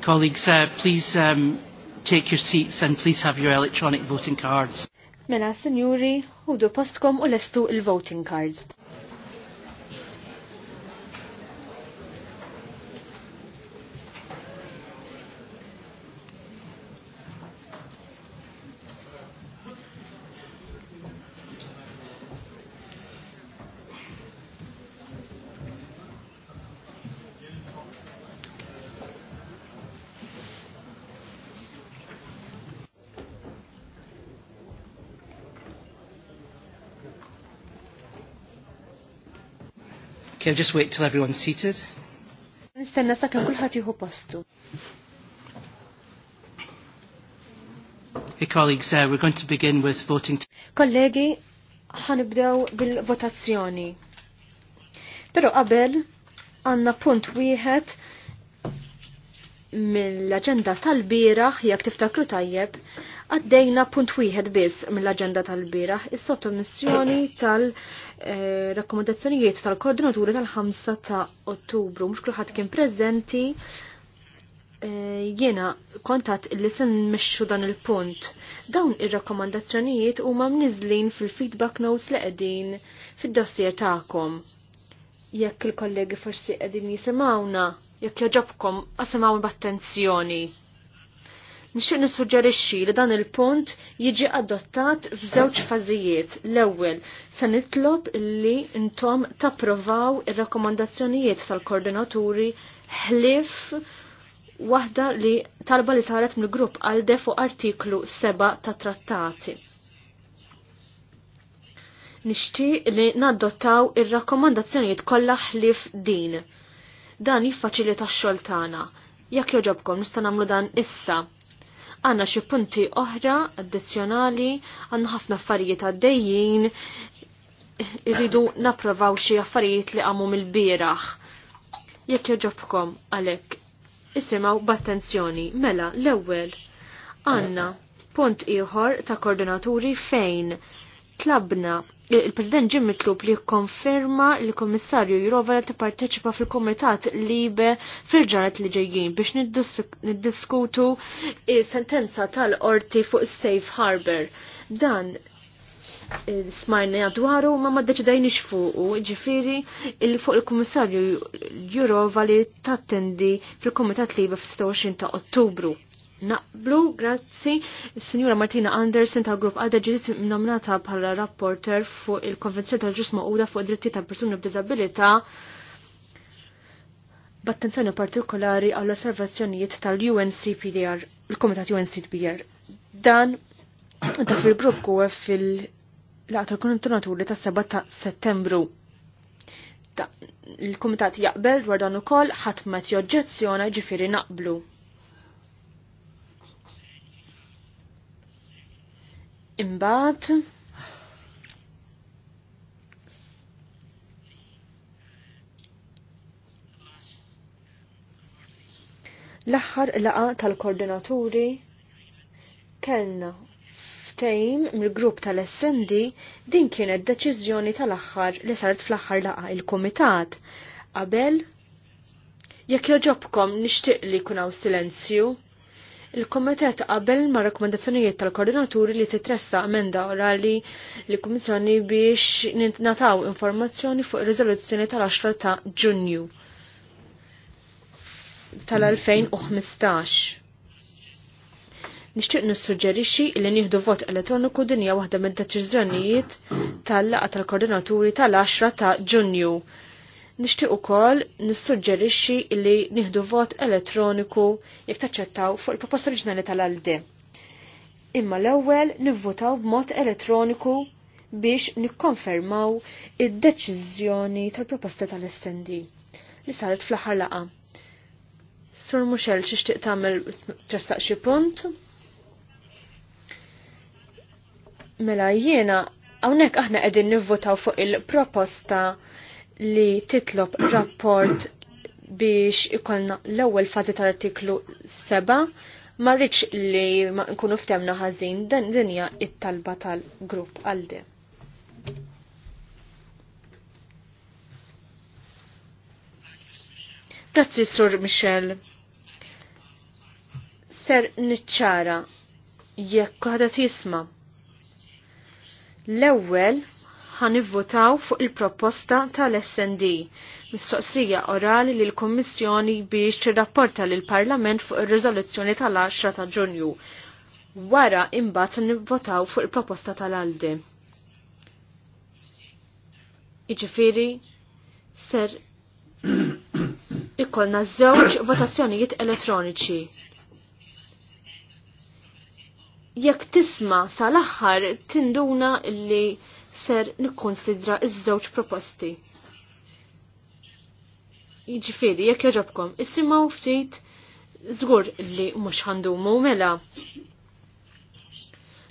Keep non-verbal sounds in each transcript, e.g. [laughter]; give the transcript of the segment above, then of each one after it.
Colleagues, uh, please um, take your seats and please have your electronic voting cards. Mela, sinjuri, hudu postkom u lestu il-voting cards. Okay, I'll just wait till everyone's seated? Nistenna sa' kan kullħat jieħu postu. Hey colleagues, uh, we're going to begin with voting. Kollegi, ħanibdew bil-votazzjoni. Pero qabel għanna punt wieħed mill-aġenda tal-bieraħ jekk tiftakru tajjeb Għaddejna punt wieħed biss mill-aġenda tal bira eh, is-sottomissjoni tal-rakkomandazzjonijiet tal-koordinaturi tal-5 ta' Ottubru. Mhux kulħadd kien preżenti eh, jiena kontat li sen meċu dan il-punt. Dawn ir-rakkomandazzjonijiet huma mniżlin fil-feedback notes li qegħdin fid-dossier tagħkom. Jekk il-kollegi forsi qegħdin jisimgħuna, jekk jaġobkom asimgħu b'attenzjoni. Nixtieq nissuġġerixxi li dan il-punt jiġi adottat f'żewġ fażijiet. L-ewwel se nitlob li intom tapprovaw ir-rakkomandazzjonijiet tal-koordinaturi ħlif waħda li talba li saret mill-grupp għal defu artiklu 7 ta' trattati. Nixtieq li nadottaw ir-rakkomandazzjonijiet kollha ħlif din. Dan jiffaċilita x-xogħol tagħna jekk joġobkom nista' nagħmlu dan issa. Għanna xi punti oħra addizzjonali, għanna ħafna affarijiet għaddejjin, irridu napprovaw xi affarijiet li għamu mill biraħ Jekk joġobkom għalhekk isimaw b'attenzjoni mela l-ewwel għandna punt ieħor ta' koordinaturi fejn tlabna il-President Jim mitlub li konferma li komissarju jirova li t-parteċipa fil-komitat libe fil-ġarat li ġejjin biex niddiskutu sentenza tal-orti fuq Safe Harbor. Dan eh, smajna dwaru ma ma deċidajni xfuqu, ġifiri il fuq il-komissarju jirova li t-attendi fil-komitat libe fil-26 ta' ottubru naqblu, grazzi. Signora Martina Andersen ta' grupp għadda ġiet nominata bħala rapporter fuq il-Konvenzjoni tal-ġusma Uda fuq dritti ta' persuni b'diżabilità b'attenzjoni partikolari għall osservazzjonijiet tal-UNCPDR, il-Komitat UNCPDR. Dan ta' fil-grupp kuwe fil-laqta kontinaturi ta' 7 ta' settembru il-Kumitat jaqbel dwar dan ukoll ħadd ma joġġezzjona ġifieri naqblu. Imbagħad L-aħħar laqa tal-koordinaturi kellna ftejm mill-grupp tal-SND din kienet deċiżjoni tal-aħħar li saret fl-aħħar laqa il-Kumitat. Qabel jekk joġobkom nixtieq li jkun hawn silenzju. Il-Komitet qabel ma' rakkomandazzjonijiet tal-koordinaturi li titressa emenda orali li kummissjoni biex nataw informazzjoni fuq ir-riżoluzzjoni tal-10 ta' Ġunju tal-2015 nixtieq nissuġġerixxi li nieħdu vot elettroniku dinja waħda mid-deċiżjonijiet tal laqgħa tal-koordinaturi tal-10 ta' Ġunju. Nixtieq ukoll nissuġġerixxi li nieħdu vot elettroniku jekk taċċettaw fuq il-proposta oriġinali tal-Aldi. Imma l-ewwel nivvotaw b'mod elettroniku biex nikkonfermaw id-deċiżjoni tal-proposta tal estendi li saret fl-aħħar laqa. Sur Muxel xixtieq tagħmel trestaq xi punt. Mela jiena hawnhekk aħna qegħdin nivvotaw fuq il-proposta li titlob rapport biex ikolna l-ewwel fazi tal-artiklu 7 ma rridx li ma nkunu ftemna ħażin dan dinja it-talba tal-grupp għaldi. Grazzi Sur Michel. Ser niċċara jekk għadat jisma' l-ewwel ħanivvotaw fuq il-proposta tal-SND mistoqsija orali lil kommissjoni biex tirrapporta lil parlament fuq ir-riżoluzzjoni tal-10 ta' Ġunju. Wara imbagħad nivvotaw fuq il-proposta tal alde Iġifieri ser [coughs] ikollna żewġ votazzjonijiet elettroniċi jekk tisma sal-aħħar tinduna li ser nikkonsidra iż-żewġ proposti. Jiġifieri jekk jogħġobkom, issimgħu ftit żgur li mhux ħandumu mela.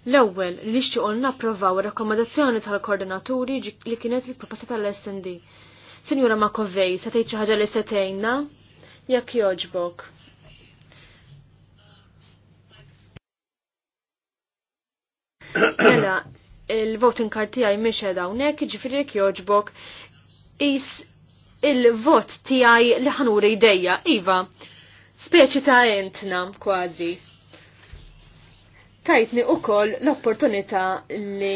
L-ewwel li xtiequ napprovaw rakkomandazzjoni tal-koordinaturi li kienet il-proposta tal-SND. Sinjura Makovej, se tgħid xi ħaġa li se tgħinna jekk jogħġbok: Mela, il-voting card tiegħi mhix qed hawnhekk, jiġifieri jekk jogħġbok is il-vot tiegħi li ħanuri ideja. iva, speċi ta' entna kważi. Tajtni koll l-opportunità li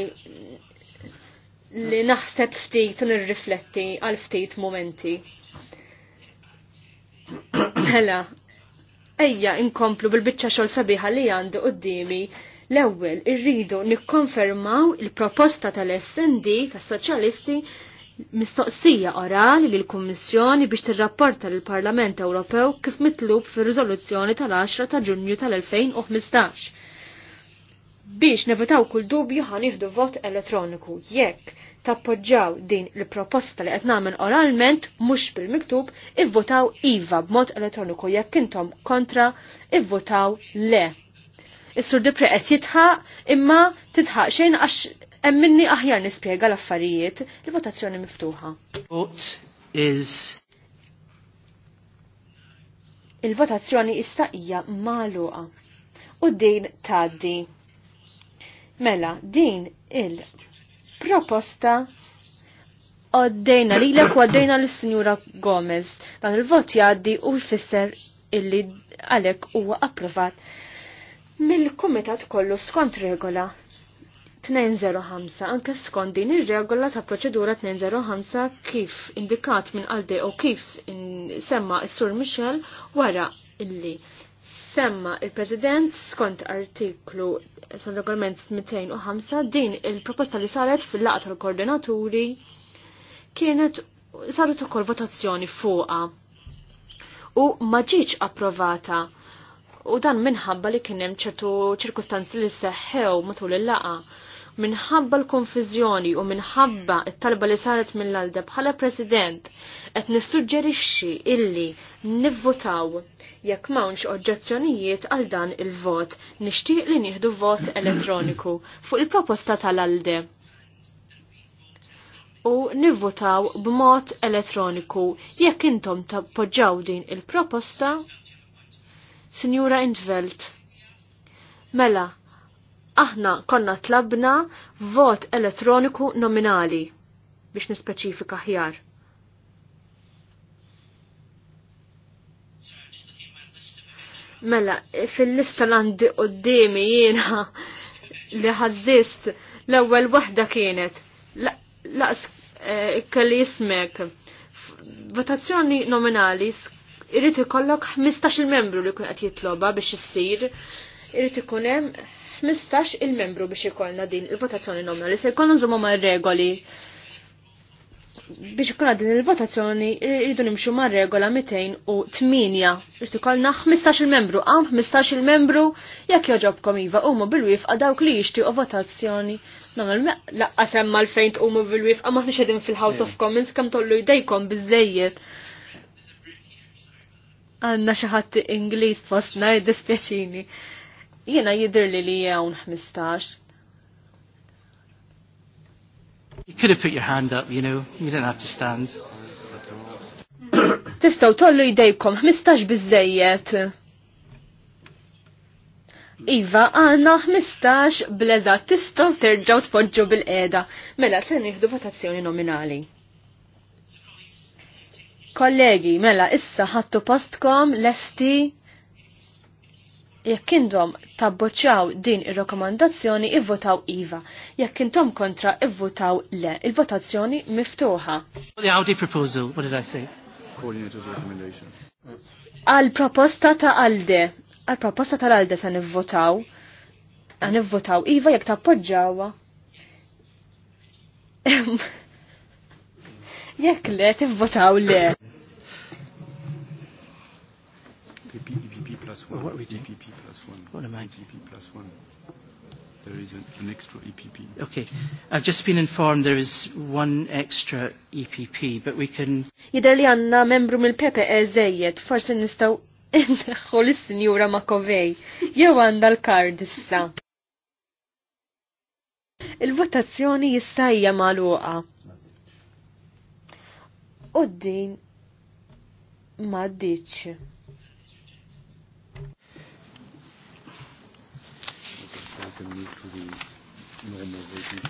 li naħseb ftit u nirrifletti għal ftit momenti. Hela, ejja inkomplu bil-bicċa xol sabiħa li għandi dimi L-ewwel irridu nikkonfermaw il-proposta tal-SND tas-Soċjalisti mistoqsija orali lil kummissjoni biex tirrapporta lill parlament Ewropew kif mitlub fir-riżoluzzjoni tal-10 ta' Ġunju tal-2015 biex nevitaw kull dubju ħan jihdu vot elettroniku jekk tappoġġaw din il-proposta li qed nagħmel oralment mhux bil-miktub ivvotaw iva b'mod elettroniku jekk intom kontra ivvotaw le. Is-sur Dipre qed jitħaq imma titħaq xejn għax hemm minni aħjar nispjega l-affarijiet il-votazzjoni miftuħa. Il-votazzjoni issa hija magħluqa u din tgħaddi. Mela, din il-proposta għaddejna li l għaddejna l-Sinjura Gomez. Dan il-vot jgħaddi u jfisser illi għalek huwa approvat mill-kumitat kollu skont regola 205 anke skont din ir-regola ta' proċedura 205 kif indikat minn qalde u kif semma s-Sur Michel wara illi semma il-President skont artiklu regolament 205 din il-proposta li saret fil laqat tal-koordinaturi kienet saret ukoll votazzjoni fuqa u ma ġietx approvata u dan minħabba li kien hemm ċertu ċirkustanzi li seħħew matul il-laqa minħabba l-konfizjoni u minħabba il talba li saret mill-alde bħala president qed nistuġġerixxi illi nivvotaw jekk m'hawnx oġġezzjonijiet għal dan il-vot nixtieq li nieħdu vot elettroniku fuq il-proposta tal-alde u nivvotaw b'mod elettroniku jekk intom tappoġġaw din il-proposta Sinjura Intveld. Mela, aħna konna tlabna vot elettroniku nominali biex nispeċifika ħjar. Mela, fil-lista l-għandi qoddimi jiena li ħazzist l-ewwel waħda kienet laqs eh, kelli jismek votazzjoni nominali irrid ikollok 15 il-membru li kun qed jitloba biex issir, irrid ikun hemm 15 il-membru biex ikollna din il-votazzjoni li se jkollna nżommu ma' regoli biex ikun din il-votazzjoni irridu nimxu ma' regola 208. Irrid ikollna 15 il-membru, għam 15 il-membru jekk joġobkom iva huma bil-wifqa dawk li jixtiequ votazzjoni. Nagħmel laqqa semma l-fejn tqumu bil-wifqa maħniex ħniex fil-House of Commons kemm tollu jdejkom biżejjed għanna xaħat fost najd dispjaċini. Jena jidr li li għawn 15. You could have put your hand up, you know, you didn't have to stand. [coughs] Tistaw tollu jdejkom, 15 bizzejiet. Iva, għanna 15 bleza tistaw terġaw tpoġġu bil eda Mela, se nieħdu votazzjoni nominali. Kollegi, mela, issa ħattu postkom lesti jekk intom tabboċċaw din ir-rakkomandazzjoni ivvotaw iva, jekk intom kontra ivvotaw le, il-votazzjoni miftuħa. The Audi proposal, what did I say? Coordinator's recommendation. Għal proposta ta' Alde, għal proposta ta' Alde se nivvotaw, għan nivvotaw iva jekk tappoġġawha. Jekk le, tivvotaw le. PPP e plus one. What we do? EPP plus one. What am I? EPP plus one. There is an, an extra EPP. Okay. I've just been informed there is one extra EPP, but we can... Jider li għanna membru mill e zejjed, forse nistaw [laughs] indaħħu l-Sinjura Makovej. Jew għanda l-kard issa. Il-votazzjoni jissajja maluqa u din maddiċ.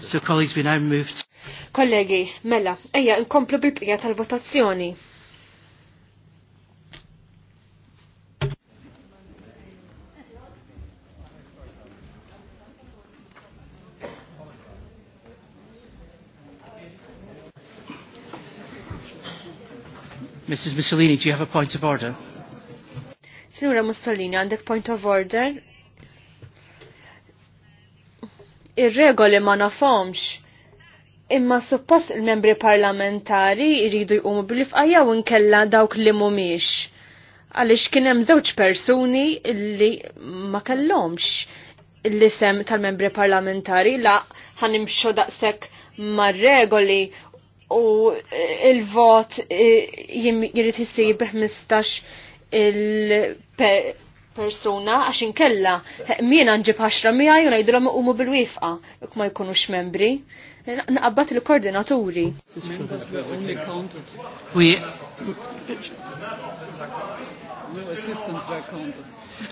So colleagues, we now moved. Kollegi, mela, eja, nkomplu bil-pija tal-votazzjoni. Mrs. Mussolini, do you have a point of order? Signora Mussolini, għandek point of order? Ir-regoli ma nafomx. Imma suppost il-membri parlamentari jridu jqumu bilif ifqajja u nkella dawk li mumiex. Għalix kienem żewġ persuni li ma kellomx l-isem tal-membri parlamentari la ħanimxu daqsek ma regoli u il-vot jirrit jisir bi 15 il-persuna għax inkella min nġib 10 mija jona jidrom u mu bil-wifqa jek ma jkunux membri naqabbat il-koordinaturi.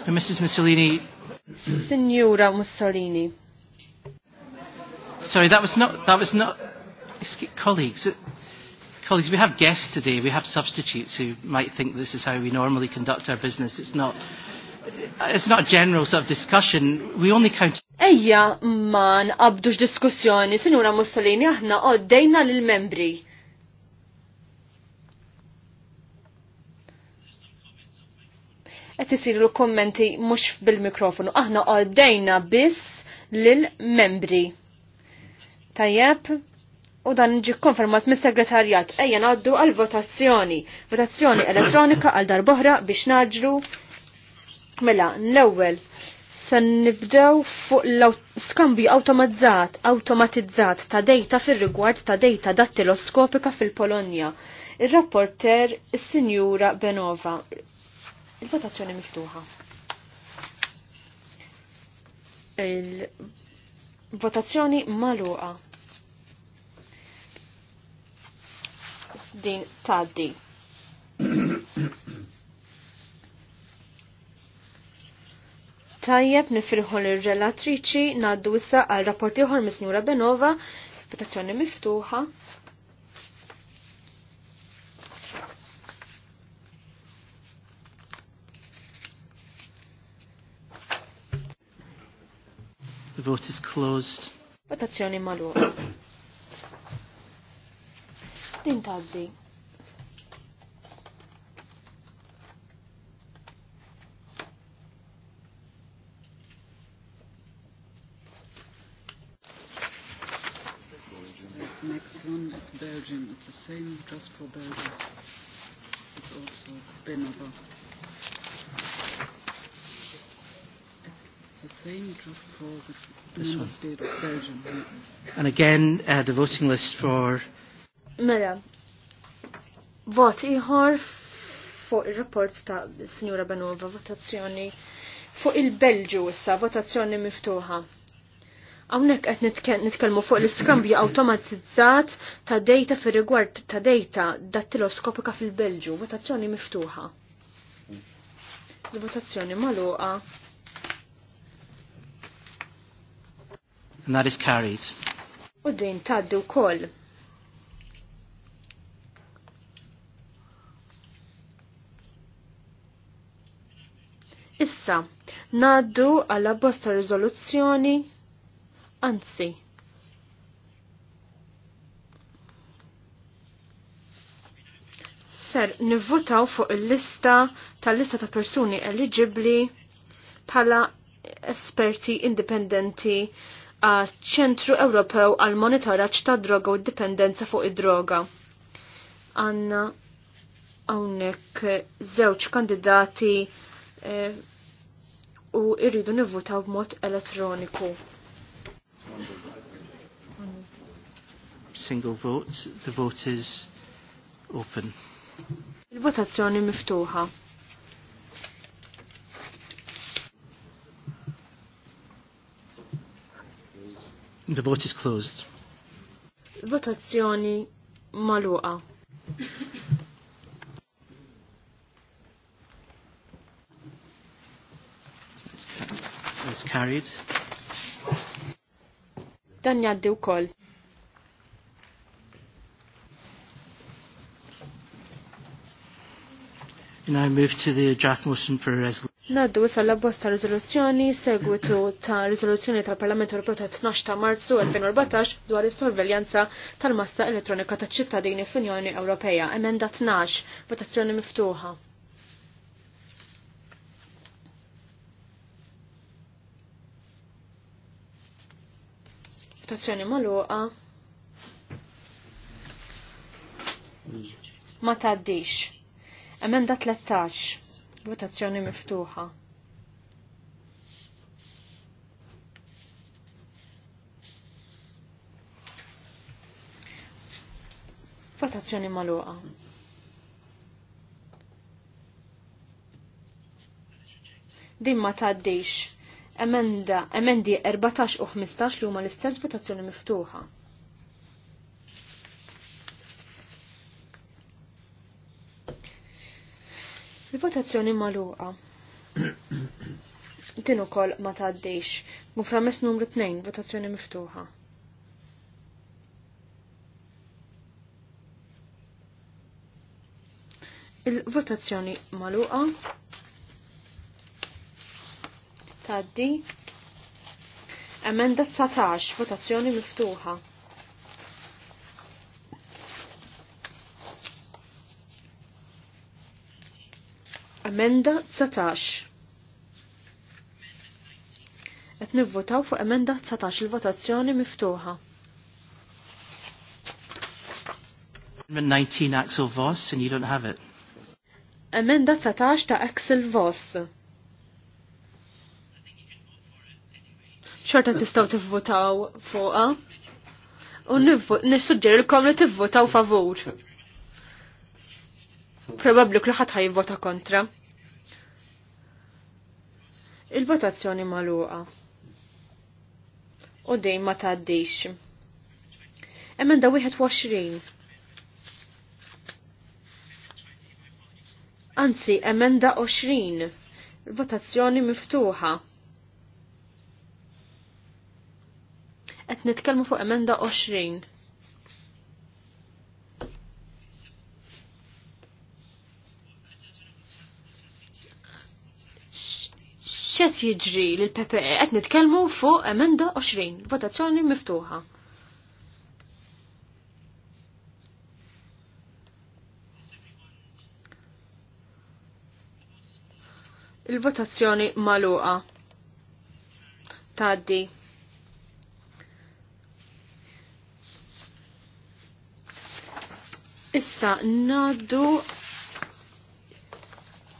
Mrs. Mussolini. Signora Mussolini. Sorry, that was not, that was not, colleagues, colleagues, we have guests today. We have substitutes who might think this is how we normally conduct our business. It's not. It's not general sort of discussion. We only count. Ejja, man, abdux diskussjoni, sinura Mussolini, aħna oddejna lil membri qed isiru kommenti mux bil-mikrofonu. Aħna oddejna bis lil membri. Tajab, u dan ġi konfermat mis segretarjat ejja għaddu għal votazzjoni. Votazzjoni elettronika għal darboħra biex naġlu mela l-ewwel se nibdew fuq l-skambju automatizzat, automatizzat ta' dejta fir-rigward ta' dejta dattiloskopika fil-Polonja. Ir-rapporter is-Sinjura Benova. Il-votazzjoni miftuħa. Il-votazzjoni maluqa. din taddi. Tajjeb nifirħu l-relatriċi naddu issa għal rapporti uħor misnjura Benova, votazzjoni miftuħa. The vote is closed. Votazzjoni maluqa din tgħaddi. Next one is Belgium. It's the same just for Belgium. It's also Benova. the same just for the this one. of Belgium. And again, uh, the voting list for Mela, vot iħor fuq il-rapport ta' Signora Benova, votazzjoni fuq il-Belġu issa, votazzjoni miftuħa. Għawnek għet nitkelmu fuq l-iskambju automatizzat ta' data fir rigward ta' data dattiloskopika fil-Belġu, votazzjoni miftuħa. Votazzjoni maluqa. And that is carried. U din taddu kol. Issa, naddu għalla bosta rizoluzzjoni, anzi. Ser, nivvutaw fuq il-lista tal-lista ta' persuni eligibli pala esperti indipendenti għal ċentru Ewropew għal monitoraġġ ta' droga u dipendenza fuq id-droga. Għanna hawnhekk zewċ kandidati eh, u irridu nivvotaw b'mod elettroniku. Single vote, the vote is open. Il-votazzjoni miftuħa. The vote is closed. Votazzjoni maluqa. carried. Dan jaddi u koll. Now I move to the draft motion for a resolution. Naddu wisa l-abbos ta' rizoluzzjoni segwitu ta' rizoluzzjoni tal-Parlament Europeo ta' 12 ta' Marzu 2014 dwar is-sorveljanza tal-massa elettronika ta' ċittadini fl-Unjoni Ewropea, emenda 12, votazzjoni miftuħa. votazzjoni maluqa ma taddix. Emenda 13, votazzjoni miftuħa. Votazzjoni maluqa. Din ma taddix emenda, emendi 14 u 15 li huma l-istess votazzjoni miftuħa. Il-votazzjoni maluqa. [coughs] Din ukoll ma tgħaddix. Muframess numru 2, votazzjoni miftuħa. Il-votazzjoni maluqa taddi. Emenda 19, votazzjoni miftuħa. Emenda 19. Et nivvotaw fuq emenda 19 il-votazzjoni miftuħa. Amendment 19 Axel Voss and you don't have it. Emenda 19 ta' Axel Voss. xorta tistaw tivvotaw fuqa. U l-kom li tivvotaw favur. Probabli kulħadd ħajvota kontra. Il-votazzjoni magħluqa. U dejjem ma tgħaddix. Emenda wieħed 21. Anzi, emenda 20. Votazzjoni miftuħa. nitkellmu fuq emenda 20. ċet jiġri l-PPE qed nitkellmu fuq emenda 20, votazzjoni miftuħa. il-votazzjoni maluqa. Taddi. Issa naddu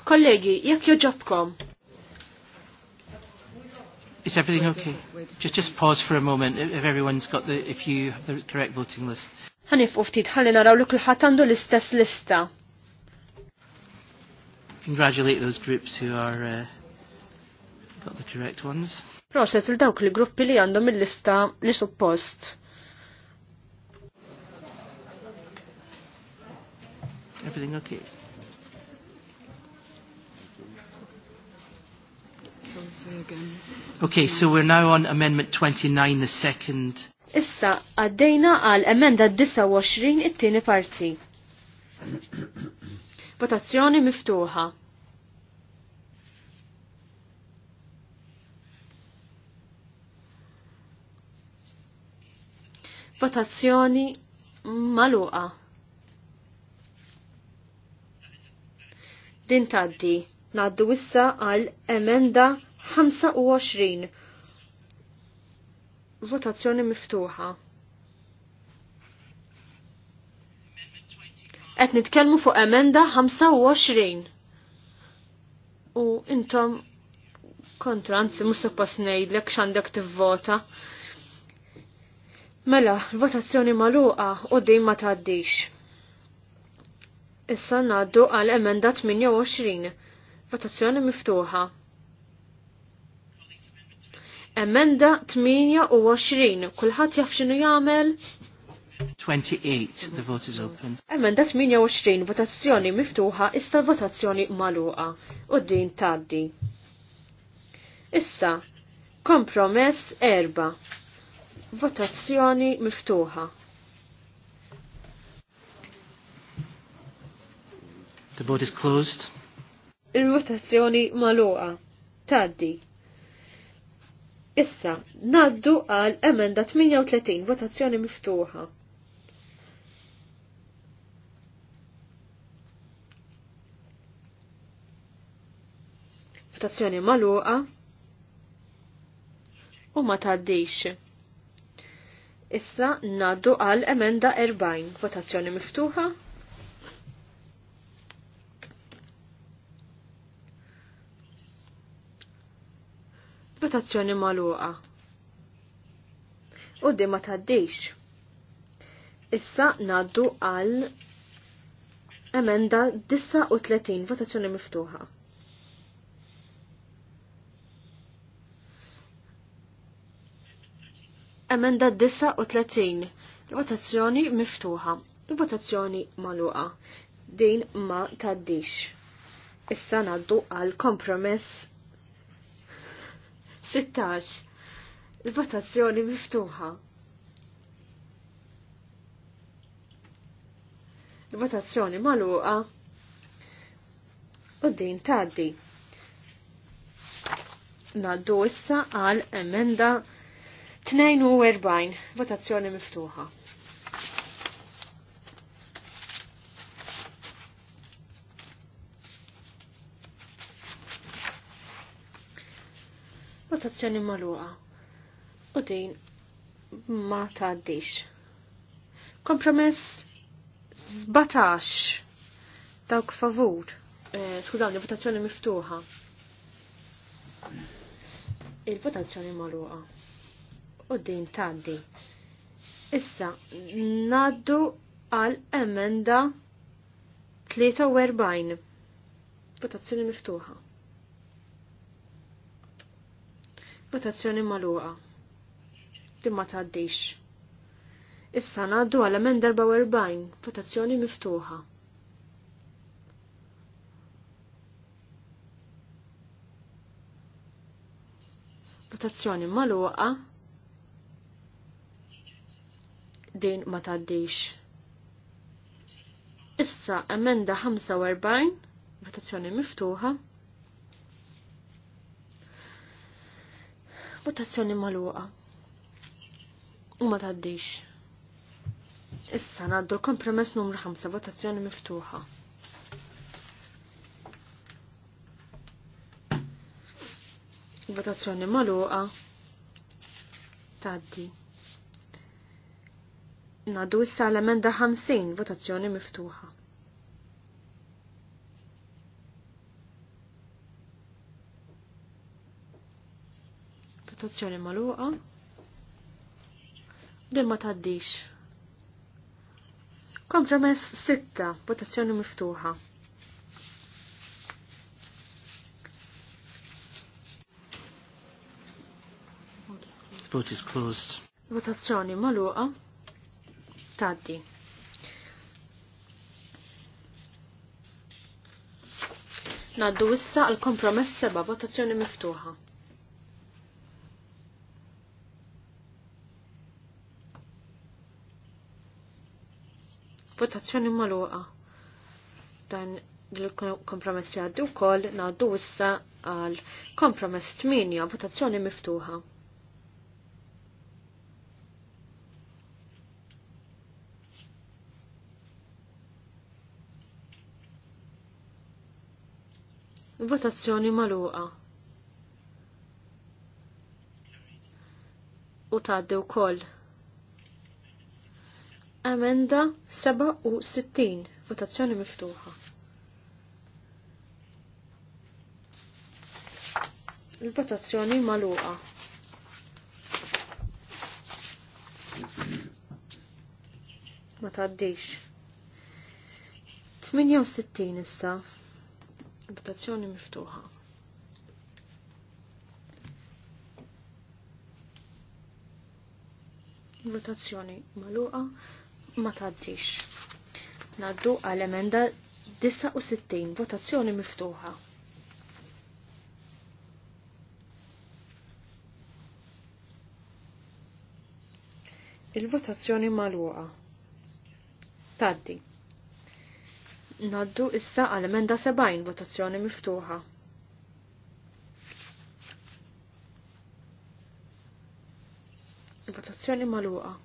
kollegi, jekk joġobkom. Is everything okay? Just, just pause for a moment if everyone's got the, if you have the correct voting list. Hanif uftit, ħalli naraw li kulħadd għandu l-istess lista. Congratulate those groups who are uh, got the correct ones. Proset il-dawk li gruppi li għandhom il-lista li suppost. Everything okay? Okay, so we're now on Amendment 29, the second. Issa, għaddejna għal emenda 29 it-tieni parti. Votazzjoni miftuħa. Votazzjoni maluqa. din taddi. Naddu issa għal emenda 25. Votazzjoni miftuħa. Qed nitkellmu fuq emenda 25. U intom kontra, anzi mhux suppost ngħidlek x'għandek tivvota. Mela, votazzjoni magħluqa u din ma tgħaddix. Issa naddu għal emenda 28. Votazzjoni miftuħa. Emenda 28. Kulħadd jaf xinu jagħmel? 28. The vote is open. Emenda 28. Votazzjoni miftuħa issa votazzjoni magħluqa. U din tgħaddi. Issa, kompromess erba. Votazzjoni miftuħa. The vote is closed. Il-votazzjoni maluqa. Taddi. Issa, naddu għal emenda 38, votazzjoni miftuħa. Votazzjoni maluqa. U ma taddix. Issa, naddu għal emenda 40, votazzjoni miftuħa. Votazzjoni maluqa. U di ma taddix. Issa naddu għal emenda 39 votazzjoni miftuħa. Emenda 39 votazzjoni miftuħa. Votazzjoni maluqa. Din ma taddix. Issa naddu għal kompromess 16. Il-votazzjoni miftuħa. Il-votazzjoni maluqa u din taddi. Naddu issa għal emenda 42. Votazzjoni miftuħa. votazzjoni maluqa. U din ma taddix. Kompromess 17 dawk favur. Eh, Skużawni, votazzjoni miftuħa. Il-votazzjoni maluqa. U din taddi. Issa, naddu għal emenda 43. Votazzjoni miftuħa. Votazzjoni maluqa. Din ma tgħaddix. Issa naddu għal emend 44, votazzjoni miftuħa. Votazzjoni maluqa. Din ma tgħaddix. Issa emenda 45, votazzjoni miftuħa. Votazzjoni maluqa. U ma taddix. Issa naddu l-kompromess numru 5, votazzjoni miftuħa. Votazzjoni maluqa. Taddi. Naddu issa l-emenda 50, votazzjoni miftuħa. votazzjoni maluqa. Din ma taddix. Kompromess sitta, votazzjoni miftuħa. Vote is closed. Votazzjoni maluqa. Taddi. Naddu issa għal kompromess seba' votazzjoni miftuħa. votazzjoni maluqa. Dan il kompromessi għaddu wkoll ngħaddu issa għal kompromess minja votazzjoni miftuħa. Votazzjoni maluqa. U tgħaddi wkoll. Amenda 67, votazzjoni miftuħa. Il-votazzjoni maluqa. Ma taddix. 68 issa. Votazzjoni miftuħa. Votazzjoni maluqa ma taddix. Naddu għal emenda 69 votazzjoni miftuħa. Il-votazzjoni malwaqa. Taddi. Naddu issa għal emenda 70 votazzjoni miftuħa. Il-votazzjoni malwaqa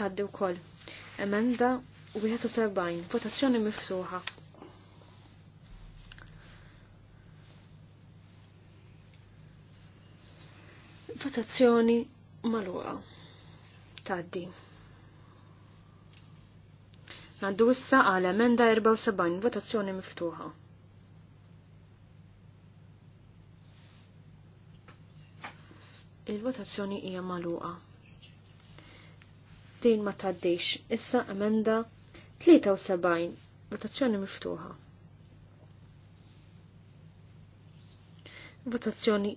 taddi wkoll. Emenda 71, votazzjoni miftuħa. Votazzjoni magħluqa Tgħaddi. Naddu issa għal emenda 74, votazzjoni miftuħa. Il-votazzjoni hija magħluqa din ma taddix. Issa emenda 73, votazzjoni miftuħa. Votazzjoni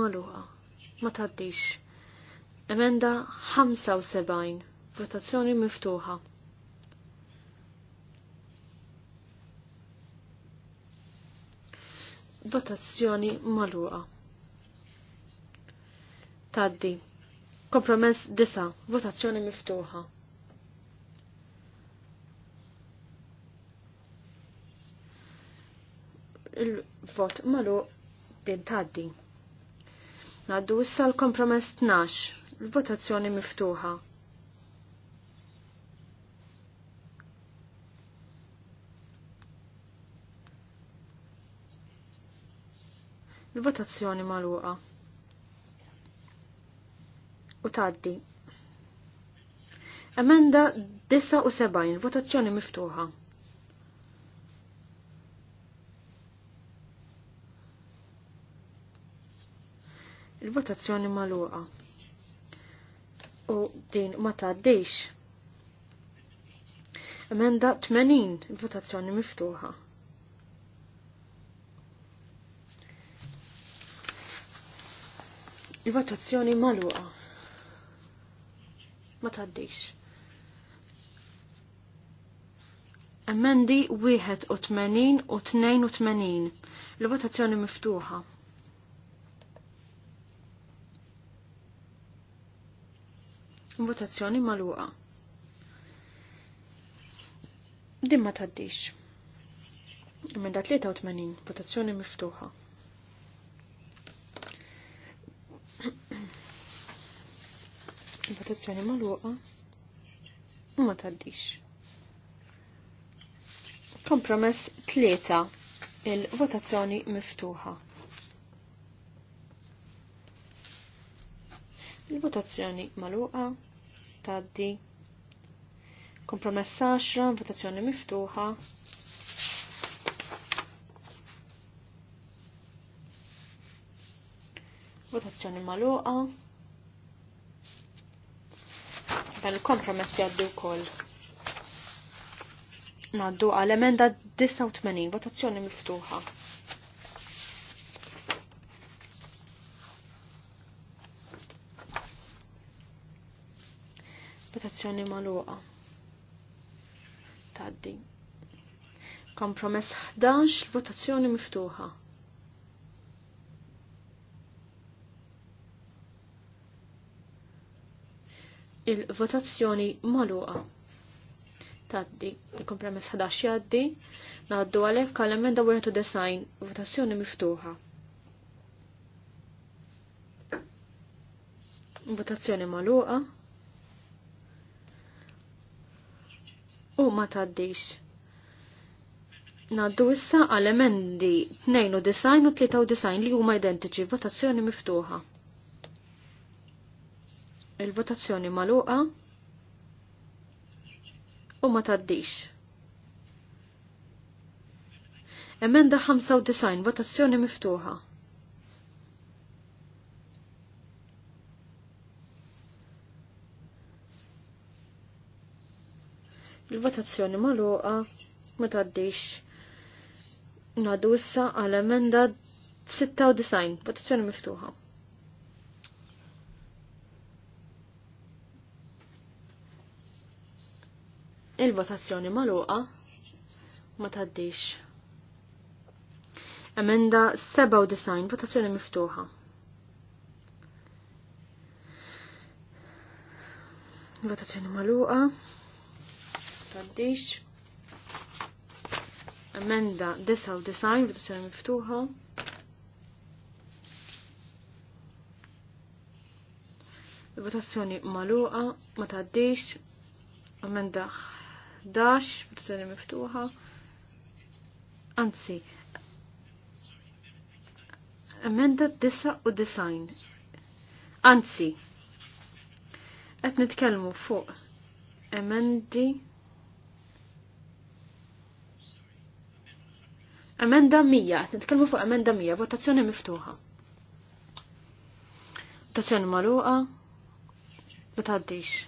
maluħa, ma taddix. Emenda 75, votazzjoni miftuħa. votazzjoni maluqa. Taddi. Kompromess disa, votazzjoni miftuħa. Il-vot malu din taddi. Naddu issa l-kompromess 12, il-votazzjoni miftuħa. Il-votazzjoni maluqa u taddi. Emenda 79, votazzjoni miftuħa. Il-votazzjoni maluqa. U din ma taddix. Emenda 80, votazzjoni miftuħa. Il-votazzjoni maluqa ma taddix. Emendi 81 u 82. l votazzjoni miftuħa. Votazzjoni maluqa. Dimma taddix. Emenda 83. Votazzjoni miftuħa. votazzjoni maluqa u ma taddix. Kompromess tlieta il-votazzjoni miftuħa. Il-votazzjoni maluqa taddi. Kompromess 10, votazzjoni miftuħa. Votazzjoni maluqa għal il-kompromess jaddu wkoll. Naddu għal emenda 89, votazzjoni miftuħa. Votazzjoni magħluqa. Taddi. Kompromess 11, votazzjoni miftuħa. il-votazzjoni maluqa. Taddi, il-kompromess 11 jaddi, naħaddu għalek kal-emenda 91, votazzjoni miftuħa. Votazzjoni maluqa. U ma taddix. Naddu issa għal emendi 29 u 93 li huma identiċi, votazzjoni miftuħa. Il-votazzjoni maluqa u ma taddix. Emenda 95, votazzjoni miftuħa. Il-votazzjoni maluqa ma taddix. Nadu issa għal emenda 96, votazzjoni miftuħa. il-votazzjoni maluqa ma taddix. Emenda 97, votazzjoni miftuħa. Votazzjoni maluqa. Taddix. Emenda 99, votazzjoni miftuħa. Votazzjoni maluqa ma taddix. Emenda 11, votazzjoni miftuħa. Anzi, emenda disa' u design. Anzi, qed nitkellmu fuq emendi Emenda 100, qed nitkellmu fuq emenda 100, votazzjoni miftuħa. Votazzjoni magħluqa, ma tgħaddix.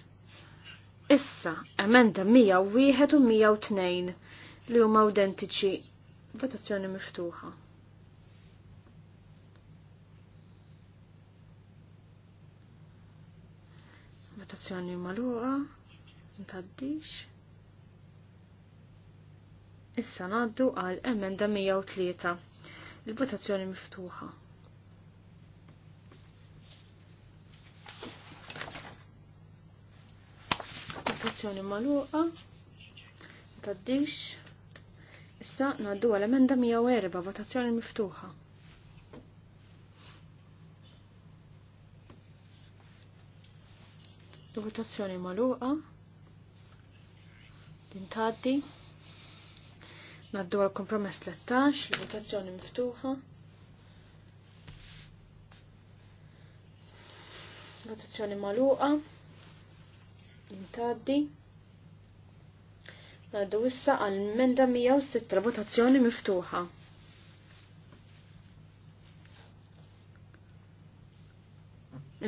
Issa, emenda 101 u 102 li huma identiċi. Votazzjoni miftuħa. Votazzjoni magħluqa. Ntaddix. Issa ngħaddu għal emenda 103. Il-votazzjoni miftuħa. votazzjoni maluqa, taddix, issa naddu għal-emenda 104, votazzjoni miftuħa. Votazzjoni maluqa, din taddi, naddu għal-kompromess 13, votazzjoni miftuħa. Votazzjoni maluqa. Intaddi. Naddu issa għal menda 106 votazzjoni miftuħa.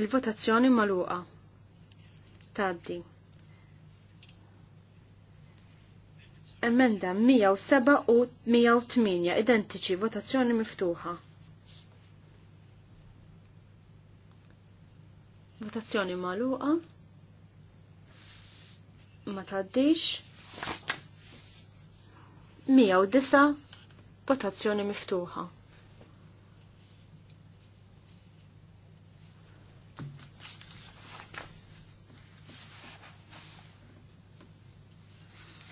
Il-votazzjoni maluqa. Taddi. Emenda 107 u 108 identiċi votazzjoni miftuħa. Votazzjoni maluqa ma taddix. 109 votazzjoni miftuħa.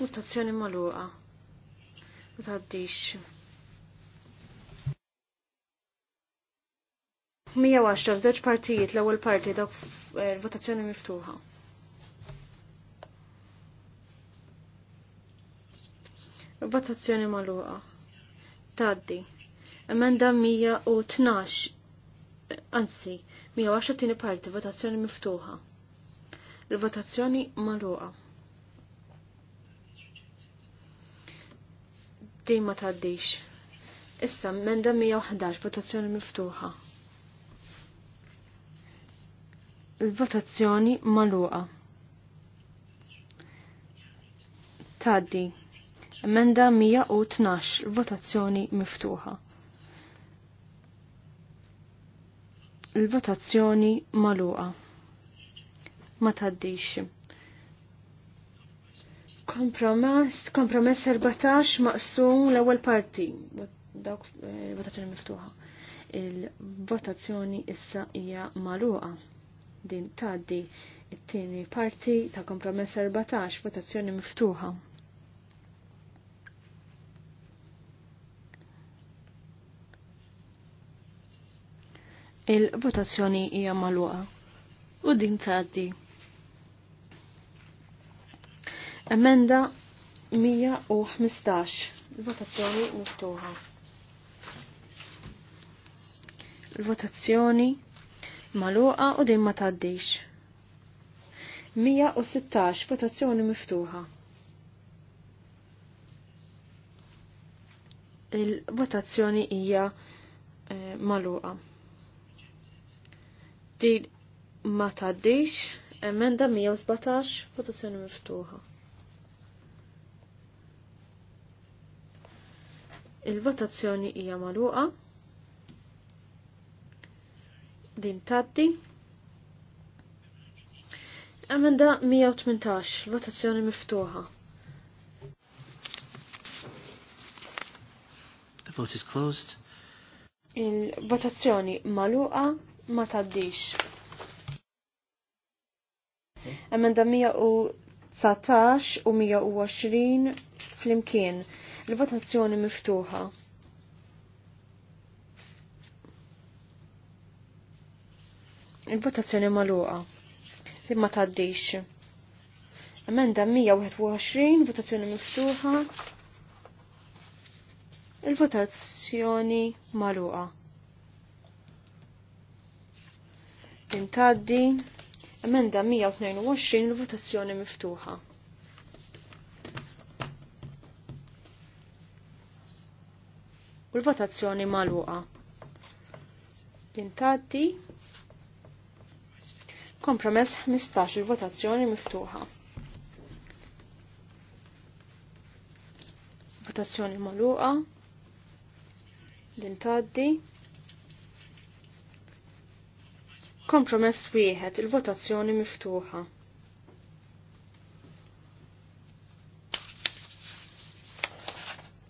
Votazzjoni maluqa. Ma taddix. 110 żewġ partijiet l-ewwel parti dak eh, votazzjoni miftuħa. Votazzjoni maluqa. Taddi. Emenda 112. Anzi, 110 tini parti, votazzjoni miftuħa. Il-votazzjoni maluqa. Din ma taddix. Issa, emenda 111, votazzjoni miftuħa. Il-votazzjoni maluqa. Taddi. Emenda 112, votazzjoni miftuħa. Il-votazzjoni maluqa. Ma taddix. Kompromess, kompromess 14 maqsum l-ewwel parti. Dawk eh, votazzjoni miftuħa. Il-votazzjoni issa hija maluqa. Din taddi it-tieni parti ta' kompromess 14, votazzjoni miftuħa. Il-votazzjoni hija magħluqa. U din tgħaddi. Emenda 115. Votazzjoni miftuħa. Il-votazzjoni magħluqa u din ma tgħaddix. 116 votazzjoni miftuħa. Il-votazzjoni hija e, eh, maluqa. Din ma taddix, emenda 117, votazzjoni miftuħa. Il-votazzjoni hija magħluqa. Din taddi. Emenda 118, votazzjoni miftuħa. The vote is closed. Il-votazzjoni magħluqa ma taddix. Emenda 119 u 120 flimkien. Il-votazzjoni miftuħa. Il-votazzjoni maluqa. Fim ma taddix. Emenda 121, votazzjoni miftuħa. Il-votazzjoni maluqa. Intaddi. Emenda 122 l-votazzjoni miftuħa. U l-votazzjoni maluqa. Intaddi. Kompromess 15 il-votazzjoni miftuħa. Votazzjoni maluqa. L-intaddi. Kompromess wieħed, il-votazzjoni miftuħa.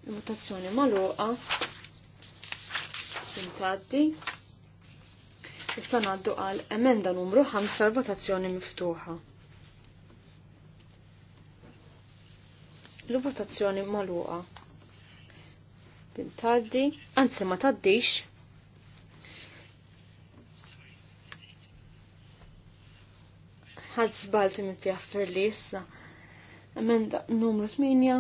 Il-votazzjoni maluqa. Intaddi. Issa ngħaddu għal emenda numru 5 il-votazzjoni miftuħa. Il-votazzjoni maluqa. Tintaddi, anzi ma taddix. ħad zbalti minti għaffer li jissa. Emenda numru 8,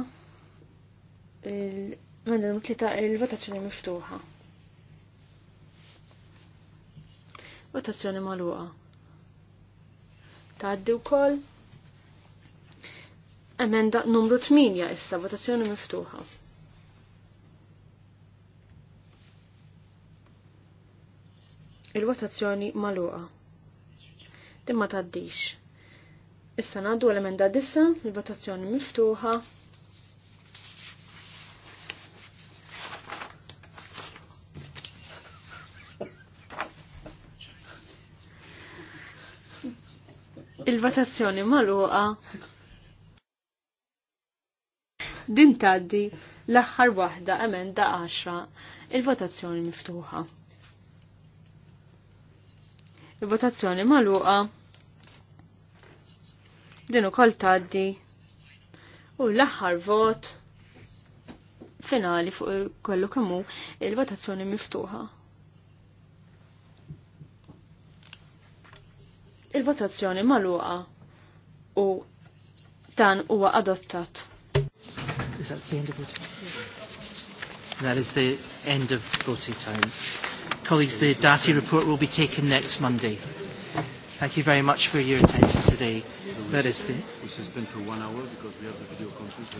menda numru 3, il-votazzjoni miftuħa. Votazzjoni maluqa. Taddi u koll. Emenda numru 8 issa, votazzjoni miftuħa. Il-votazzjoni maluqa. Dimma taddix. Issa ngħaddu l-emenda dissa, il-votazzjoni miftuħa. Il-votazzjoni magħluqa. Din tgħaddi l-aħħar waħda emenda 10. Il-votazzjoni miftuħa. Il-votazzjoni magħluqa din ukoll tgħaddi u l-aħħar vot finali fuq kollu kemmu il-votazzjoni miftuħa. Il-votazzjoni maluqa u dan huwa adottat. Is that the end of voting? That is the end of voting time. Colleagues, the Dati report will be taken next Monday. Thank you very much for your attention today. That is the. We suspend for one hour because we have the video conference.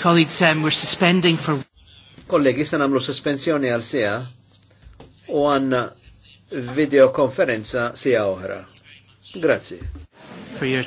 Colleagues, um, we're suspending for. Kollegi, se namlu sospensjoni għal sija u għanna videokonferenza sija oħra. Grazie. For your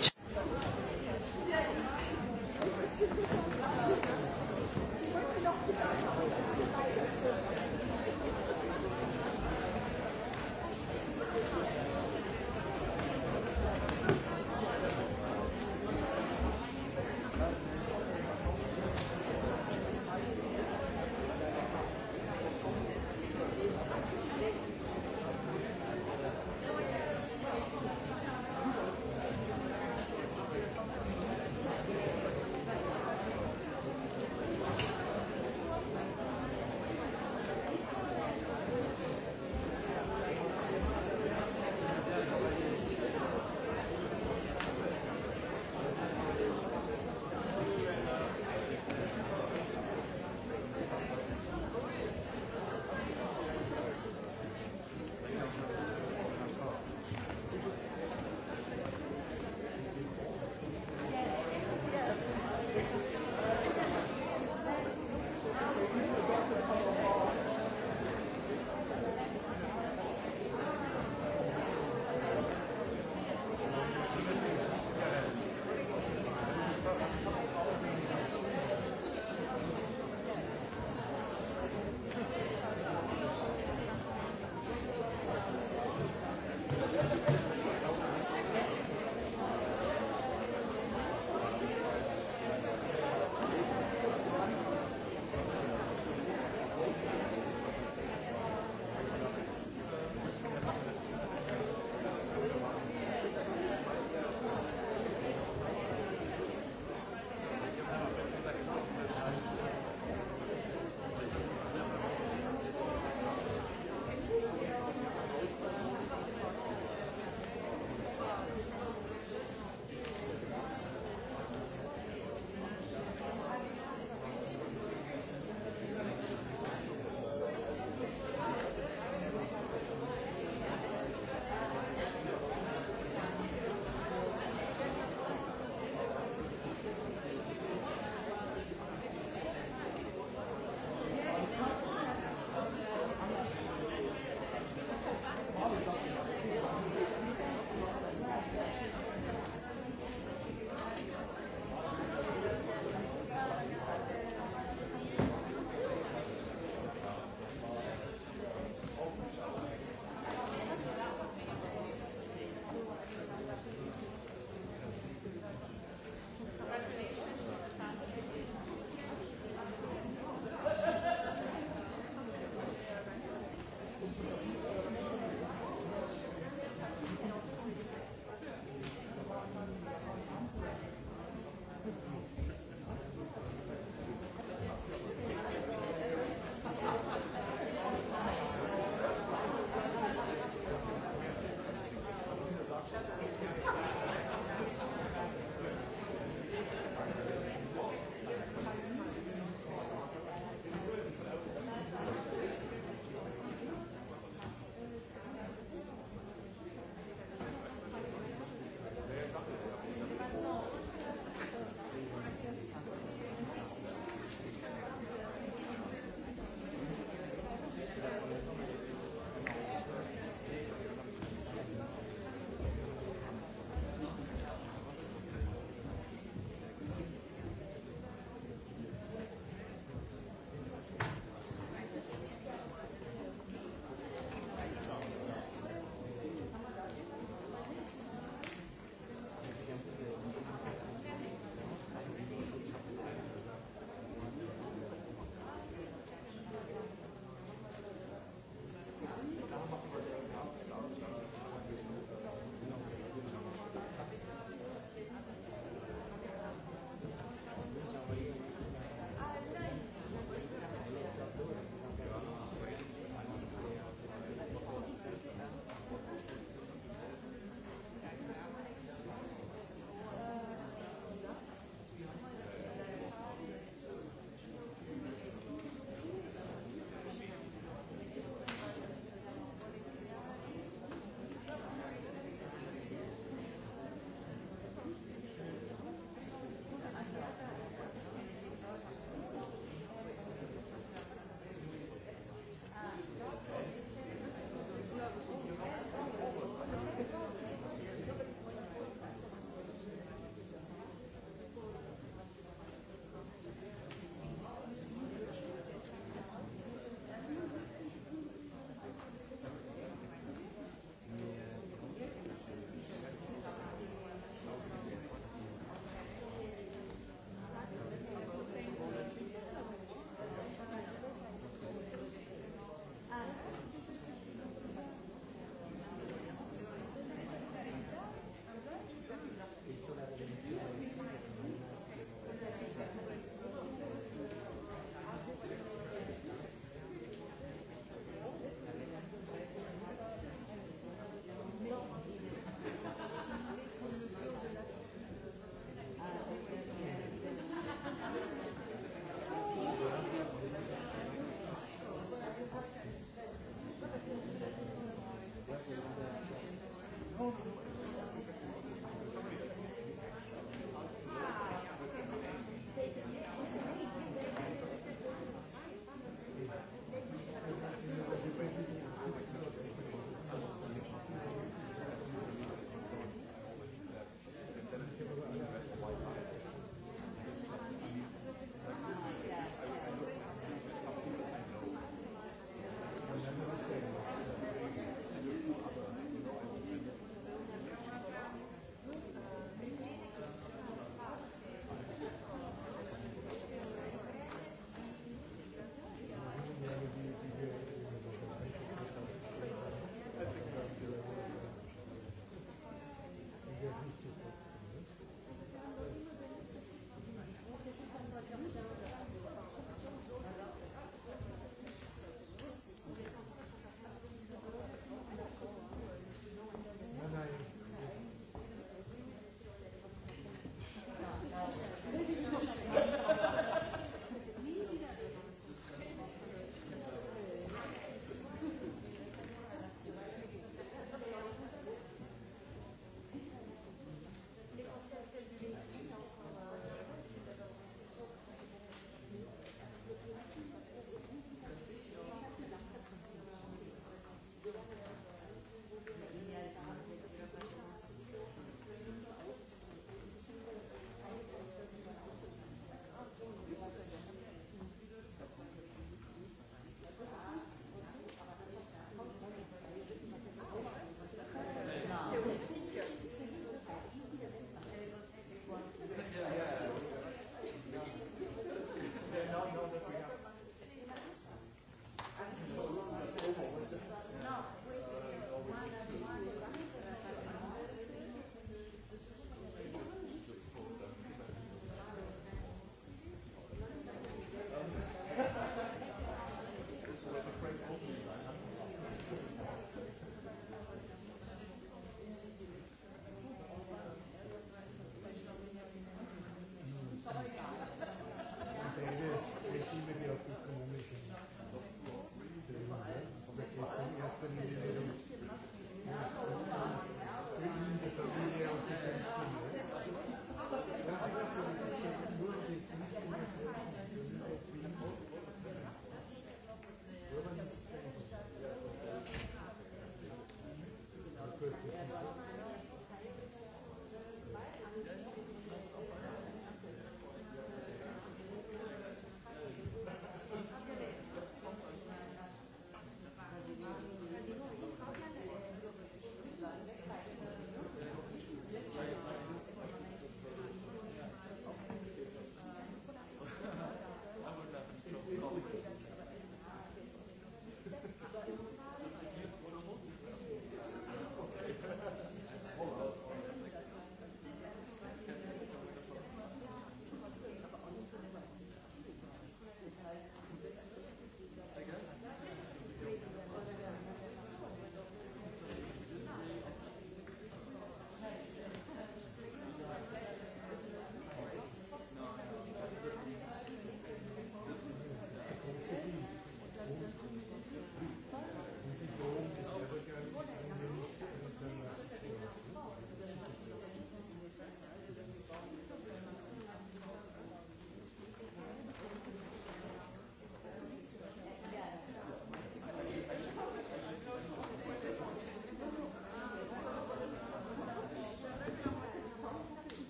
Thank you.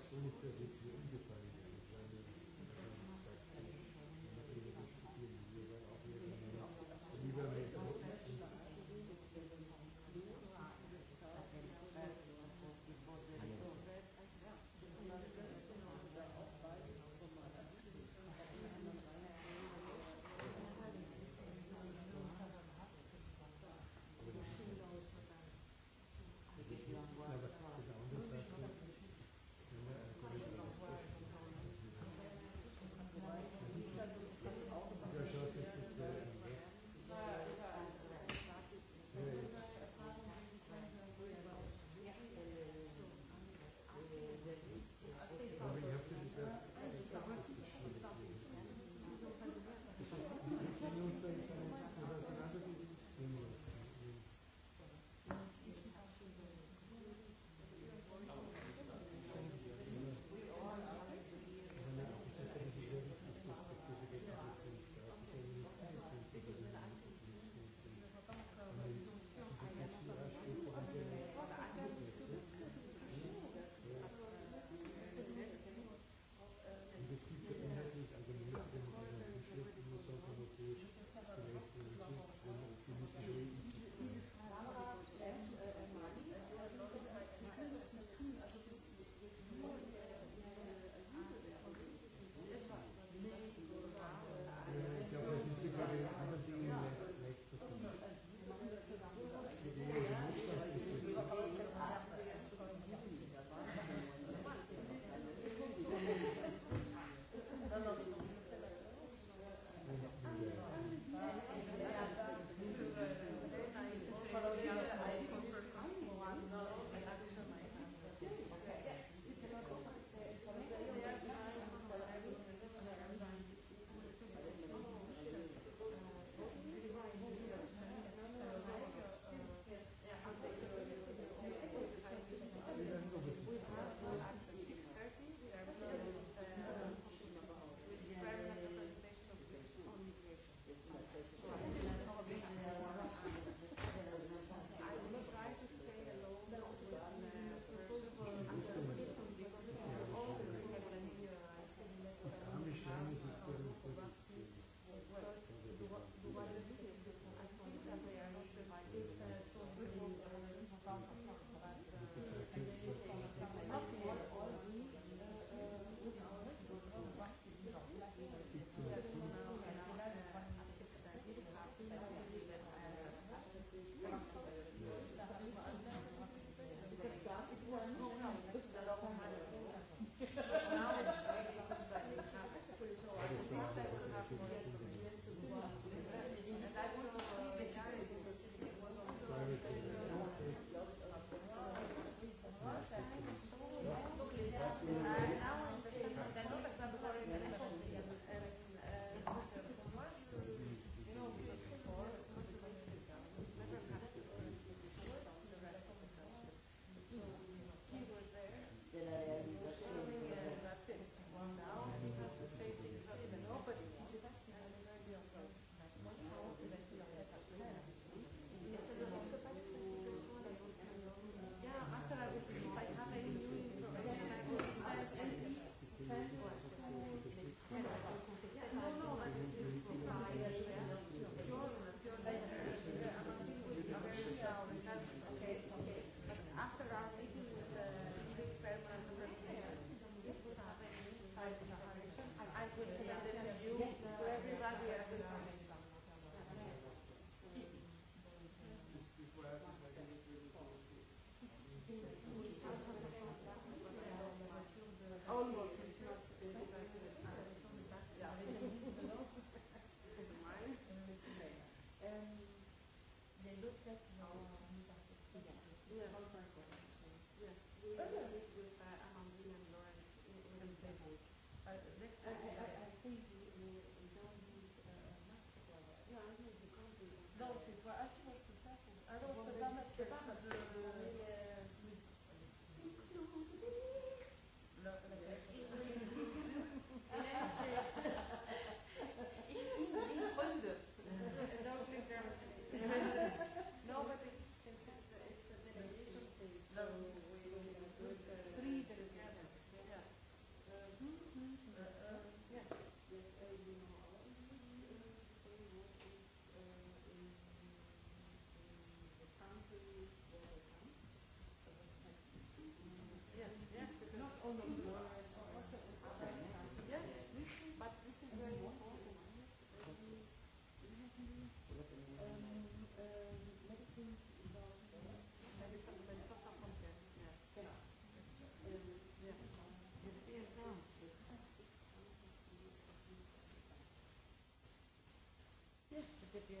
Solo per Yes.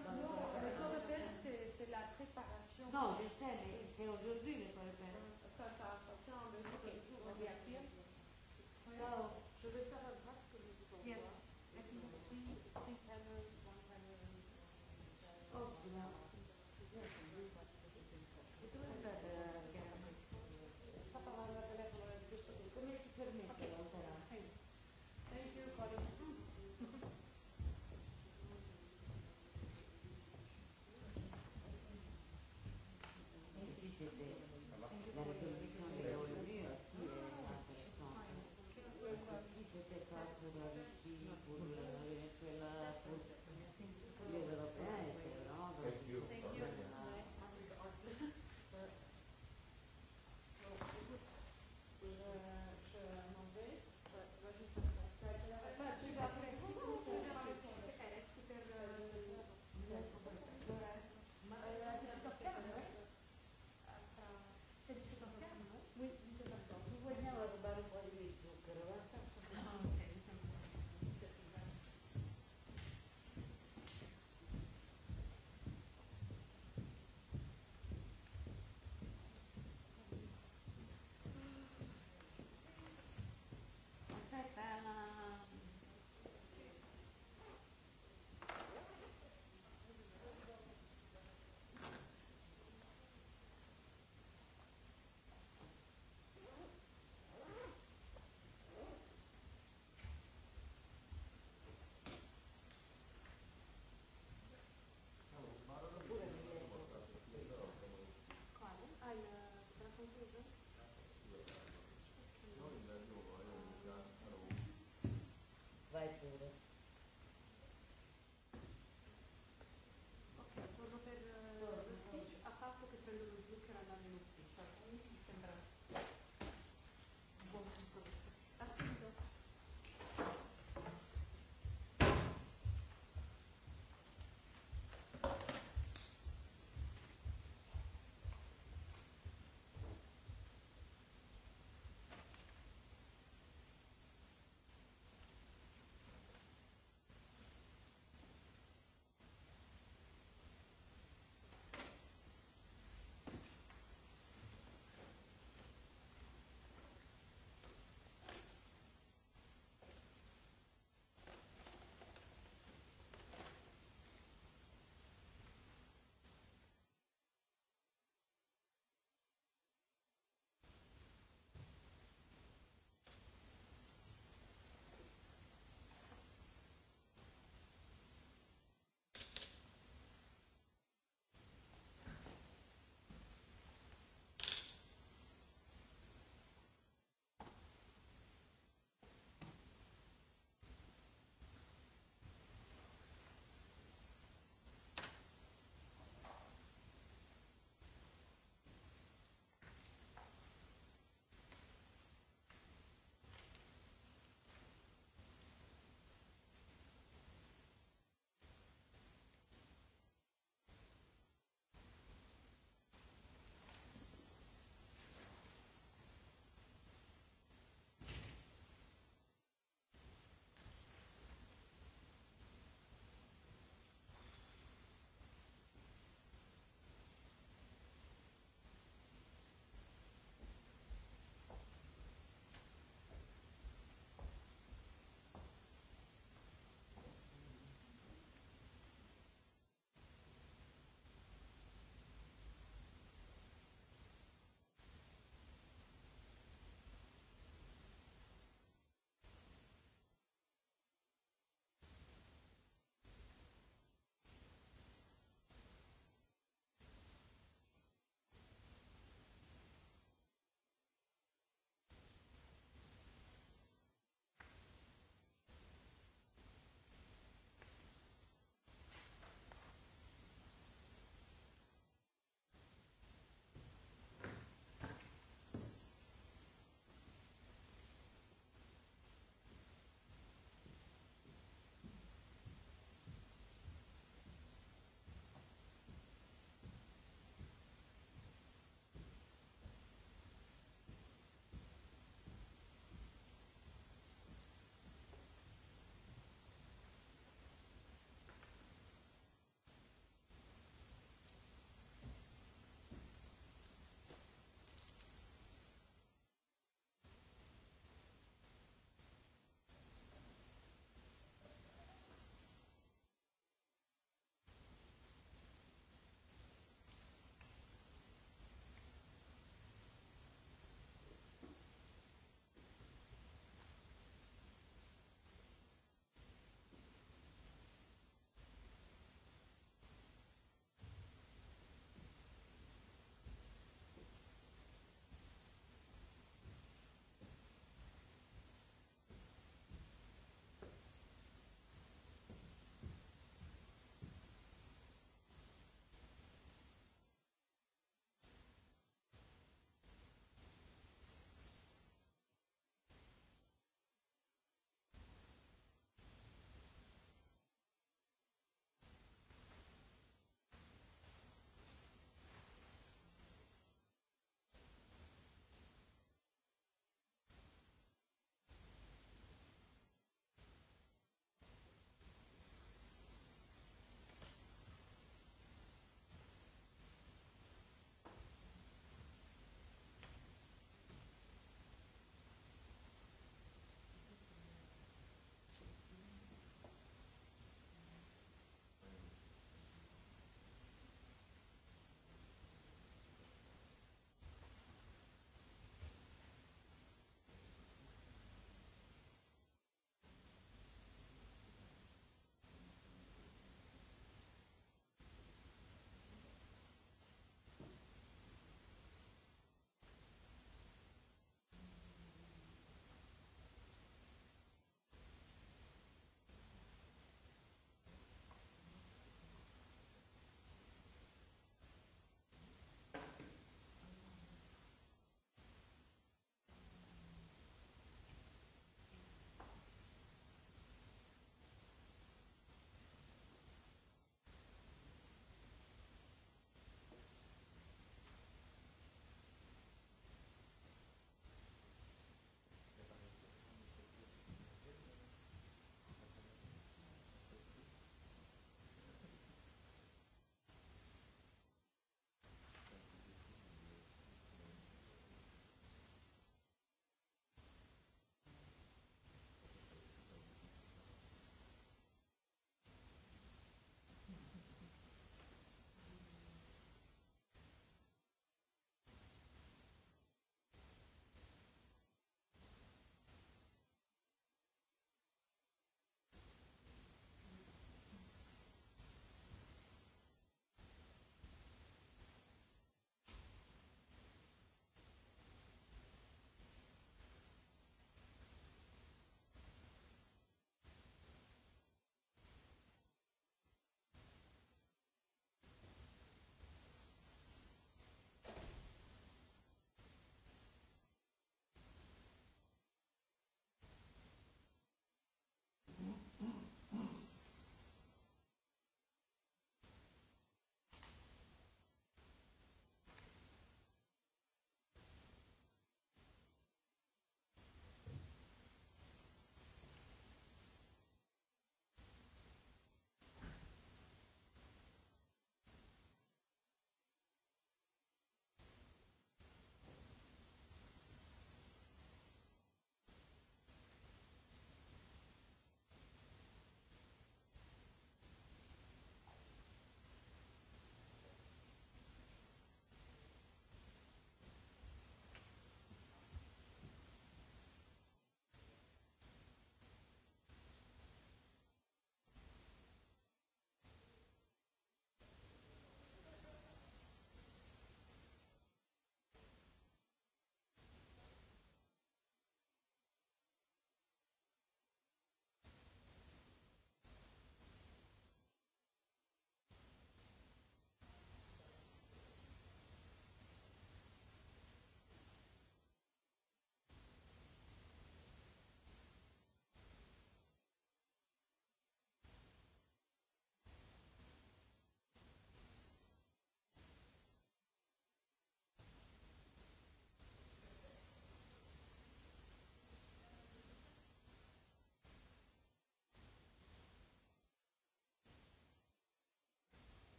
préparation. Non, je sais, mais c'est aujourd'hui le problème. Ça, ça sortira So, je vais faire un draft que je vous Oh,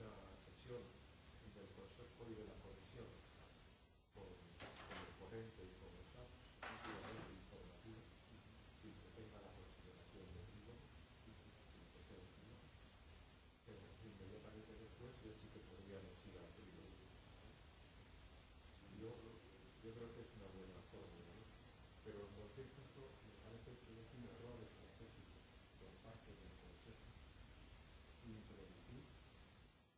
una sesión del Consejo y de la Comisión con, con el ponente y con los datos, últimamente informativo, sin que tenga la consideración de vivo, sin que sea un vivo, pero inmediatamente después yo sí que podría decir a abrirlo. Yo, yo creo que es una buena fórmula, ¿no? pero en cualquier caso me parece que es un error estratégico por parte del Consejo introducir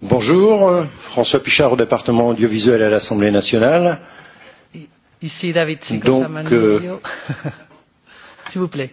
Bonjour, François Pichard au département audiovisuel à l'Assemblée nationale. Ici David Sikosamani. euh... [laughs] s'il vous plaît.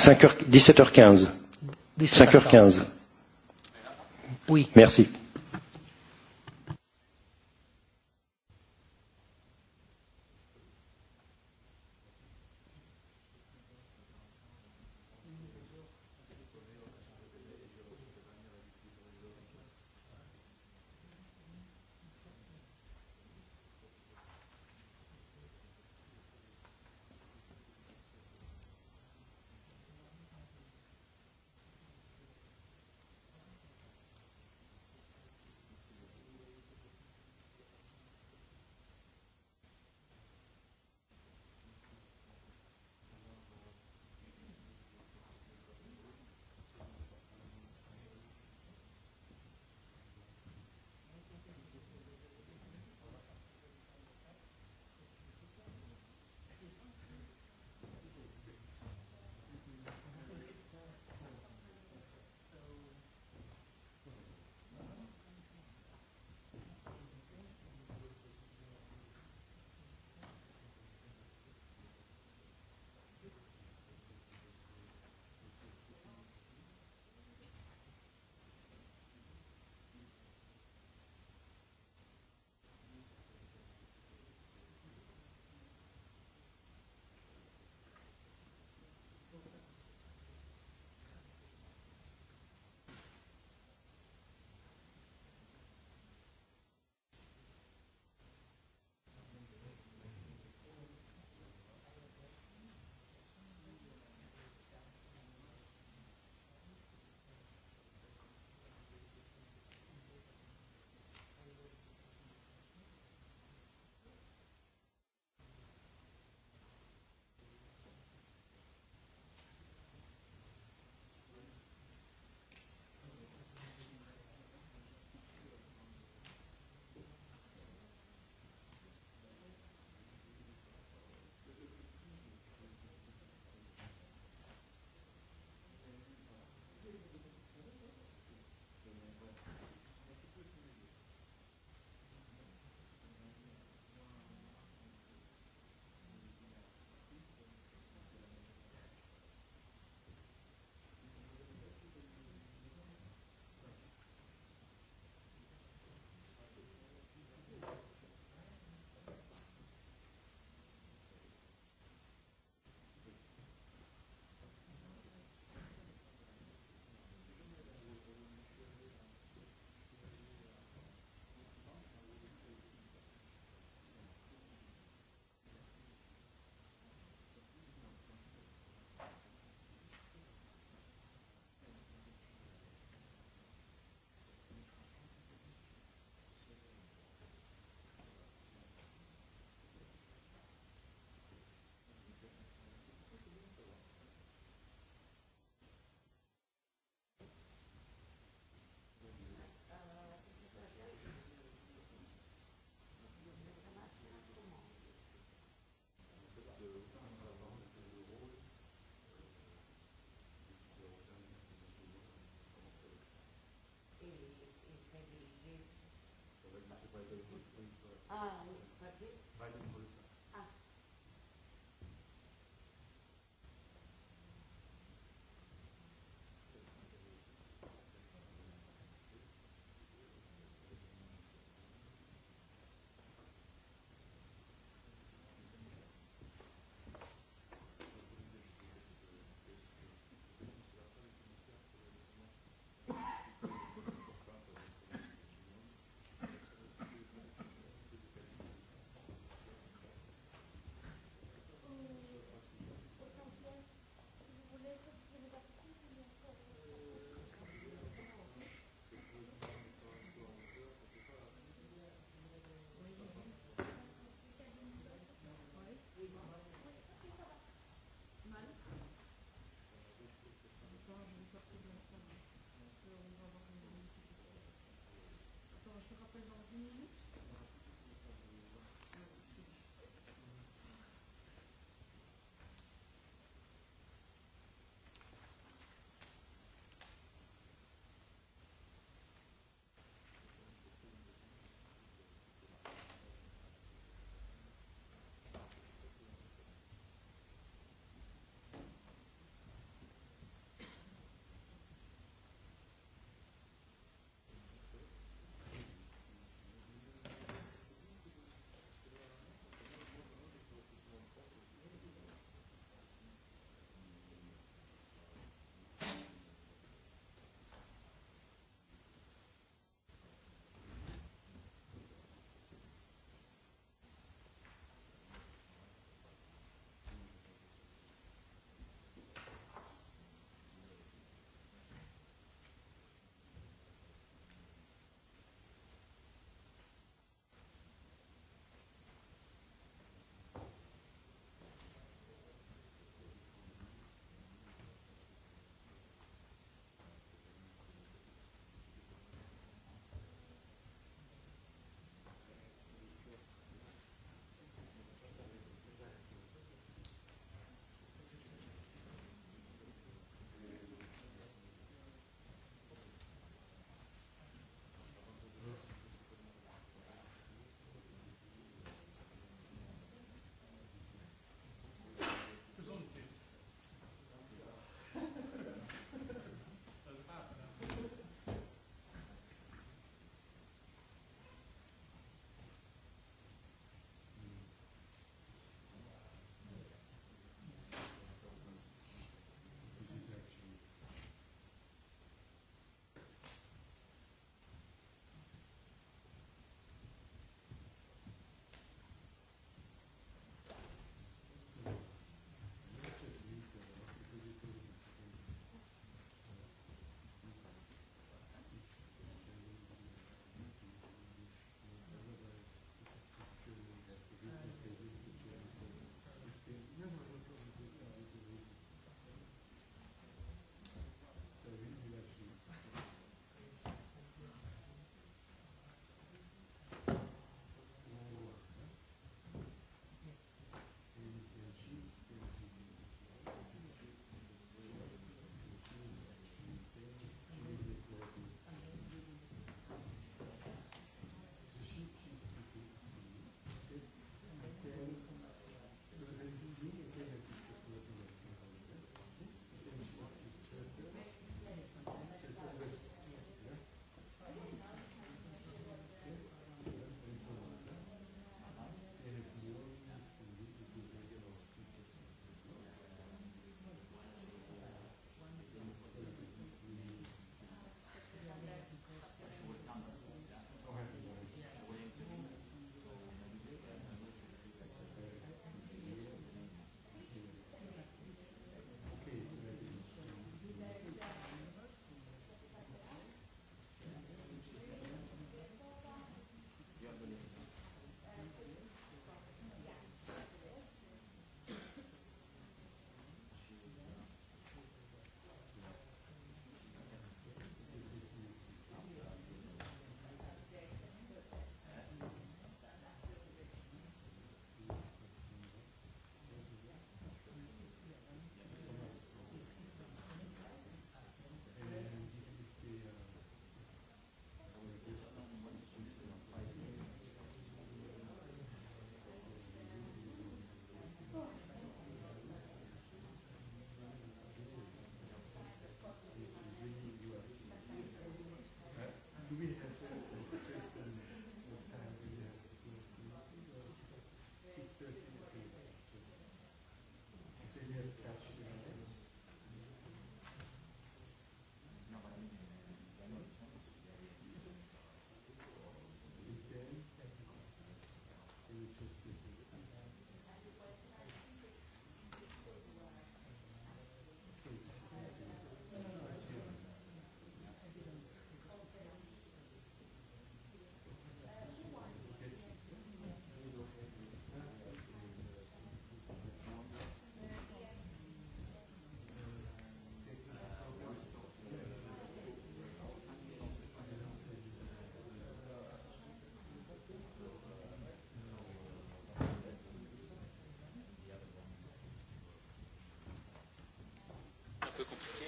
5h, 17h15. 17h15. 17h15. Oui. Merci.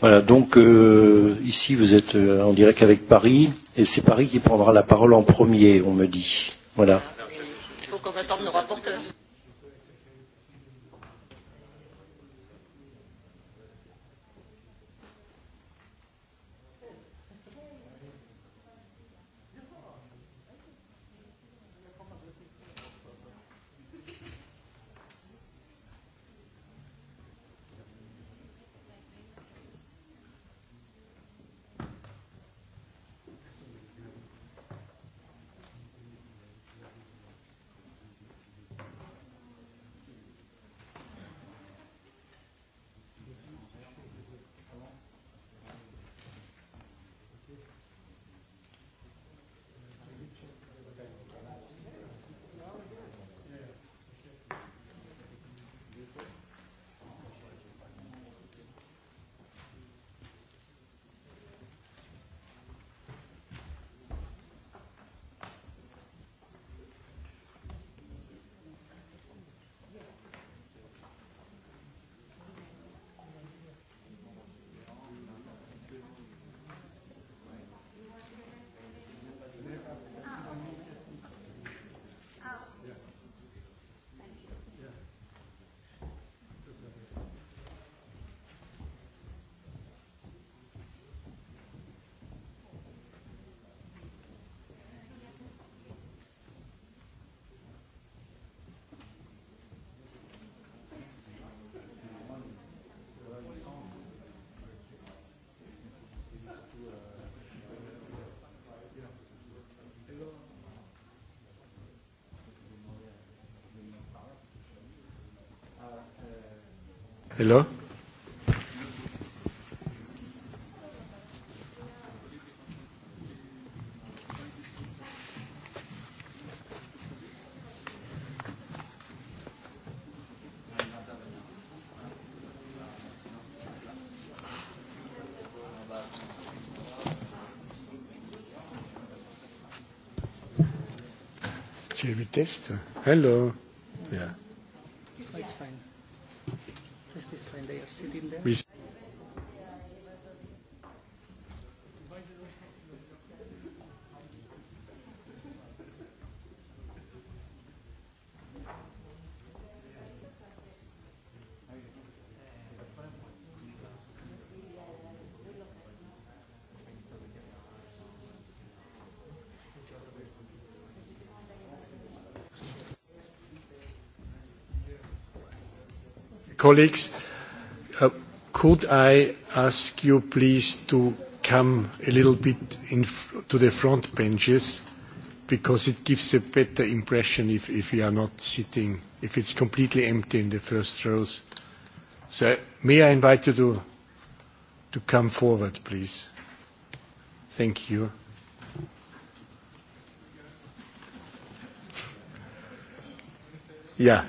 Voilà, donc euh, ici vous êtes euh, en direct avec Paris, et c'est Paris qui prendra la parole en premier, on me dit. Voilà. J'ai test. Hello. colleagues, uh, could I ask you please to come a little bit in f to the front benches because it gives a better impression if, if you are not sitting, if it's completely empty in the first rows. So may I invite you to, to come forward, please? Thank you. Yeah.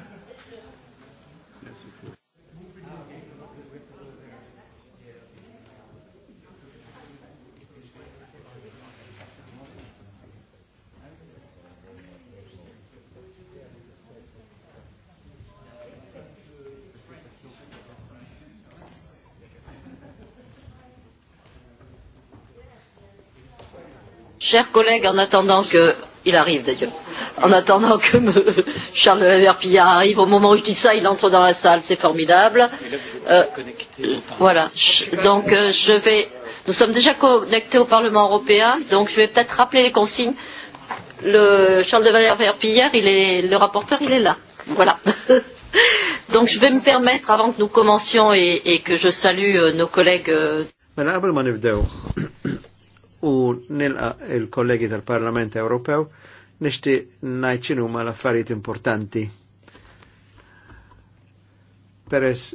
Chers collègues, en attendant que il arrive d'ailleurs. En attendant que me, Charles Leverpillard arrive, au moment où je dis ça, il entre dans la salle, c'est formidable. Là, euh, voilà. Donc euh, je vais. Nous sommes déjà connectés au Parlement européen, donc je vais peut-être rappeler les consignes. Le Charles de Valère-Verpillère, il est le rapporteur, il est là. Voilà. [laughs] donc je vais me permettre, avant que nous commencions et, et que je salue euh, nos collègues. Euh, mela, u nilqa il-kollegi tal-Parlament Ewropew nishti najċinu ma l-affarijiet importanti. Peress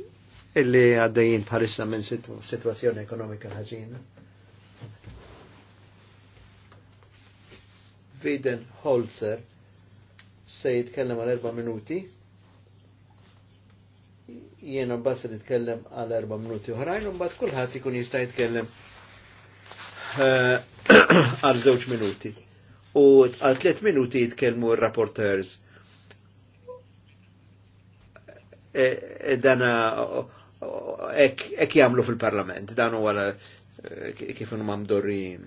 illi għaddejjin bħalissa minn situ, situazzjoni ekonomika ħaġina. Viden Holzer se jitkellem għal erba' minuti. Jiena bass nitkellem għal erba' minuti oħrajn u mbagħad kulħadd ikun jista' jitkellem Eh, [clears throat] għal żewġ minuti. U għal tliet minuti jitkelmu r-rapporters. E, e, Dana eh, e, ek jamlu fil-parlament, dan huwa eh, kif huma mdorrin.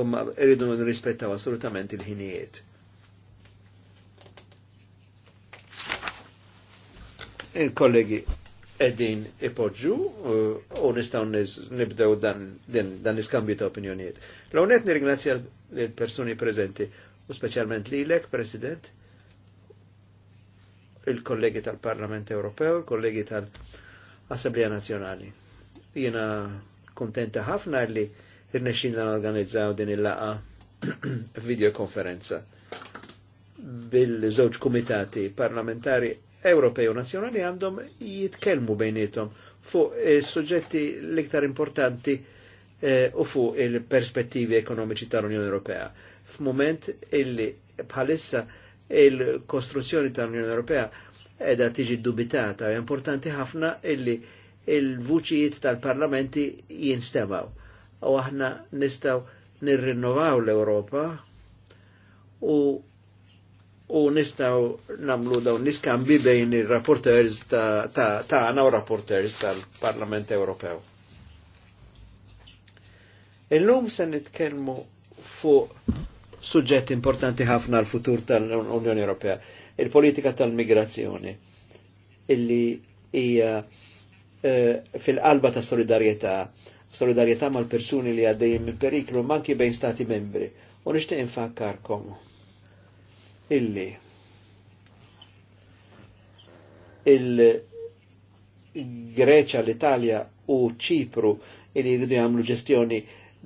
Umma rridu nirrispettaw assolutament il-ħinijiet. Il-kollegi edin ipoġġu eh, u nistaw nibdew dan, niskambju iskambju ta' opinjoniet. L-għonet nirgnazzja l-personi prezenti u specialment li l-ek, President, il-kollegi tal-Parlament Ewropew, il-kollegi tal-Assemblea Nazjonali. Jena kontenta ħafna li dan organizzaw din il-laqa [clears throat] videokonferenza bil-żewġ kumitati parlamentari Ewropej u nazjonali għandhom jitkellmu bejnietom fuq il eh, suġġetti l-iktar importanti eh, u fuq il-perspettivi ekonomiċi tal-Unjoni Ewropea. F'mument illi bħalissa il-kostruzzjoni tal-Unjoni Ewropea edha tiġi dubitata, u importanti ħafna illi il-vuċijiet tal-parlamenti jinstemaw. U aħna nistaw nirrinnovaw l-Europa u u nistaw namlu dawn niskambi bejn il-rapporters ta' għana u rapporters tal-Parlament Ewropew. lum se nitkellmu fuq suġġett importanti ħafna l futur tal-Unjoni Ewropea, il-politika tal-migrazzjoni, illi hija eh, fil-qalba ta' solidarjetà, solidarjetà mal-persuni li għaddejjem minn periklu manki bejn stati membri. U nixtieq infakkarkom illi il-Greċa, l-Italja u ċipru illi jridu jagħmlu ġestjoni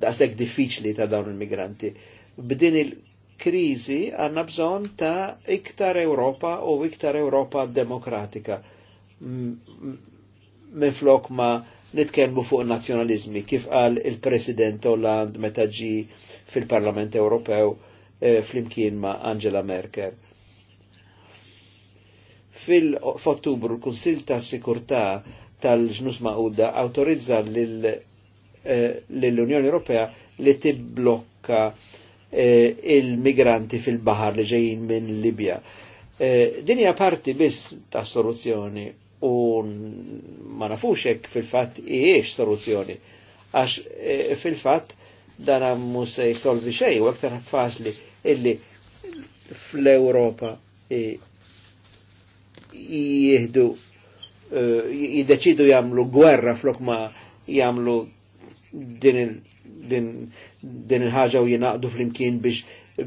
daqstek diffiċli ta' dawn il-migranti. B'din il krizi għandna bżonn ta' iktar Europa u iktar Europa demokratika. Minn flok ma' nitkellmu fuq nazzjonalizmi kif qal il-President Hollande meta ġi fil-Parlament Ewropew Eh, flimkien ma' Angela Merkel. Fil-Ottubru, l-Kunsil ta' Sikurtà tal-ġnus Mauda autorizza eh, l-Unjoni Ewropea li tibblokka eh, il-migranti fil-bahar li ġejjin minn Libja. Dinja parti biss ta' soluzzjoni u ma nafux hekk fil-fatt ijiex soluzzjoni għax fil-fatt dana għammu se jisolvi xej, u aktar faċli illi fl-Europa jihdu eh, jiddeċidu jamlu gwerra flok ma jamlu din il-ħaġa u jinaqdu fl-imkien biex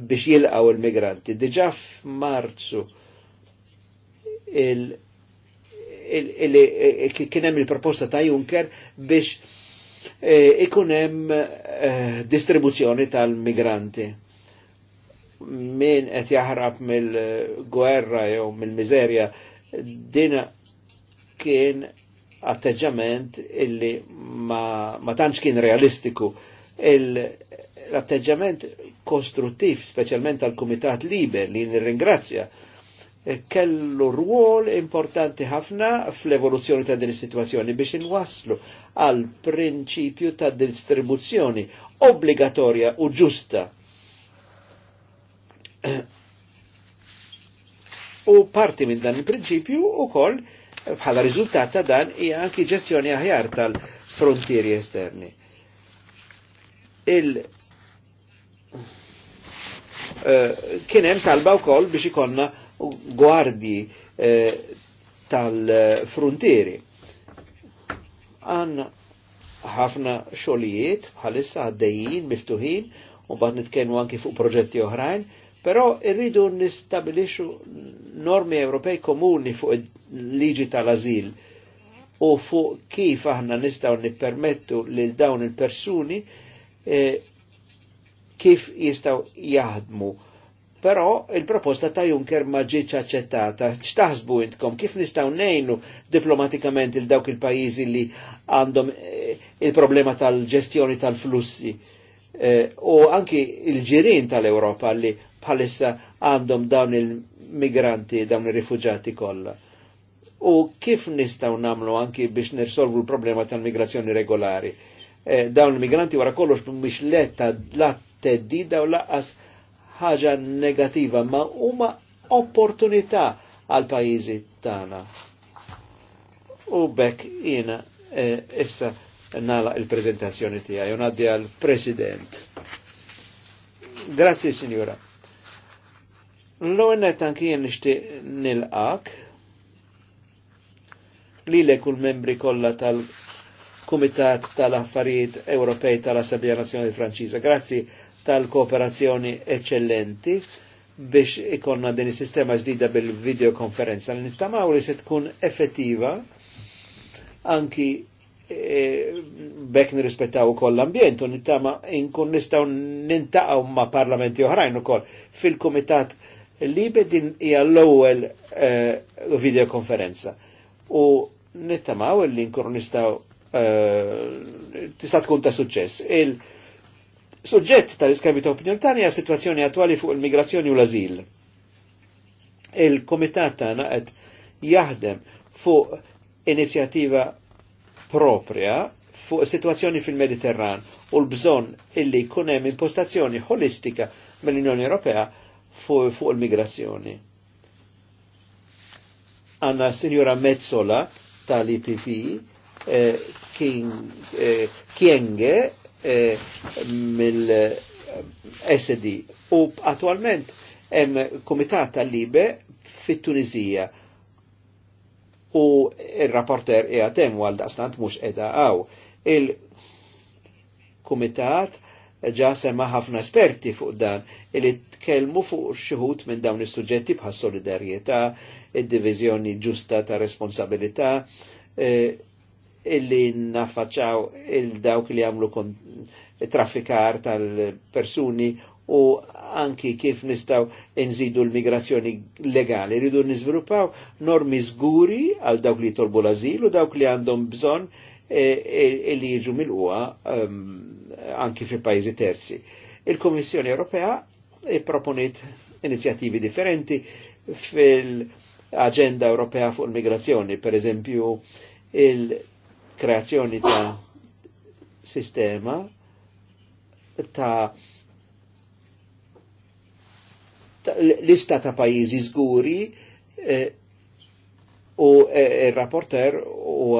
biex jilqaw il-migranti. Diġa f'Marzu il kienem il-proposta ta' Juncker biex E, ikunem hemm e, distribuzzjoni tal-migranti min qed jaħrab mill-gwerra jew mill-miżerja din kien atteġġament illi ma, ma tantx kien realistiku. L-atteġġament kostruttiv, speċjalment tal kumitat Liber li nirringrazzja kellu rwol importanti ħafna fl-evoluzzjoni ta' din is-sitwazzjoni biex inwasslu għal prinċipju ta' distribuzzjoni obbligatorja u ġusta. u parti minn dan il-prinċipju koll bħala riżultat ta' dan hija anki ġestjoni aħjar tal-frontieri esterni. Il uh, kien hemm talba wkoll biex ikonna gwardji eh, tal-frontieri. Għanna ħafna xolijiet bħalissa għaddejjin, miftuħin, u bad nitkellmu anki fuq proġetti oħrajn, però irridu nistabilixu normi Ewropej komuni fuq il-liġi tal-azil u fuq kif aħna nistaw nippermettu lil dawn il-persuni eh, kif jistaw jaħdmu Però il-proposta ta' Juncker ma ġietx aċċettata. ċtaħsbu intkom kif nistgħu ngħinu diplomatikament il dawk il-pajjiżi li għandhom eh, il-problema tal-ġestjoni tal-flussi eh, u anki il-ġirin tal europa li bħalissa għandhom dawn il-migranti, dawn il rifugġati kollha. U kif nistgħu nagħmlu anki biex nirsolvu l-problema tal-migrazzjoni regolari? Eh, dawn il-migranti wara kollox mux letta la teddida u laqqas ħaġa negativa, ma huma opportunità għal pajjiżi tagħna. U bekk jiena eh, issa e, nala il-prezentazzjoni tiegħi u ngħaddi għal President. Grazzi, Signora. L-għonet anki jien nixtieq nilqak li l membri kollha tal-Kumitat tal-Affarijiet Ewropej tal-Assemblea Nazzjonali Franċiża. Grazzi tal-kooperazzjoni eccellenti biex ikonna din sistema ġdida bil-videokonferenza li niftamaw li se tkun effettiva anki E, bekk nirrispettaw ukoll l-ambjent u nittama inkun nistgħu nintaqgħu ma' parlamenti oħrajn ukoll fil-kumitat libe din hija l-ewwel eh, videokonferenza. U nittamaw li nkunu nistgħu eh, tista' tkun ta' suċċess. Suġġett tal-iskambju ta' opinjoni tani għas situazzjoni attuali fuq il-migrazzjoni u l-azil. Il-komitat ta' qed jaħdem fuq inizjattiva propria fuq situazzjoni fil-Mediterran u l-bżon illi kunem impostazzjoni holistika mill-Unjoni Ewropea fuq fu il-migrazzjoni. Għanna Signora Mezzola tal-IPP, eh, eh, Kienge E, mill-SD. Eh, u attualment hemm komitat tal-libe fit-Tunizija u il-rapporter jgħatem e għal daqstant mux edha għaw. Il-komitat ġa sema ħafna esperti fuq dan li tkellmu fuq xuħut minn dawn is-suġġetti bħas solidarjetà, id-diviżjoni ġusta ta' responsabilità, e, illi naffaċaw il-dawk li għamlu traffikar tal-persuni u anki kif nistaw nżidu l-migrazzjoni legali. Ridu nizvilupaw normi zguri għal dawk li tolbu l-azil u dawk li għandhom bżon e, e li jiġu mill-uqa anki fi pajzi terzi. Il-Komissjoni Ewropea proponit inizjattivi differenti fil-Agenda Ewropea fuq l-migrazzjoni, per eżempju il- kreazzjoni ta' sistema ta' lista ta' pajizi zguri eh, u eh, il-rapporter u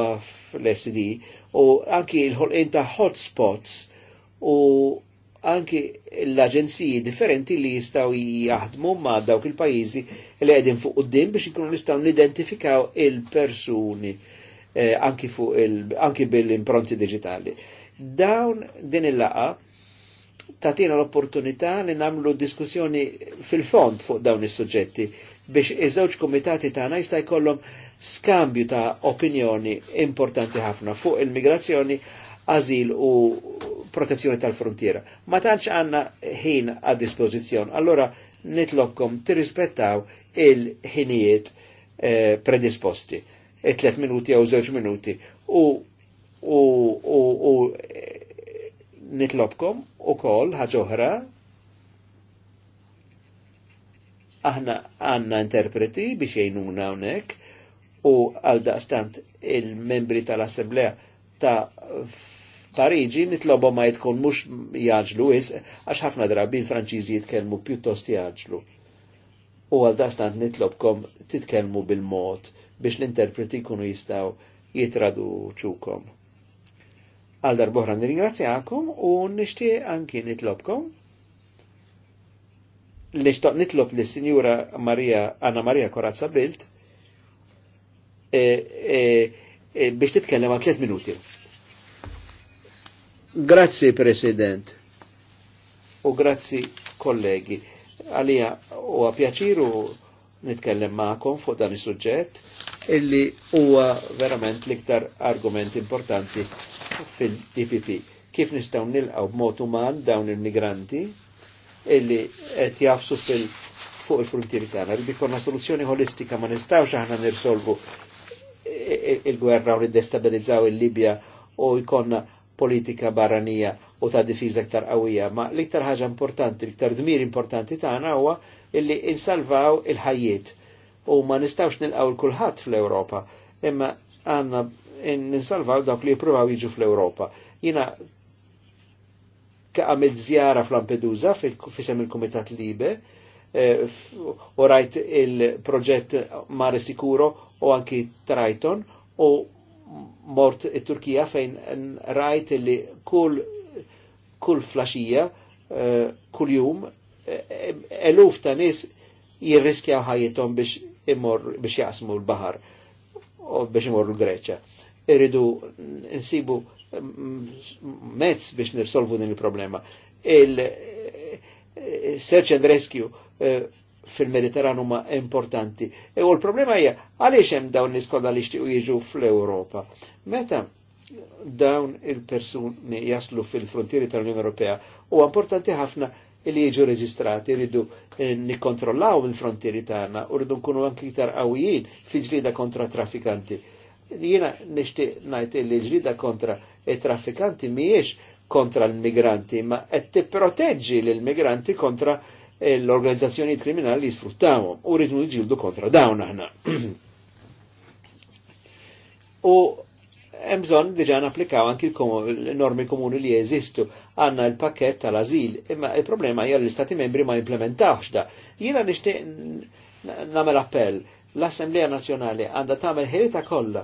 l-SD u anki il-ħolqin ta' hotspots u anki l-aġenziji differenti li jistaw jaħdmu ma' dawk il-pajizi li għedin fuq u biex nkunu nistaw nidentifikaw il-persuni Eh, anki, anki bil-impronti digitali. Dawn din il-laqa tatina l-opportunità li namlu diskussjoni fil-fond fuq dawn is-suġġetti biex iż-żewġ komitati tagħna jista' jkollhom skambju ta' opinjoni importanti ħafna fuq il-migrazzjoni, azil u protezzjoni tal-frontiera. Ma tantx għandna ħin għad dispożizzjon, allora nitlobkom tirrispettaw il-ħinijiet eh, predisposti tlet minuti jew żewġ minuti u u u, u nitlobkom ukoll ħaġa oħra aħna għanna interpreti biex jgħinuna hawnhekk u għal daqstant il-membri tal-assemblea ta' Pariġi nitlobom ma jitkun mhux jaġlu is għax ħafna drabin Franċiżi jitkellmu pjuttost jaġlu. U għal daqstant nitlobkom titkellmu bil-mod biex l-interpreti kunu jistaw jitradu ċukom. Għal darbohra nirringrazzjakom u nishtiq anki nitlobkom li xtaq nitlob li sinjura Maria, Anna Maria Korazza Bilt e, e, e, biex titkellem għal 3 minuti. Grazzi President u grazzi kollegi għalija u għapjaċiru nitkellem maħkom fuq dan is-suġġett illi huwa verament l-iktar argument importanti fil-DPP. Kif nistaw nilqaw b'mod uman dawn il-migranti illi qed jafsu fil fuq il-frontieri tagħna. Rrid ikolna soluzzjoni holistika ma nistgħux aħna nirsolvu il-gwerra u niddestabilizzaw il-Libja u jkollna politika barranija u ta' difiża iktar qawwija, ma l-iktar ħaġa importanti, l-iktar dmir importanti tagħna huwa illi insalvaw il-ħajjiet u ma nistawx nilqaw l-kulħadd fl-Ewropa, imma għanna ninsalvaw dawk li jipruvaw jiġu fl-Ewropa. Jina għamil zjara fl ampedusa fisem il-Kumitat Libe eh, u rajt il-proġett Mare Sikuro u anki Triton u mort il-Turkija fejn rajt li kull kull flasġija eh, kull jum eh, eluf ta' nis jirriskjaw ħajjithom biex imor biex jasmu l-bahar u biex imorru l-Greċa. Irridu nsibu mm, mezz biex nirsolvu din il-problema. Il-search eh, and rescue eh, fil-Mediterranu ma importanti. E u l-problema hija għaliex hemm dawn l-iskola li xtiqu jiġu fl-Ewropa. Meta dawn il-persuni jaslu fil-frontieri tal-Unjoni Ewropea u importanti ħafna li jieġu reġistrati, rridu eh, nikkontrollaw il-frontieri tagħna u rridu nkunu anke iktar qawwijin fil-ġlida kontra traffikanti. Jiena nixtieq ngħid li ġlida kontra traffikanti mhijiex kontra l-migranti, ma qed tipproteġġi l-migranti kontra eh, l-organizzazzjoni kriminali li sfruttawhom u rridu nġildu kontra dawn aħna. [clears throat] u hemm bżonn diġà napplikaw anki l-normi komuni li jeżistu għandna l-pakket tal-azil, imma il-problema hija l-istati membri ma implementawx da. Jiena nixtieq nagħmel appell l-Assemblea Nazzjonali għandha tagħmel ħerita kollha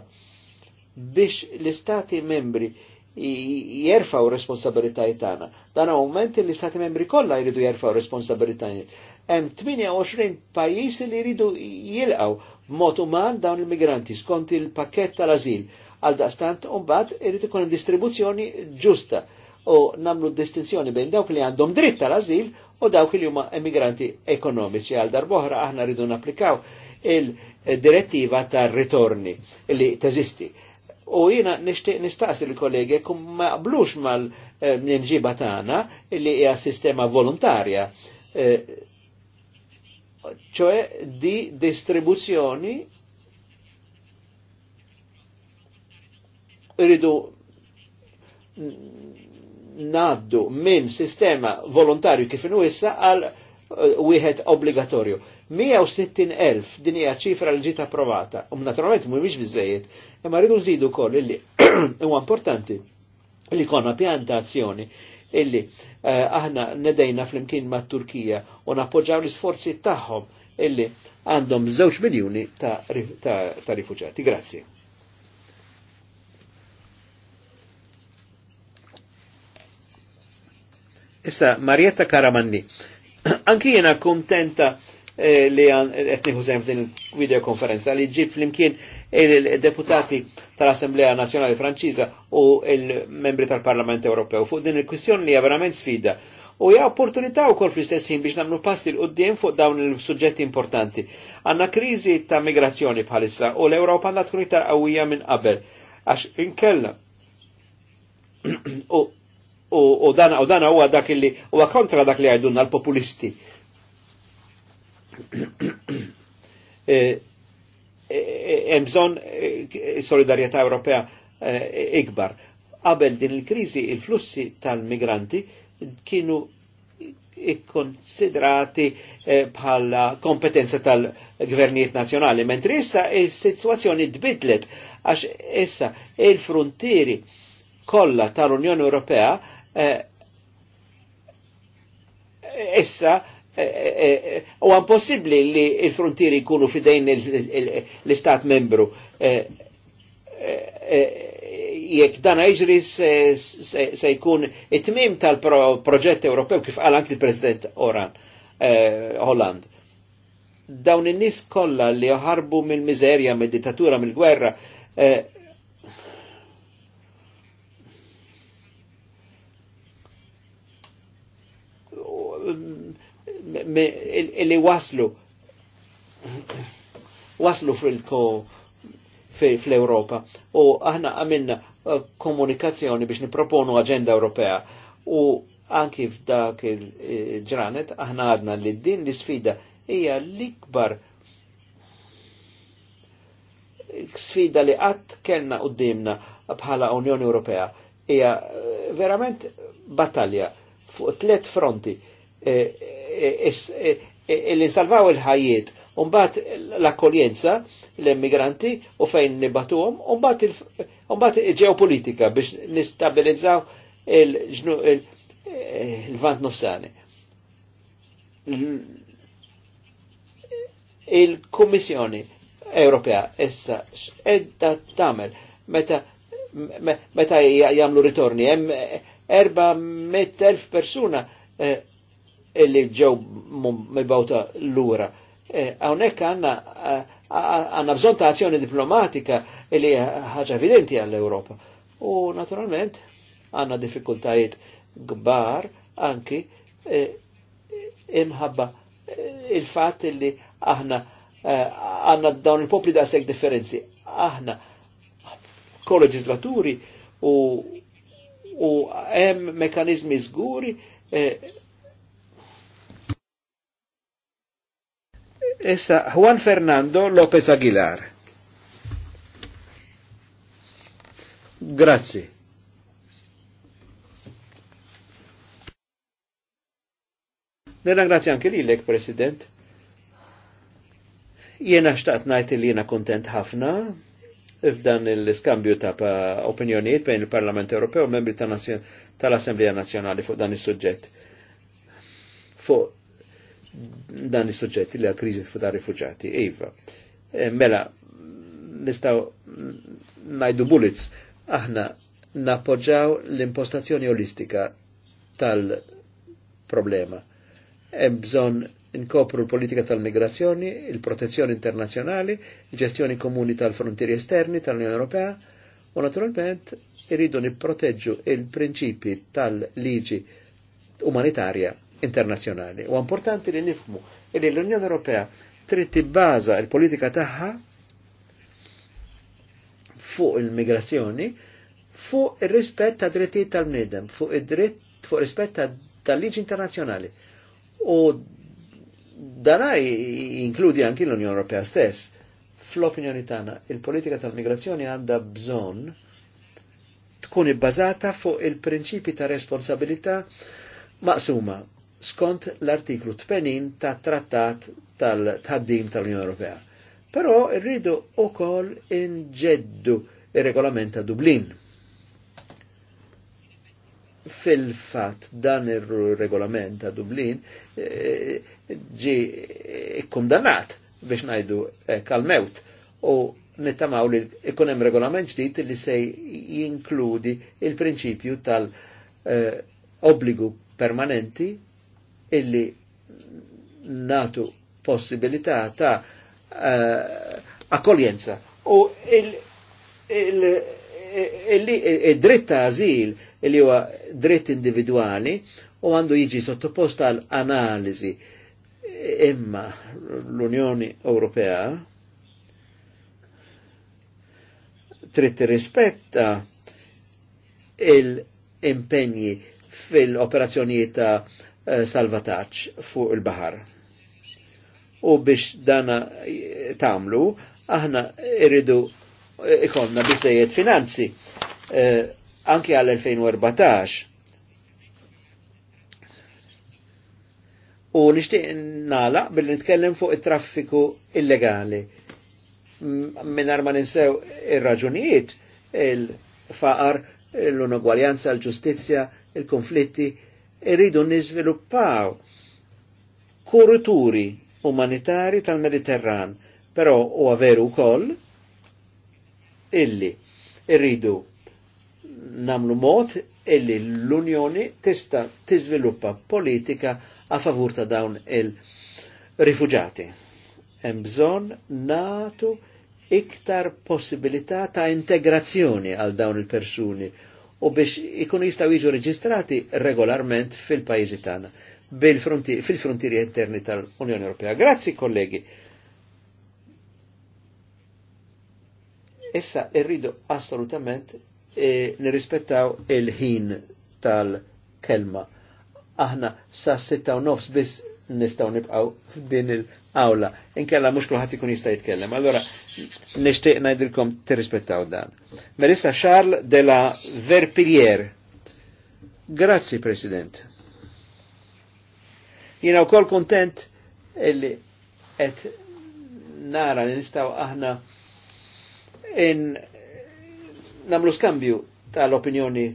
biex l-istati membri jerfaw responsabilitajiet tagħna. Dan moment l-istati membri kollha jridu jerfaw responsabilitajiet. Hemm 28 pajjiżi li jridu jilqgħu b'mod uman dawn il-migranti skont il-pakkett tal-ażil Għal daqstant, un bad irrit ikun distribuzzjoni ġusta u namlu distinzjoni bejn dawk li għandhom dritt tal-azil u dawk li huma emigranti ekonomiċi. Għal darboħra aħna rridu napplikaw il-direttiva tar-ritorni li teżisti. U jina nishtiq nistaqsi l-kollegi kum maqblux qblux mal-mnenġiba eh, tagħna li hija sistema volontarja. Eh, ċoe di distribuzzjoni rridu naddu minn sistema volontarju kif inhu issa għal eh, wieħed obbligatorju. 160.000 din hija ċifra li ġiet approvata. U naturalment mhumiex biżejjed, imma rridu nżidu wkoll illi [clears throat] huwa importanti li konna azzjoni illi eh, aħna nedejna fl-imkien ma' Turkija u nappoġġaw l-isforzi tagħhom illi għandhom żewġ miljuni ta rifuġati. Grazzi. Issa, Marietta Karamanni, [clears throat] anki jena kontenta eh, li għan eh, etniħu zem din videokonferenza li ġib flimkien il-deputati tal-Assemblea Nazjonali Franċiza u il-membri tal-Parlament Ewropew fuq din il-kwistjoni li hija verament sfida. U hija opportunità wkoll fl-istess biex nagħmlu passi l qudiem fuq dawn il-suġġetti importanti. Għanna kriżi ta' migrazzjoni bħalissa u l-Ewropa għandha tkun iktar qawwija minn qabel għax inkella [clears throat] u u dan u dan huwa dak li huwa kontra dak li għajdunna l-populisti. [clears throat] Eh, eh, eh, hemm bżonn solidarjetà Ewropea ikbar. Qabel din il-kriżi il-flussi tal-migranti kienu ikkonsidrati bħala kompetenza tal-gvernijiet nazjonali, mentri issa il-situazzjoni tbidlet għax issa il-frontieri kollha tal-Unjoni Ewropea Eh, issa, eh, eh, u għan possibli li il-frontieri jkunu fidejn l-istat membru. Jekk dan iġri se jkun it-tmim tal-proġett Ewropew kif għal anki il-President Oran, Holland dawn in-nies kollha li jaħarbu mill-miżerja, mid-dittatura, mill-gwerra, li waslu waslu fil-ko fl-Europa u aħna għamilna uh, komunikazzjoni biex niproponu agenda Ewropea u anki f'dak il-ġranet eh, aħna għadna li din l-sfida hija l-ikbar sfida li għat kellna dimna bħala Unjoni Ewropea hija eh, verament battalja fuq tliet fronti eh, li salvaw il-ħajiet, unbat l-akkoljenza l-immigranti u fejn nibatuhom, unbat il-ġeopolitika biex nistabilizzaw il-vant nofsani. Il-Kommissjoni Ewropea essa edda tamel meta meta jamlu ritorni hemm 400,000 persuna eh, illi ġew mibawta l-ura. Għawnek e, għanna għanna bżon ta' azzjoni diplomatika illi ħaġa evidenti għall-Europa. U naturalment għanna diffikultajiet gbar anki e, imħabba e, il-fat illi aħna għanna dawn il-popli da' sek differenzi. Aħna koleġislaturi u u hemm mekanizmi żguri Issa Juan Fernando Lopez Aguilar. Grazie. anche lì, lilek, President. Jiena xtaqt ngħid li jiena kontent ħafna f'dan l-iskambju ta' opinjonijiet bejn il-Parlament Ewropew u membri tal-Assemblea Nazzjonali fuq dan is-suġġett. Fuq dan is-suġġett li għal krizi ta' rifuġati. Iva, eh, mela, nistaw najdu bullets, aħna nappoġġaw l-impostazzjoni olistika tal-problema. Hemm bżonn inkopru l-politika tal-migrazzjoni, il-protezzjoni internazzjonali, il-ġestjoni komuni tal-frontieri esterni tal-Unjoni Ewropea, u naturalment irridu nipproteġġu il-prinċipi tal-liġi umanitarja internazzjonali. U importanti li nifmu li l-Unjoni Ewropea trid tibbaża l-politika tagħha fuq il-migrazzjoni fuq ir-rispett ta' drittijiet tal-bniedem, fuq id-dritt fuq rispett tal-liġi internazzjonali. U danaj jinkludi anki l-Unjoni Ewropea stess. Fl-opinjoni tagħna, il-politika tal-migrazzjoni għandha bżonn tkun ibbażata fuq il-prinċipi ta' responsabilità maqsuma skont l-artiklu 80 ta' trattat tal-tħaddim tal-Unjoni Ewropea. Però rridu wkoll inġeddu ir-regolament ta' Dublin. Fil-fat dan ir-regolament ta' Dublin eh, ġi kundannat biex najdu eh, kal-mewt u nittamaw li ikun hemm regolament ġdid li se jinkludi il-prinċipju tal-obbligu eh, permanenti illi natu possibilità ta' uh, eh, akkoljenza u il dritt ta' azil li huwa dritt individuali u għandu jiġi sottoposta għal analizi imma l-Unjoni Ewropea tritt rispetta il-impegni fil-operazzjonijiet ta' Eh, salvataċ fuq il-bahar. U biex dana eh, tamlu, aħna irridu eh, ikonna bizzejiet finanzi anki għal 2014. U nishtiq nala billi nitkellem fuq it-traffiku illegali. Minar ma ninsew ir-raġunijiet il-faqar, l-unugwaljanza, l-ġustizja, il-konflitti, irridu niżviluppaw kurituri umanitari tal-Mediterran, però u għaveru wkoll illi irridu namlu mod illi l-Unjoni tista' tiżviluppa politika a favur ta' dawn il-rifuġati. Hemm bżonn natu iktar possibilità ta' integrazzjoni għal dawn il-persuni u biex ikun jistaw jiġu reġistrati regolarment fil-pajizi tagħna fil-frontieri interni tal-Unjoni Ewropea. Grazzi kollegi. Issa irridu assolutament eh, nirrispettaw il-ħin tal-kelma. Aħna sa' sitta u nofs biss nistaw nibqaw f'din il- awla, inkella mux kulħat ikun jista' jitkellem. Allora, nishtiq najdilkom tirrispettaw dan. Melissa Charles de la Verpillier. Grazzi, President. Jina u kol kontent illi et nara li nistaw aħna in namlu skambju tal-opinjoni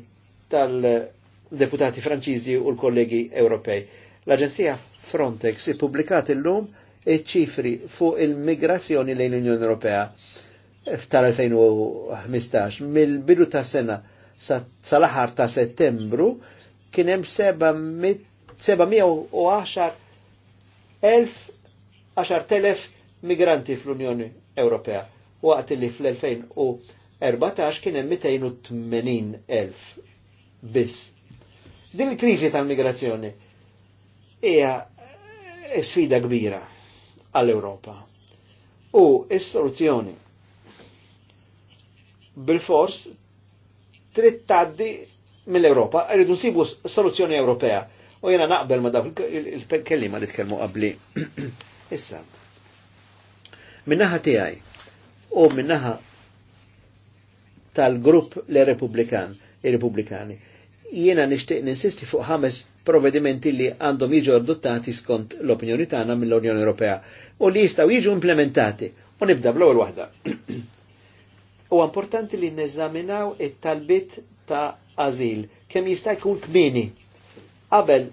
tal-deputati franċiżi u l-kollegi Ewropej. L-Aġenzija Frontex i pubblikat il-lum ċifri fuq il-migrazzjoni lejn l-Unjoni Ewropea f'tar-2015 mill-bidu ta' sena sal-aħar ta' settembru kien hemm 710,000 migranti fl-Unjoni Ewropea waqt li fl-2014 kien hemm 280,000 biss. Din il-kriżi tal-migrazzjoni hija sfida kbira għall-Europa. U is-soluzzjoni bil-fors trid tgħaddi mill-Europa, rridu nsibu soluzzjoni Ewropea. U jena naqbel ma dak il-kellima li tkellmu qabli. [clears throat] Issa. Minnaħa tiegħi u minnaħa tal-grupp le Republikan, i Repubblikani, jiena nixtieq ninsisti fuq ħames provvedimenti li għandhom jiġu adottati skont l-opinjoni tagħna mill-Unjoni Ewropea u li jistgħu jiġu implementati. U nibda bl-ewwel waħda. [clears throat] U importanti li neżaminaw it-talbit ta' azil kemm jista' jkun kmini qabel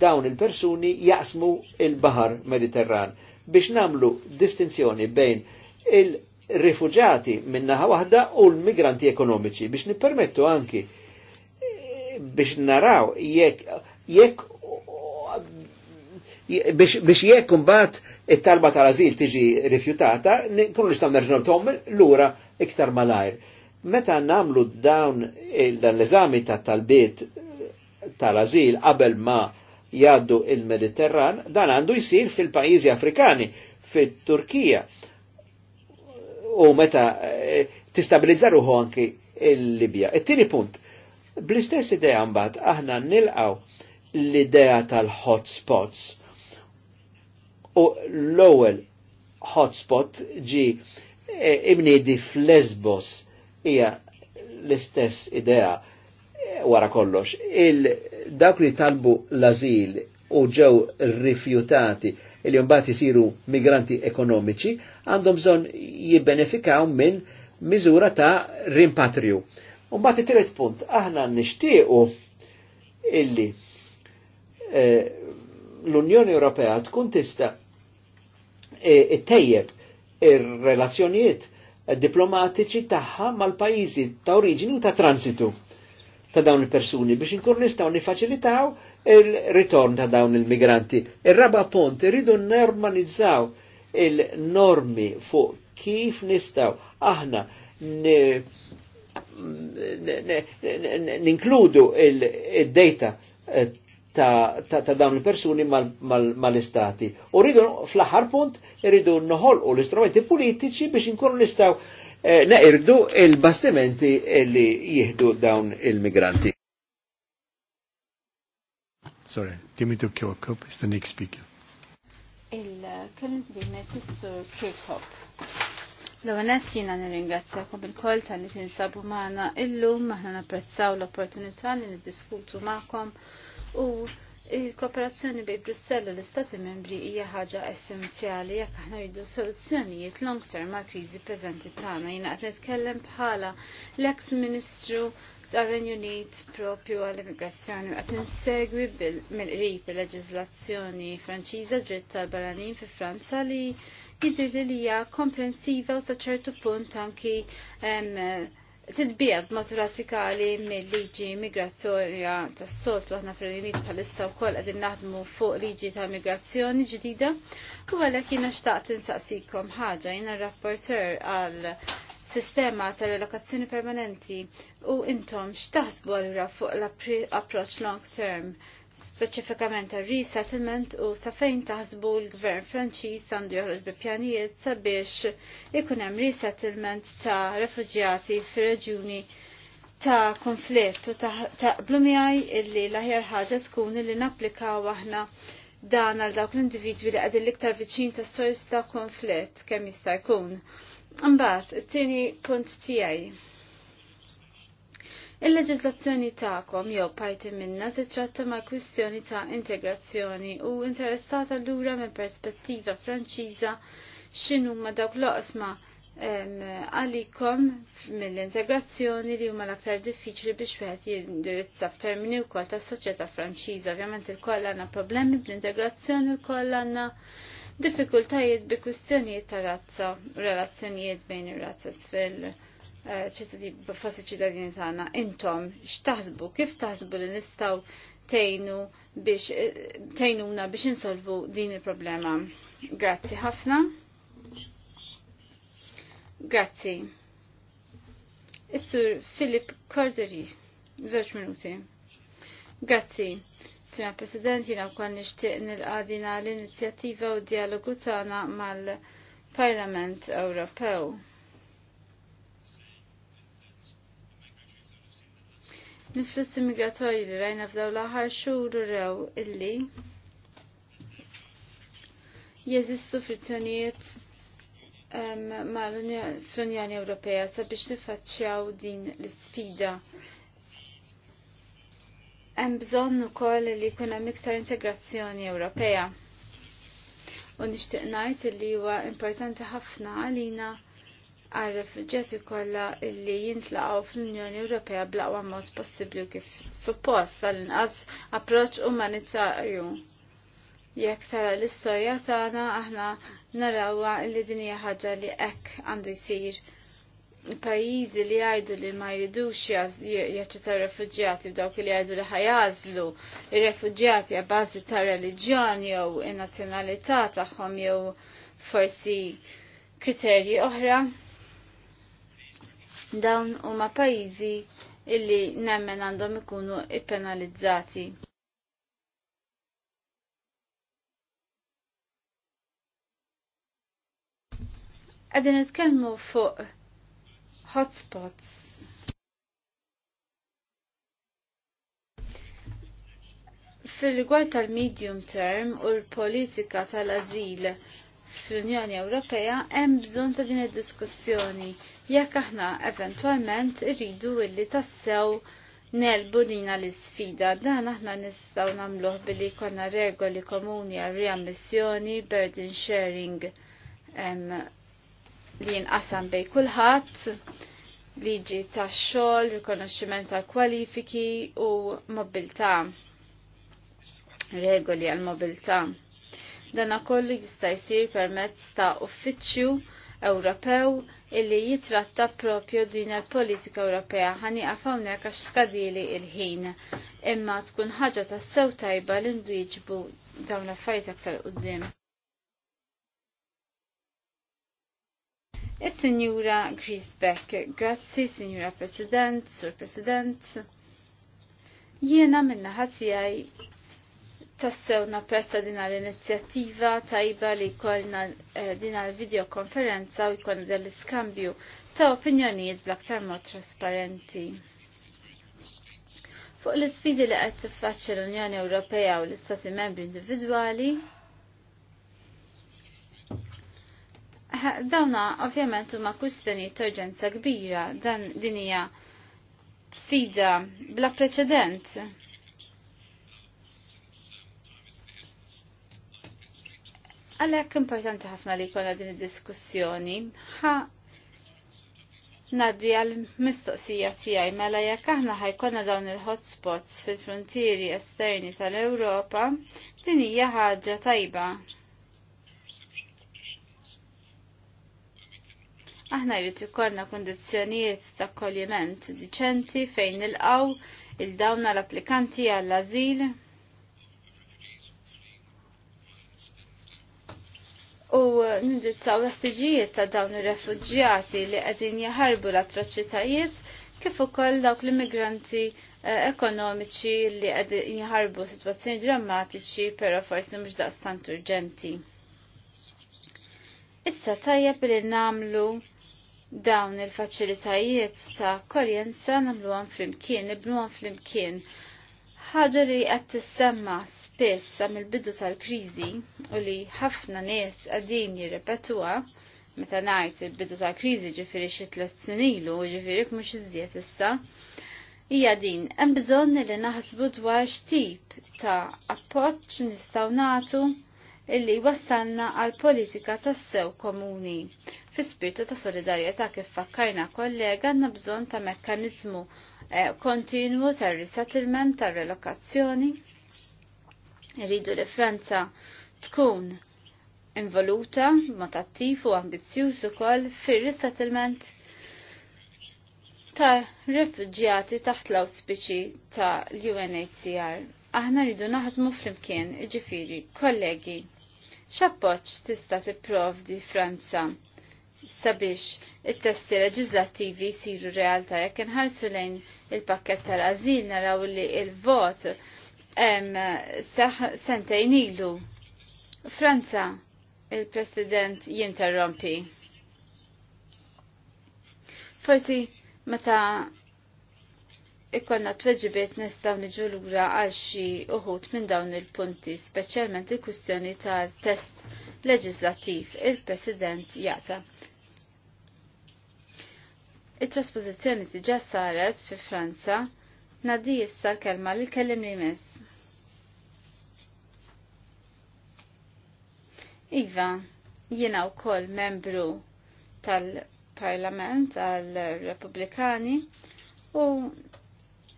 dawn il-persuni jaqsmu il-Bahar Mediterran biex namlu distinzjoni bejn il-rifuġati minnaħa waħda u l-migranti ekonomiċi biex nippermettu anki biex naraw jekk jekk biex jekk imbagħad it-talba tal-azil tiġi rifjutata, nkunu nistgħu nerġgħu tom lura iktar malajr. Meta nagħmlu dawn l-eżami ta' talbiet tal-azil qabel ma jaddu il-Mediterran, dan għandu jsir fil-pajjiżi Afrikani, fit-Turkija. U meta eh, tistabilizzar uħu anki il-Libja. It-tieni punt, Bl-istess idea mbagħad aħna nilqaw l-idea tal-hotspots. U l-ewwel hotspot ġi e, f'Lesbos hija l-istess idea e, wara kollox. Il-dawk li talbu l-azil u ġew rifjutati li mbagħad isiru migranti ekonomiċi għandhom bżonn jibbenefikaw minn miżura ta' rimpatriju. U bat it-tret punt, aħna nishtiqu illi e, l-Unjoni Ewropea tkun tista e, ittejjeb ir-relazzjonijiet diplomatiċi tagħha mal-pajjiżi ta' oriġini u ta' transitu ta' dawn il-persuni biex inkun nistgħu nifaċilitaw il-ritorn ta' dawn il-migranti. Ir-raba punt irridu normalizzaw il-normi fuq kif nistgħu aħna ninkludu il-data eh, ta' dawn il-persuni mal-istati. U rridu fl ħar punt, rridu noħol u l-istrumenti politiċi biex inkunu nistaw eh, neqirdu il-bastimenti li jihdu dawn il-migranti. Sorry, Dimitri Kirkhope it's the next speaker. Il-kellim dimet is Kirkhope. L-għanet jina nir-ingrazzjakom il-koll ta' li tinsabu maħna illum, maħna napprezzaw l-opportunità li niddiskutu maħkom u il-kooperazzjoni bej u l-Istati membri hija ħaġa essenzjali jekk aħna rridu soluzzjonijiet long term ma' kriżi preżenti tagħna. Jiena qed nitkellem bħala l-ex Ministru tar-Renju Unit propju għall-immigrazzjoni qed insegwi mill-qrib il-leġiżlazzjoni Franċiża dritt tal-baranin fi Franza li jidher li hija komprensiva u sa'ċertu punt anki tidbijad maturatikali mill-liġi migratorja tas soltu għahna fil-limit bħalissa u koll għadin naħdmu fuq liġi ta' migrazzjoni ġdida u għalek kina xtaqt tinsaqsikom ħaġa jina rapporter għal sistema tal-relokazzjoni permanenti u intom xtaħsbu għallura fuq l-approċ long term speċifikament resettlement u sa fejn taħsbu l-gvern Franċiż għandu joħroġ bi pjanijiet sabiex ikun hemm resettlement ta' refuġjati fir-reġjuni ta' konflitt u ta' blumijaj illi l-aħjar ħaġa tkun illi napplikaw aħna dan għal dawk l-individwi li għadin l-iktar viċin ta' sors ta' konflitt kemm jista' jkun. Mbagħad, it-tieni punt tiegħi Il-leġislazzjoni ta'kom jew parti minna titratta ma' kwistjoni ta' integrazzjoni u interessata lura minn perspettiva Franċiża x'inhu ma' dawk loqsma għalikom mill-integrazzjoni li huma l-aktar diffiċli biex wieħed jindirizza f'termini wkoll tas-soċjetà Franċiża. Ovvjament il-koll għandna problemi bl-integrazzjoni wkoll għandna diffikultajiet bi kwistjonijiet ta' razza u relazzjonijiet bejn ir-razzas fil- ċittadini ċittadini tagħna intom x'taħsbu kif taħsbu li nistgħu tejnu biex tejnuna biex insolvu din il-problema. Grazzi ħafna. Grazzi. Issur Filip Corderi, żewġ minuti. Grazzi. Sina President, jina kwan nishtiq nil-għadina l-inizjattiva u dialogu tana mal-Parlament Ewropew. L-influssi migratorji li rajna f'daw l-aħħar xhur rew illi jeżistu frizzjonijiet fl-Unjoni Ewropea sabiex nifaċċjaw din l-sfida hemm bżonn ukoll li jkun hemm iktar integrazzjoni Ewropea. U nixtieq ngħid li huwa importanti ħafna għalina għal-refugġati kollha li jintlaqgħu fl-Unjoni Ewropea blaqwa mod possibbli kif suppost tal-inqas approċċ umanitarju. Jekk tara l-istorja tagħna aħna narawha li din hija ħaġa li hekk għandu jsir. Pajjiżi li jgħidu li ma jridux jaċċettaw refugġjati dawk li jgħidu li ħajażlu ir a għabbażi ta' reliġjon jew in-nazzjonalità tagħhom jew forsi kriterji oħra Dawn huma pajjiżi illi nemmen għandhom ikunu ippenalizzati. Għadin nitkellmu fuq hotspots. Fil-rigward tal-medium term u l-politika tal-azil fl-Unjoni Ewropea hemm bżonn ta' din id-diskussjoni jekk aħna eventwalment irridu illi tassew nelbu dina l-sfida. Dan aħna nistgħu nagħmluh billi jkollna regoli komuni għal riammissjoni, burden sharing em, li jinqasam bej kulħadd, liġi tax-xogħol, rikonoxximent għal kwalifiki u mobilità regoli għal mobilità. Dana kollu jista' jsir permezz ta' uffiċċju Ewropew illi jitratta propju din il-politika Ewropea ħani għafawna għax skadili il-ħin imma tkun ħaġa ta' sew tajba li nwieġbu dawn affarijiet aktar qudiem. Is-Sinjura Griesbeck, grazzi Sinjura President, Sur President. Jiena minna ħatijaj tassew napprezza din l-inizjattiva tajba li kolna eh, din l-videokonferenza u jkollna dell-iskambju ta' opinjonijiet bl-aktar mod trasparenti. Fuq l-sfidi li qed tiffaċċja l-Unjoni Ewropea u l-Istati Membri individwali, eh, dawna ovvjament huma kwistjonijiet ta' urġenza kbira dan din hija sfida bla preċedent Għalhekk importanti ħafna li jkollna din id-diskussjoni. Ha Naddi għal mistoqsija tiegħi mela jekk aħna ħajkonna dawn il-hotspots fil-frontieri esterni tal-Ewropa, din hija ħaġa tajba. Aħna jrid ikollna kundizzjonijiet ta' kolliment diċenti fejn nilqaw il-dawna l-applikanti għall-azil. u nindirizzaw l-ħtiġijiet ta' dawn ir-refuġjati li qegħdin jaħarbu l-atroċitajiet kif ukoll dawk l-immigranti eh, ekonomiċi li qegħdin jaħarbu sitwazzjoni drammatiċi però forsi mhux daqstant urġenti. Issa tajjeb li nagħmlu dawn il-faċilitajiet ta' koljenza nagħmluhom flimkien, nibnuhom flimkien. Ħaġa li qed tissemma spess sa mill-bidu tal-kriżi u li ħafna nies qegħdin jirrepetuha meta ngħid il-bidu tal-kriżi ġifieri xi tliet snin u ġifieri mhux iżjed issa. Hija din hemm bżonn li naħsbu dwar x'tip ta' appoġġ nistgħu nagħtu illi wassalna għal politika tas-sew komuni. Fi spirtu ta' solidarjetà kif fakkarna kollega għandna bżonn ta' mekkaniżmu eh, kontinwu tar-resettlement tar-relokazzjoni Rridu li Franza tkun involuta, mod u ambizzjuż ukoll fir-resettlement ta' refugjati taħt l-auspiċi ta' l-UNHCR. Aħna rridu naħdmu flimkien, ġifiri, kollegi. X'appoġġ tista' tipprovdi Franza sabiex it-testi leġislattivi jsiru realtà jekk inħarsu lejn il-pakket tal-azil naraw li il-vot l il vot sentejn ilu. Franza, il-President jinterrompi. Forsi meta ikkonna tweġibiet nistaw niġu lura għal xi uħut minn dawn il-punti, speċjalment il-kwistjoni tal-test leġislattiv il-President jata. Il-traspożizzjoni tiġa saret fi Franza, nadi issa l-kelma li kellim li miss. Iva, jiena wkoll membru tal-Parlament tal republikani u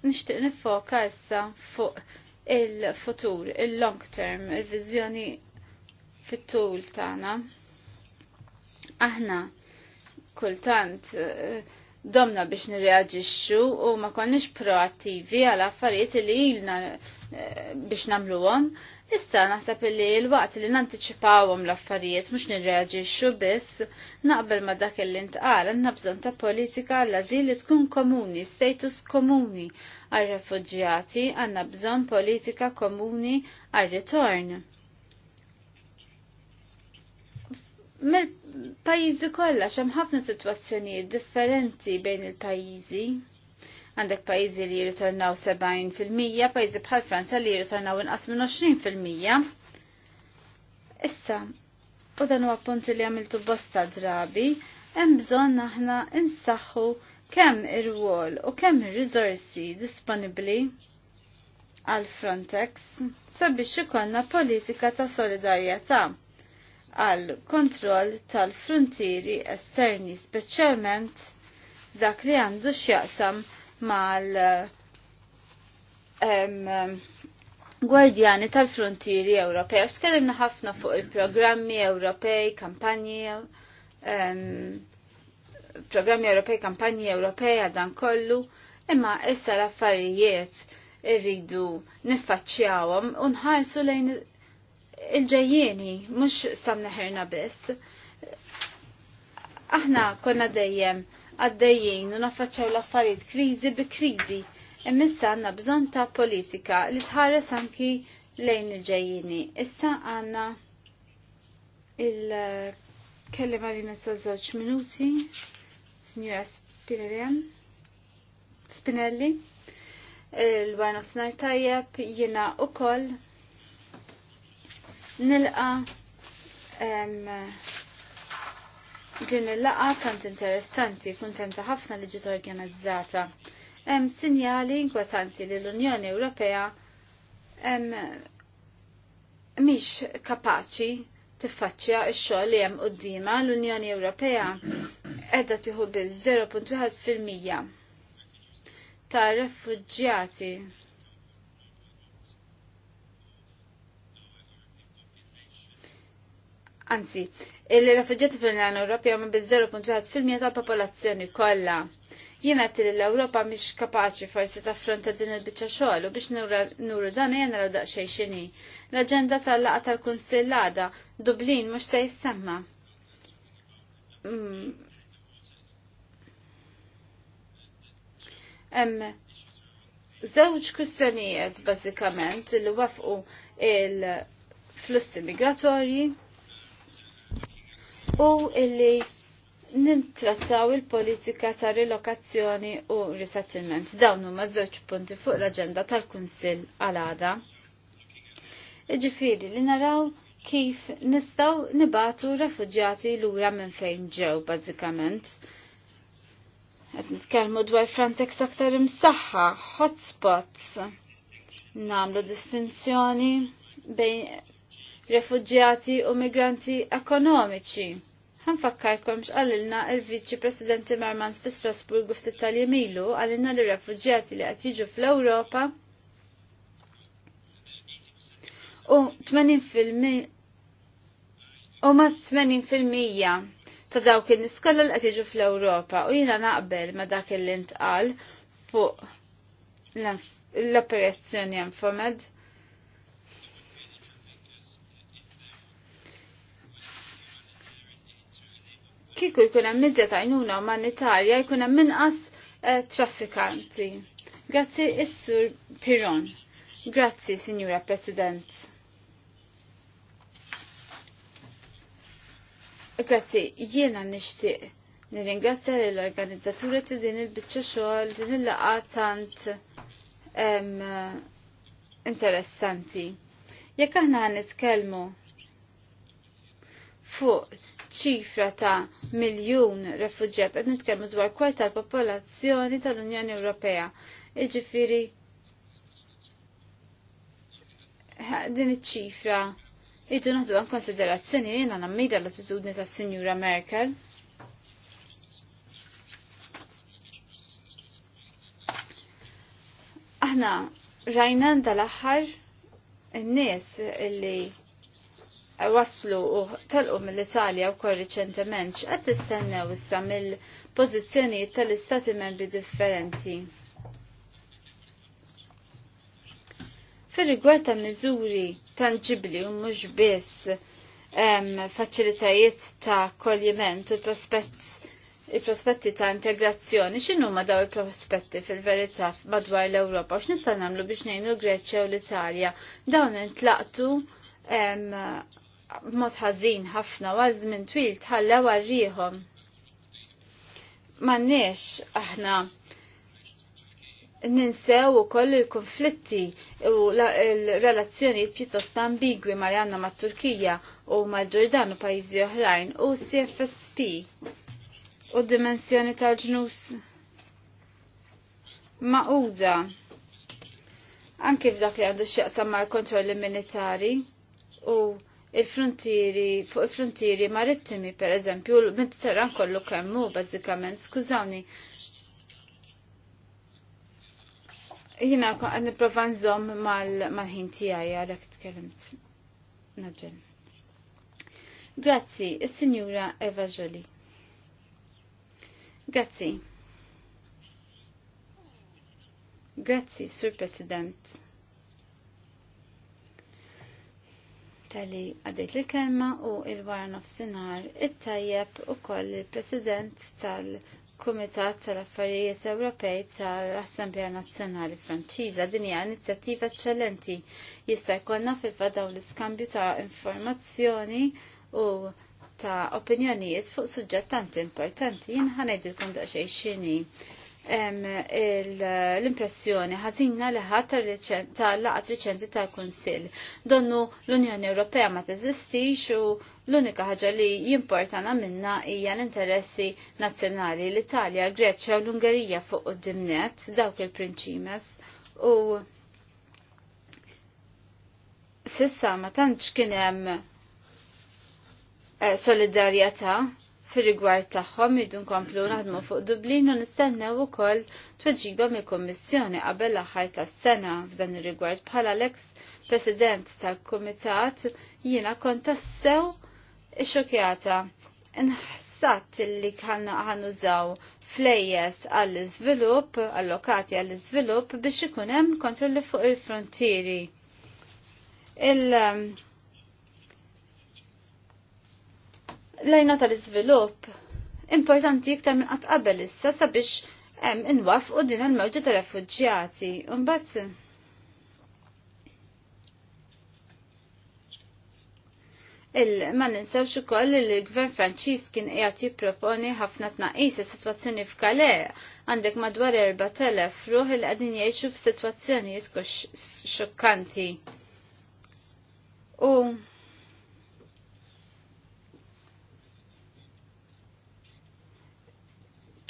nixtieq nifoka issa fuq il-futur, il-long term, il-viżjoni fit-tul tagħna. Aħna kultant eh, domna biex nirreagġixxu u ma konniex proattivi għal affarijiet li ilna eh, biex nagħmluhom Issa naħseb li l-waqt li nantiċipawhom l-affarijiet mhux nirreaġixxu biss naqbel ma dak li ntqal għandna bżonn ta' politika l-ażil li tkun komuni, status komuni għar-refuġjati, għandna bżonn politika komuni għar-ritorn. Mill-pajjiżi kollha hemm ħafna sitwazzjonijiet differenti bejn il-pajjiżi. Għandek pajizi li jirritornaw 70%, pajizi bħal Franza li jirritornaw inqas minn 20%. Issa, u dan huwa punti li għamiltu bosta drabi, hemm bżonn aħna insaħħu kemm ir-wol u kemm ir-riżorsi disponibbli għal Frontex sabiex ikollna politika ta' solidarjetà għal kontroll tal-frontieri esterni speċjalment dak li għandu x'jaqsam mal gwardjani tal-frontieri Ewropej. skellimna ħafna fuq il-programmi Ewropej, kampanji, programmi Ewropej, kampanji Ewropej għadan kollu, imma issa l-affarijiet irridu niffaċċjawhom u nħarsu lejn il ġajjeni mhux samneħirna biss. Aħna konna dejjem għaddejjien u naffaċċaw l-affarijiet kriżi bi kriżi. Imissa għandna bżonn ta' politika li tħares anki lejn il-ġejjini. Issa għandna il-kellima li messa żewġ minuti, Signora Spinellian. Spinelli, il-Warnof Snar Tajjeb, jiena u koll nilqa Din il-laqa kant interessanti, tenta ħafna li ġiet organizzata. Hemm sinjali inkwetanti li l-Unjoni Ewropea mhix kapaċi tiffaċċja x-xogħol li hemm qudiema l-Unjoni Ewropea qiegħda tieħu bil 0.1 fil-mija ta' refuġġjati. Anzi, il-refugġati fil-Unjoni Ewropea ma bil-0.1% tal-popolazzjoni kollha. Jiena li l-Ewropa mhix kapaċi forsi taffronta din il-biċċa xogħol u biex nuru dan hija naraw daqsxejn x'inhi. L-aġenda tal-laqgħa tal-Kunsill għada Dublin mhux se jissemma. Hemm żewġ kwistjonijiet bażikament li wafqu il-flussi migratorji u illi nintrattaw il-politika ta' rilokazzjoni u resettlement. Dawn huma żewġ punti fuq l-aġenda tal-Kunsill għal-għada. Iġifiri li naraw kif nistaw nibatu refugjati lura minn fejn ġew bażikament. Qed nitkellmu dwar Frontex aktar imsaħħa, hotspots. Namlu distinzjoni bejn refugjati u migranti ekonomiċi Ħanfakkarkom x'qalilna il-Viċi Presidenti Marmans fi Strasburgu ftit tal-jemilu għalilna li refuġjati li qed jiġu fl-Ewropa u 80% u ma 80% ta' dawk in-nies li qed jiġu fl-Ewropa u jiena naqbel ma dak il-intqal fuq l-operazzjoni Enfomed kieku jkun hemm ta' għajnuna umanitarja jkun hemm inqas eh, traffikanti. Grazzi is-Sur Piron. Grazzi, Signora President. Grazzi, jiena nixtieq Nirringrazzja l organizzaturi ta' din il-bicċa xogħol din il-laqgħa tant interessanti. Jekk aħna nitkellmu fuq ċifra ta' miljun refuġjat qed nitkellmu dwar kwart tal-popolazzjoni tal-Unjoni Ewropea. Iġifiri, din iċ-ċifra iġu naħdu għan konsiderazzjoni jiena nammira l-attitudni ta' Sinjura Merkel. Aħna rajnan tal-aħħar n-nies illi waslu u telqu mill-Italja u kol riċentement x'qed tistennew issa mill-pożizzjonijiet tal-istati membri differenti. fil rigward ta' miżuri tangibli u mhux biss faċilitajiet ta' kolliment u prospett il-prospetti ta' integrazzjoni, xinu ma daw il-prospetti fil-verità madwar l-Europa, x'nista' nagħmlu biex ngħinu l-Greċja u l-Italja. Dawn intlaqtu mod ħażin ħafna għal żmien twil tħallew għarrieħom. M'għandniex aħna ninsew u koll il-konflitti u il-relazzjoni pjuttost ambigwi ma li għanna ma' Turkija u ma' Ġordan u pajizi oħrajn u CFSP u dimensjoni tal-ġnus ma'uda Anke f'dak li għandu xieqsam ma' kontrolli militari u il-frontieri, fuq il-frontieri marittimi, per eżempju, l-Mediterran kollu kemmu, bazzikament, skużawni. Jina għad provan zom mal-ħin tijaj għalek t-kellimt. Naġġen. Grazzi, il-Sinjura Eva Jolie. Grazzi. Grazzi, Sur President. tali għaddejt l-kelma u il-wara nofsinhar it-tajjeb ukoll il-President tal-Kumitat tal-Affarijiet Ewropej tal-Assemblea Nazzjonali Franċiża. Din hija inizjattiva eċċellenti. Jista' jkollna fil-fadaw l-iskambju ta' informazzjoni u ta' opinjonijiet fuq suġġett tant importanti. Jien ħanejdilkom daqsxejn xini l-impressjoni ħażina li ħat tal-laqgħat riċenti tal-Kunsill. Donnu l-Unjoni Ewropea ma teżistix u l-unika ħaġa li jimportana minna hija l-interessi nazzjonali l-Italja, Greċja u l-Ungerija fuq dimnet dawk il-prinċimes u sissa ma tantx kien hemm eh, solidarjetà fir-rigward tagħhom idu nkomplu naħdmu fuq Dublin u nistennew ukoll tweġiba mill-Kummissjoni qabel l-aħħar tas-sena f'dan ir-rigward bħala l-eks President tal-Kumitat jiena kontassew tassew ixxokjata inħassat li kanna ħanużaw flejjes għall-iżvilupp allokati għall-iżvilupp biex ikun hemm kontrolli fuq il-frontieri. il, -frontieri. il il lejna tal-izvilup importanti iktar minn qatt qabel issa sabiex hemm inwaf u din il-mewġa ta' refuġġjati. mbagħad. ma ninsewx ukoll li l-Gvern Franċiż kien qiegħed jipproponi ħafna tnaqqis is-sitwazzjoni f'Kale għandek madwar 4000 ruħ li qegħdin jgħixu f'sitwazzjonijiet xokkanti. U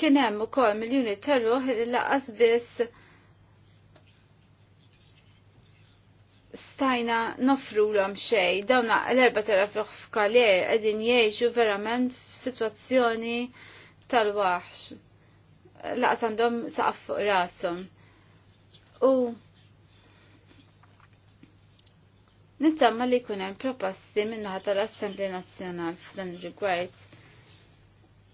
Kien hemm ukoll miljuni terruħ li laqas biss stajna nofrulhom xejn. Dawn l-erba' terruħ f'Kale qegħdin jgħixu verament f'sitwazzjoni tal-waħx. Laqas għandhom saqaf fuq rashom. U Nittamma li jkun hemm proposti min-naħa tal-Assembli Nazzjonali f'dan ir-rigward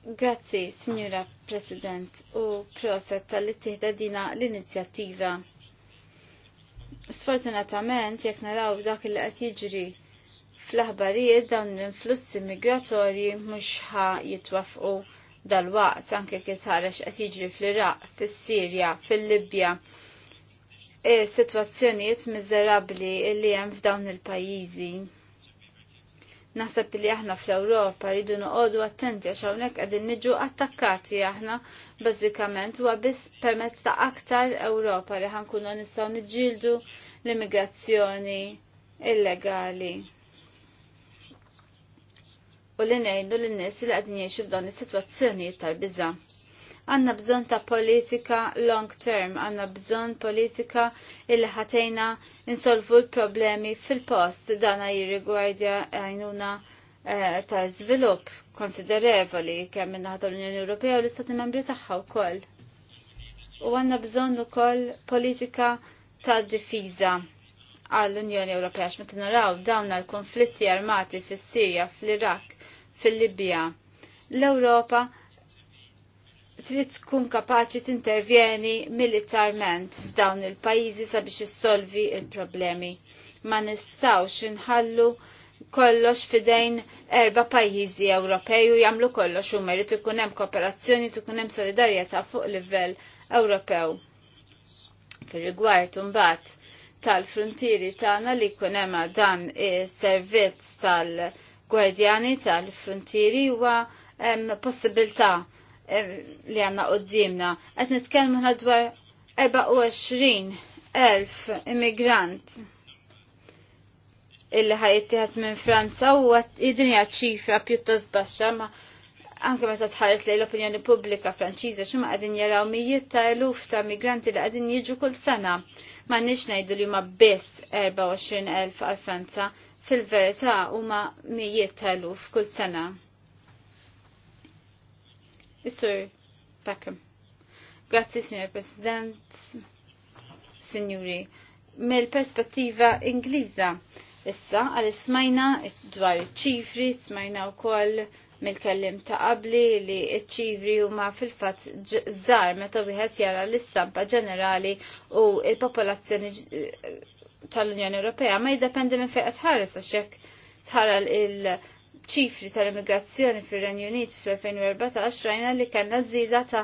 Grazzi, Signora President, u proset tal-li dina l-inizjattiva. Sfortunatament, jekk naraw dak li qed jiġri fl-aħbarijiet dawn l-influssi migratorji mhux ħa jitwafqu dal-waqt anke kif sarex qed jiġri fl-Iraq, fis-Sirja, fil-Libja. E, Sitwazzjonijiet miżerabbli li hemm f'dawn il-pajjiżi. Naħseb li aħna fl-Ewropa rridu noqogħdu attenti għax hawnhekk qegħdin niġu attakkati aħna bażikament huwa biss permezz ta' aktar Ewropa li ħankunu nistgħu niġġieldu l-immigrazzjoni illegali. U li ngħidu lin-nies li qegħdin jgħixu f'dawn is-sitwazzjonijiet tal-biża'. Għanna bżon ta' politika long term, għanna bżon politika illi ħatejna insolvu l-problemi fil-post dana jirrigwardja għajnuna eh, ta' zvilup konsiderevoli kemm minnaħdu l-Unjoni Ewropea u l-Istati Membri tagħha wkoll. U għanna bżonn ukoll politika ta' difiża għall-Unjoni Ewropea x'meta naraw dawn l-konflitti armati fis-Sirja, fl-Irak, fil-Libja. L-Ewropa trid tkun kapaċi tintervjeni militarment f'dawn il-pajjiżi sabiex issolvi il-problemi. Ma nistgħux inħallu kollox fidejn erba pajjiżi Ewropej u jagħmlu kollox huma jrid ikun hemm kooperazzjoni u tkun hemm solidarjetà fuq livell Ewropew. Fir-rigward imbagħad tal-frontieri tagħna li jkun hemm dan is-servizz tal-gwardjani tal-frontieri huwa possibilità li għanna qoddimna. Għet nitkelmu għna dwar 24.000 immigrant illi ħajittiħat minn Franza u għat id-dinja ċifra pjuttost baxxa ma' anke meta tħares lejn l-opinjoni pubblika Franċiża x'ma qegħdin jaraw mijiet ta' eluf ta' migranti li qegħdin jiġu kull sena. M'għandniex ngħidu li huma biss 24,000 għal Franza, fil-verità huma mijiet ta' eluf kull sena. Mr. Peckham. Grazzi, Signor President, Signori. Mill-perspettiva Ingliża, issa għal smajna dwar iċ-ċifri, smajna wkoll mill-kellim ta' qabli li iċ u huma fil-fatt żgħar meta wieħed jara l-istampa ġenerali u l-popolazzjoni eh, tal-Unjoni Ewropea ma jiddependi minn fejn qed ħares għax l- ċifri tal-immigrazzjoni fil-Renju Unit fl-2014 rajna li kellna zida ta'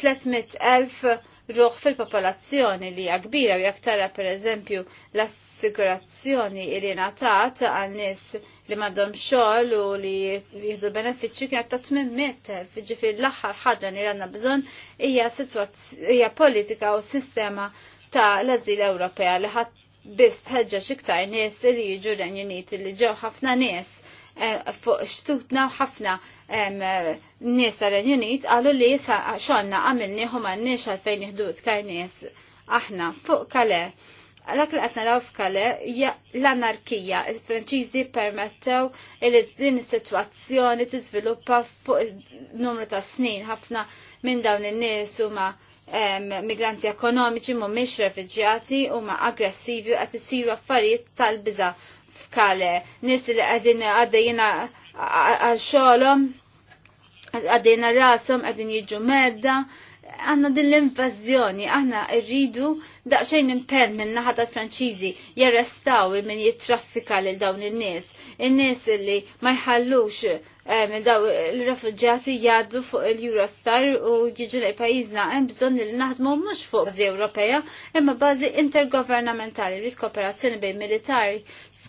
300.000 ruħ fil-popolazzjoni li hija kbira u jaktara per eżempju l-assigurazzjoni li ngħatat għal nies li m'għandhom xogħol u li jieħdu benefiċċju kienet ta' 800.000 ġifier l-aħħar ħaġa li għandna bżonn hija hija politika u sistema ta' l-azil Ewropea li ħadd biss tħeġġeġ iktar nies li jiġu Renju Unit li ġew ħafna nies Eh, fuq xtutna u ħafna nies ta' unit għallu li jisa xonna għamilni huma n-nix għalfejn jihdu iktar nies aħna fuq kale. Dak li qed raw f'kale l-anarkija. Il-Franċiżi permettew li din is-sitwazzjoni tiżviluppa fuq numru ta' snin ħafna minn dawn in-nies huma migranti ekonomiċi mhumiex refuġjati huma aggressivi qed isiru affarijiet tal-biża' kale, nis li għadin għaddejna għal xolom, għaddejna rasom, għadin jiġu medda, għanna din l-invażjoni, aħna rridu daqxajn imper minna naħa tal-Franċiżi jarrestaw minn jittraffika lil dawn in-nies. In-nies li ma jħallux eh, mill daw il-refugġati jaddu fuq il-Eurostar u jiġu li pajjiżna hemm bżonn li naħdmu mhux fuq bażi Ewropeja imma bażi intergovernamentali rrit kooperazzjoni bejn militari,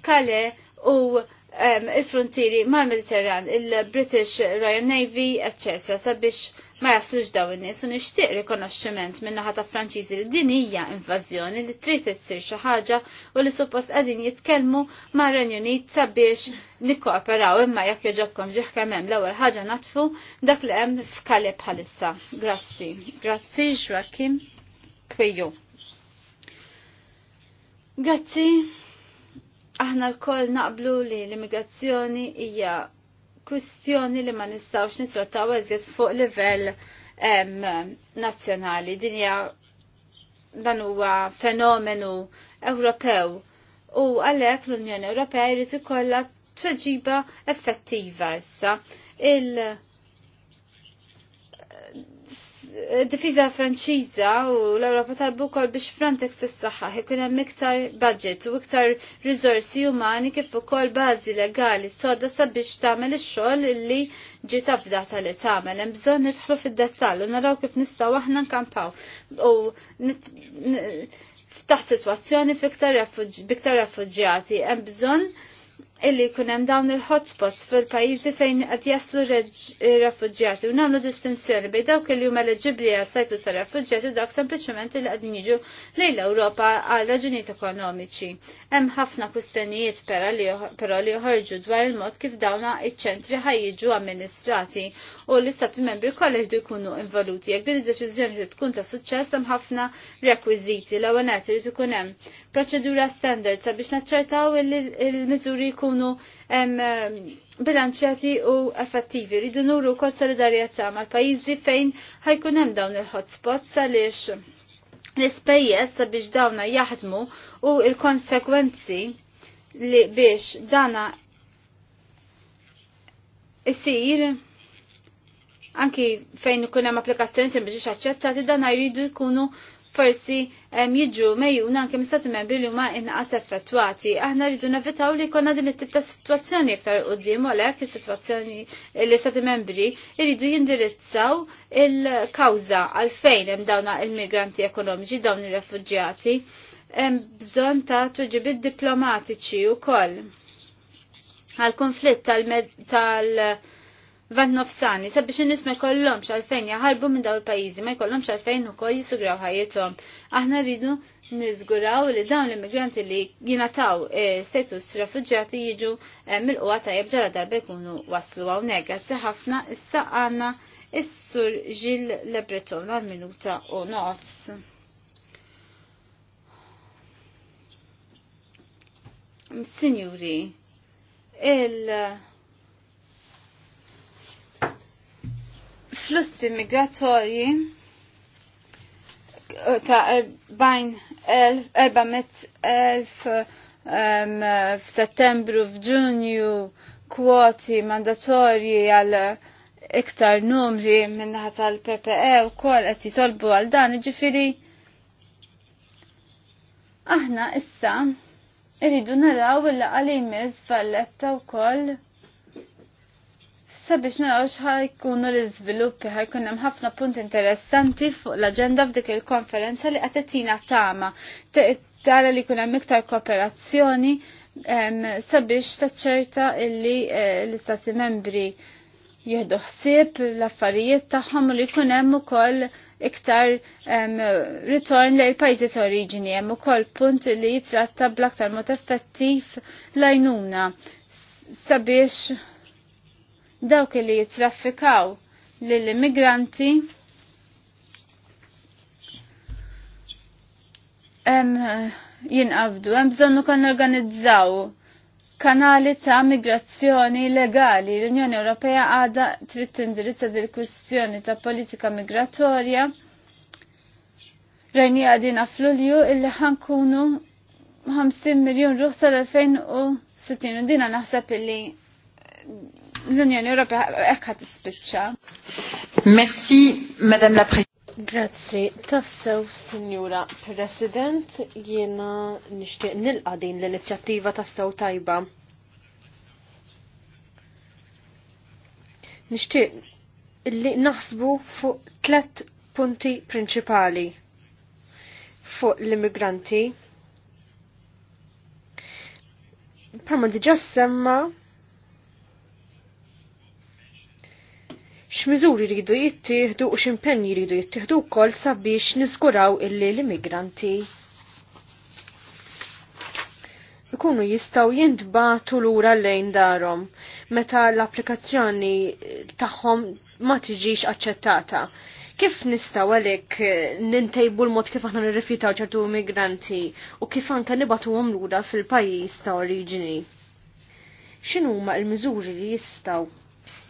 Kale u il-frontieri mal-Mediterran, il-British Royal Navy, etc. sabiex ma jaslux daw in-nies u nixtieq rikonoxximent minna ta' Franċiżi li din hija invażjoni li trid issir xi ħaġa u li suppost qegħdin jitkellmu ma' Renju Unit sabiex nikkooperaw imma jekk joġobkom ġieħ kemm hemm l-ewwel ħaġa natfu dak li hemm f'kale bħalissa. Grazzi. Grazzi Joachim Kwejo. Grazzi aħna l-koll naqblu li l-immigrazzjoni hija kwistjoni li ma nistawx nitrattaw eżiet fuq livell nazzjonali. Din hija dan huwa fenomenu Ewropew u għalhekk l-Unjoni Ewropea jrid ikollha tweġiba effettiva issa. Il- difiża Franċiża u l-Ewropa talbu wkoll biex Frontex t ikun hemm iktar budget u iktar rizorsi umani kif ukoll bażi legali soda sabiex tagħmel ix-xogħol li ġi tabda li tagħmel hemm bżonn nidħlu fid-dettall u naraw kif nistgħu aħna nkampaw u ftaħ sitwazzjoni fiktar biktar refuġjati hemm bżonn illi kunem dawn il-hotspots fil-pajizi fejn qed jaslu refuġjati u nagħmlu distinzjoni bejn dawk li huma eleġibbli għal sajtu sa' refuġjati u dawk sempliċement li qegħdin jiġu lejn Ewropa għal raġunijiet ekonomiċi. Hemm ħafna kwistjonijiet però li joħorġu dwar il-mod kif dawna iċ-ċentri ħajjiġu amministrati u l-istati membri kollha jdu jkunu involuti. Jekk din id-deċiżjoni tkun ta' suċċess hemm ħafna rekwiżiti l-ewwel irid ikun hemm proċedura standard sabiex naċċertaw il-miżuri jikunu bilanċjati u effettivi. Ridu nuru kol solidarjetà mal-pajjiżi fejn ħajkun hemm dawn il-hotspots għaliex l-ispejjeż sabiex dawna jaħdmu u il-konsekwenzi li biex dana isir anki fejn ikun hemm applikazzjoni biex aċċettati dan jridu jkunu forsi jiġu mejjuna anke mistati membri li huma inqas effettwati. Aħna rridu nevitaw li konna din it-tip ta' sitwazzjoni iktar qudiem għalhekk is-sitwazzjoni li stati membri jridu jindirizzaw il-kawża għalfejn hemm dawn il-migranti ekonomiċi dawn ir-refuġjati. Hemm bżonn ta' tuġibiet diplomatiċi wkoll għal konflitt tal-, tal vant nofsani, sabiex n-nis ma jkollomx għalfejn jaħarbu minn daw il-pajizi, ma jkollom x'alfejn u koll jisugraw ħajjetom. Aħna rridu nizguraw li dawn l-immigranti li jinataw e, status refugġati jiġu e, mil qwa tajjeb ġara darba jkunu waslu għaw negrazzi ħafna issa għanna issur sur Lebreton għal-minuta u nofs. Signori, il- flussi migratorji ta' 400.000 f'Settembru, f'Ġunju, kwoti mandatorji għal iktar numri minnaħa tal-PPE u kol qed jitolbu għal dan, ġifiri aħna issa irridu naraw il-laqalimis valletta u koll sabiex naraw x'ħajkunu l izviluppi ħajkun hemm ħafna punti interessanti fuq l agenda f'dik il-konferenza li qed tina tama tara li kun hemm iktar kooperazzjoni sabiex taċċerta illi eh, l-Istati membri jieħdu ħsieb l-affarijiet tagħhom li jkun hemm ukoll iktar ritorn lejn pajjiżi ta' oriġini hemm ukoll punt li jitratta bl-aktar mod effettiv lajnuna sabiex dawk li jitraffikaw lill-immigranti jinqabdu, hemm bżonnu kon organizzaw kanali ta' migrazzjoni legali. L-Unjoni Ewropea għada trid tindirizza dil kwistjoni ta' politika migratorja. Rejni għadina f'Lulju illi ħankunu 50 miljon ruħsa l 2060 dina naħseb illi l-Unjoni Ewropea hekk ispiċċa. Merci, Madame la Presidente. Grazzi, tassew, Signora President, jiena nixtieq nilqa din l-inizjattiva tassew tajba. Nixtieq illi naħsbu fuq tlet punti prinċipali fuq l-immigranti. Parma diġa semma' x'miżuri jridu jittieħdu u x'impenni jridu jittieħdu wkoll sabiex niżguraw illi l-immigranti ikunu jistaw jintbatu lura lejn darhom meta l-applikazzjoni tagħhom ma tiġix aċċettata. Kif nistaw għalek nintejbu l-mod kif aħna nirrifjutaw ċertu migranti u kif anke nibatuhom lura fil-pajjiż ta' oriġini? X'inhuma l-miżuri li jistgħu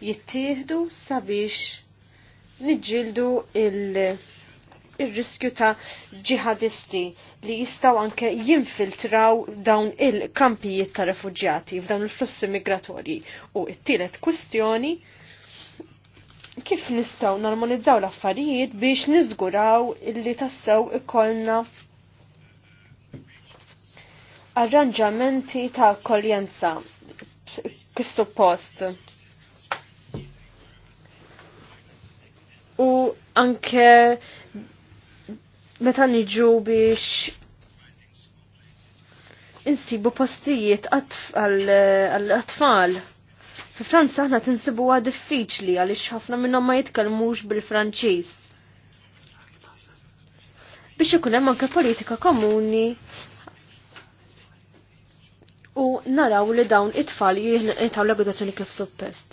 jittieħdu sabiex niġġildu il-riskju ta' ġihadisti li jistaw anke jinfiltraw dawn il-kampijiet ta' refugjati f'dawn il-flussi migratorji u it-tielet kwistjoni kif nistaw normalizzaw l-affarijiet biex nizguraw illi tassew ikollna arranġamenti ta' akkoljenza kif suppost. u anke meta niġu biex insibu postijiet għal-atfal. Fi Franza aħna tinsibu għad diffiċli għaliex ħafna minnhom ma jitkellmux bil-Franċiż. Biex ikun hemm anke politika komuni u naraw li dawn it-tfal jitgħu l-edukazzjoni kif suppest.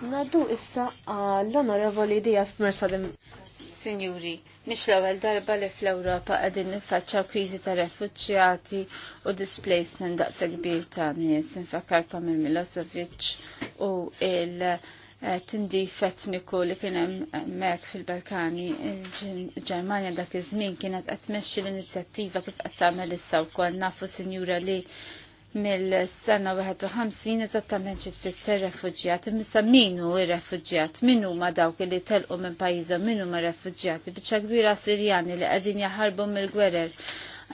Naddu issa l-onorevoli Dias Mersadim. Sinjuri, mish l-ewwel darba li fl-Ewropa qegħdin niffaċċaw kriżi ta' refuġjati u displacement daqs kbir ta' nies. Infakkarkom il-Milosevic u il-tindif eh, etniku li kien hemm hemmhekk fil-Balkani. Il-Ġermanja dak iż-żmien kienet qed tmexxi l-inizjattiva kif qed tagħmel issa wkoll nafu sinjura li mill-sena 51 eżattament xi tfisser refuġjat. min minu ir-refuġjat, minu ma dawk li telqu minn pajjiżhom, minu ma refuġjati, biċċa kbira Sirjani li qegħdin jaħarbu mill-gwerer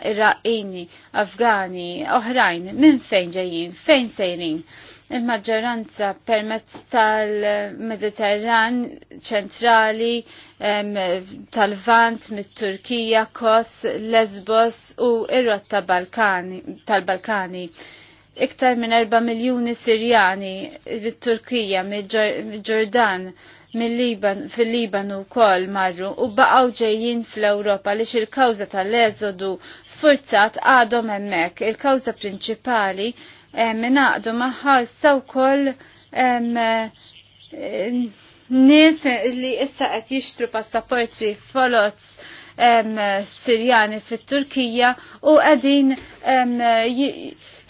Iraqini, Afgani, oħrajn, minn fejn ġejjin, fejn sejrin. Il-maġġoranza permezz tal-Mediterran ċentrali, tal-Vant, mit-Turkija, Kos, Lesbos u ir-rotta tal-Balkani iktar minn 4 miljoni Sirjani, mit turkija mill-Ġordan, fil-Libanu kol marru u baqaw ġejjin fl-Europa li il-kawza tal-eżodu sfurzat għadhom hemmhekk. Il-kawza prinċipali eh, minaqdu maħħa saw kol eh, nies li issa qed jixtru passaporti folots Sirjani fit-Turkija u qegħdin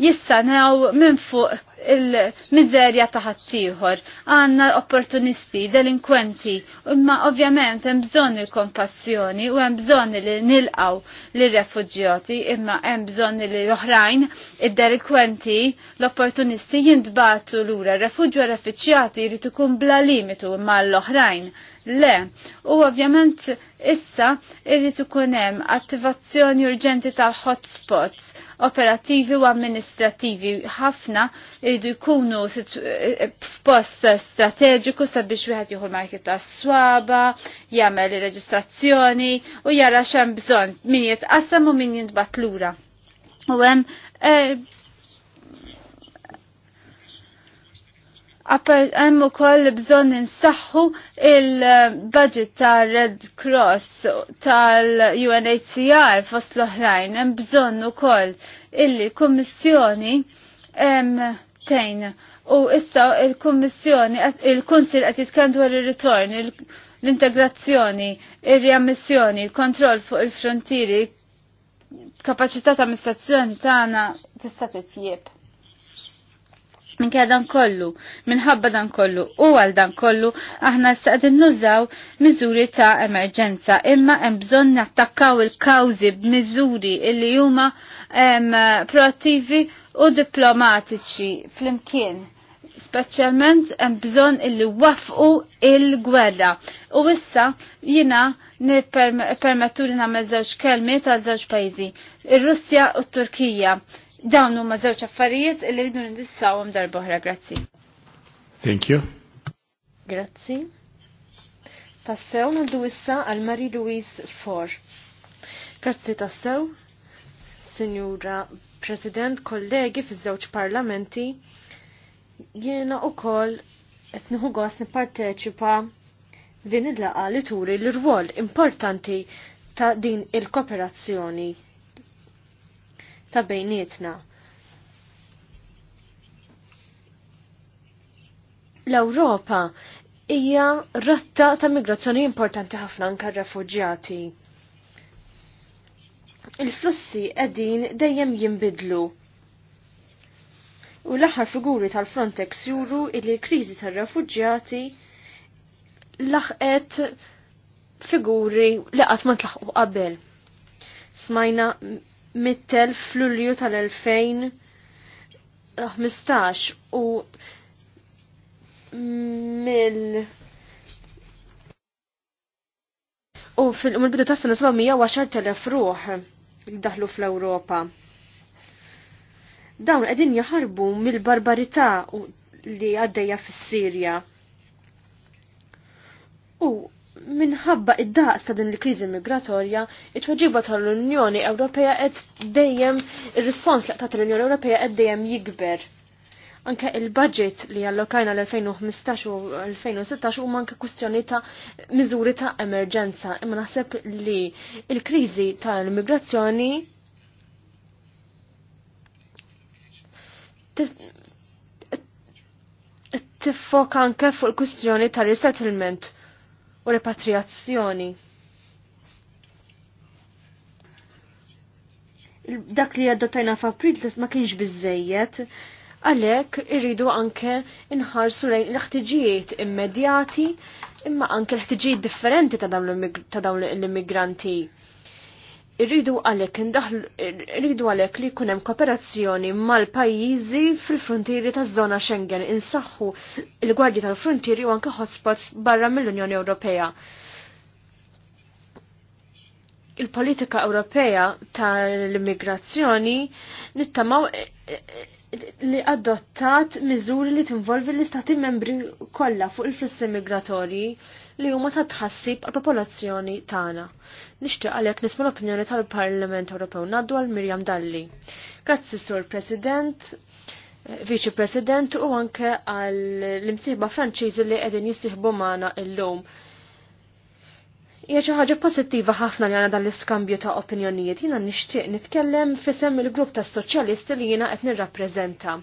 jistanaw minn fuq il-mizerja taħattijħor, għanna opportunisti, delinkwenti, imma ovvjament hemm bżonn il-kompassjoni u hemm bżonn li nilqaw l-refuġjoti, imma hemm bżonn li oħrajn id-delinkwenti, l-opportunisti jintbatu lura, refuġju refugjati jrid ikun bla limitu imma l-oħrajn Le, u ovvjament issa irrid ikun hemm attivazzjoni urġenti tal-hotspots operattivi u amministrativi ħafna irridu jkunu eh, post strateġiku sabiex wieħed jieħu l-marki swaba jagħmel ir-reġistrazzjoni u jara x'hemm bżonn min jitqassam u min jintbat lura. U hemm eh, Hemm ukoll bżonn insaħħu il-budget tar Red Cross tal-UNHCR fost l-oħrajn hemm bżonn ukoll illi kummissjoni hemm tejn u issa il-kummissjoni il-kunsil qed jitkellem dwar ir-ritorn l-integrazzjoni, ir-riammissjoni, kontroll fuq il-frontieri, kapaċità ta' amministrazzjoni tagħna tista' titjieb. Minkja dan kollu, minħabba dan kollu u għal dan kollu, aħna s-saqdin nużaw miżuri ta' emerġenza, imma hemm bżonn nattakkaw il-kawzi b'miżuri illi huma proattivi u diplomatiċi fl-imkien. Speċjalment hemm bżonn illi wafqu il-gwerra. U issa jina nippermettu li nagħmel żewġ kelmiet għal żewġ pajjiżi, ir-Russja u t-Turkija. Dawn huma żewġ affarijiet li rridu nindissawhom darba oħra, grazzi. Thank you. Grazzi. Tassew naddu issa għal Mary Louise For. Grazzi tassew, Sinjura President, kollegi fiż-żewġ parlamenti, jiena wkoll qed nieħu gost nipparteċipa din il-laqa li turi l-rwol importanti ta' din il-kooperazzjoni ta' bejnietna. L-Ewropa hija rotta ta' migrazzjoni importanti ħafna anke refuġjati. Il-flussi qegħdin dejjem jinbidlu. U l-aħħar figuri tal-Frontex juru li kriżi tar-refuġjati laħqet figuri li qatt ma tlaħqu qabel. Smajna mittel fl-Ulju tal-2015 u mill u fil-bidu tas sena 710.000 ruħ li daħlu fl-Ewropa. Dawn qegħdin jaħarbu mill-barbarità li għaddejja fis-Sirja. U minħabba id-daqs ta' din il-kriżi migratorja, it-tweġiba tal-Unjoni Ewropea qed dejjem ir-rispons li tagħti l-Unjoni Ewropea qed dejjem jikber. Anke il-budget li allokajna l-2015 u 2016 u manka kwistjoni ta' miżuri ta' emerġenza. Imma naħseb li il-kriżi tal-immigrazzjoni tiffoka anke fuq il kustjoni ta' resettlement u repatriazzjoni. Dak li għaddottajna f'April ma kienx biżejjed, għalhekk irridu anke inħarsu lejn l-ħtiġijiet immedjati imma anke l-ħtiġijiet differenti ta' dawn l-immigranti irridu għalek irridu għalek li kunem kooperazzjoni mal-pajjiżi fil-frontieri ta' zona Schengen insaħħu il-gwardji tal-frontieri u anke hotspots barra mill-Unjoni Ewropea. Il-politika Ewropea tal-immigrazzjoni nittamaw li adottat miżuri li tinvolvi l-istati membri kollha fuq il-flussi migratorji li huma ta' tħassib għal popolazzjoni tagħna. Nixtieq għalhekk nisma' l-opinjoni tal-Parlament Ewropew ngħaddu għal Mirjam Dalli. Grazzi Sur President, Viċi President u anke għall imsieħba Franċiżi li qegħdin jistieħbu magħna illum. lum Hija xi ħaġa pożittiva ħafna li għandna dan l-iskambju ta' opinjonijiet jiena nixtieq nitkellem fisem il-grupp tas soċjalisti li jiena qed nirrappreżenta.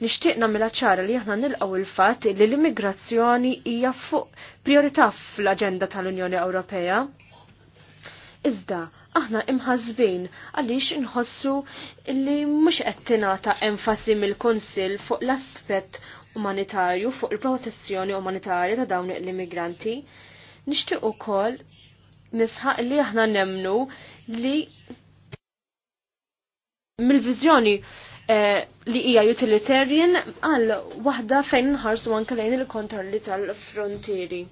Nixtieq nagħmilha ċara li aħna nilqgħu il-fatt li l-immigrazzjoni hija fuq priorità fl-aġenda tal-Unjoni Ewropea. Iżda, aħna imħazbin għaliex nħossu li mhux qed tingħata enfasi mill-Kunsill fuq l-aspett umanitarju fuq il-protezzjoni umanitarja ta' dawn l-immigranti u ukoll nisħaq li aħna nemnu li mill-viżjoni eh, li hija utilitarian għal waħda fejn nħarsu anke lejn il-kontrolli tal-frontieri.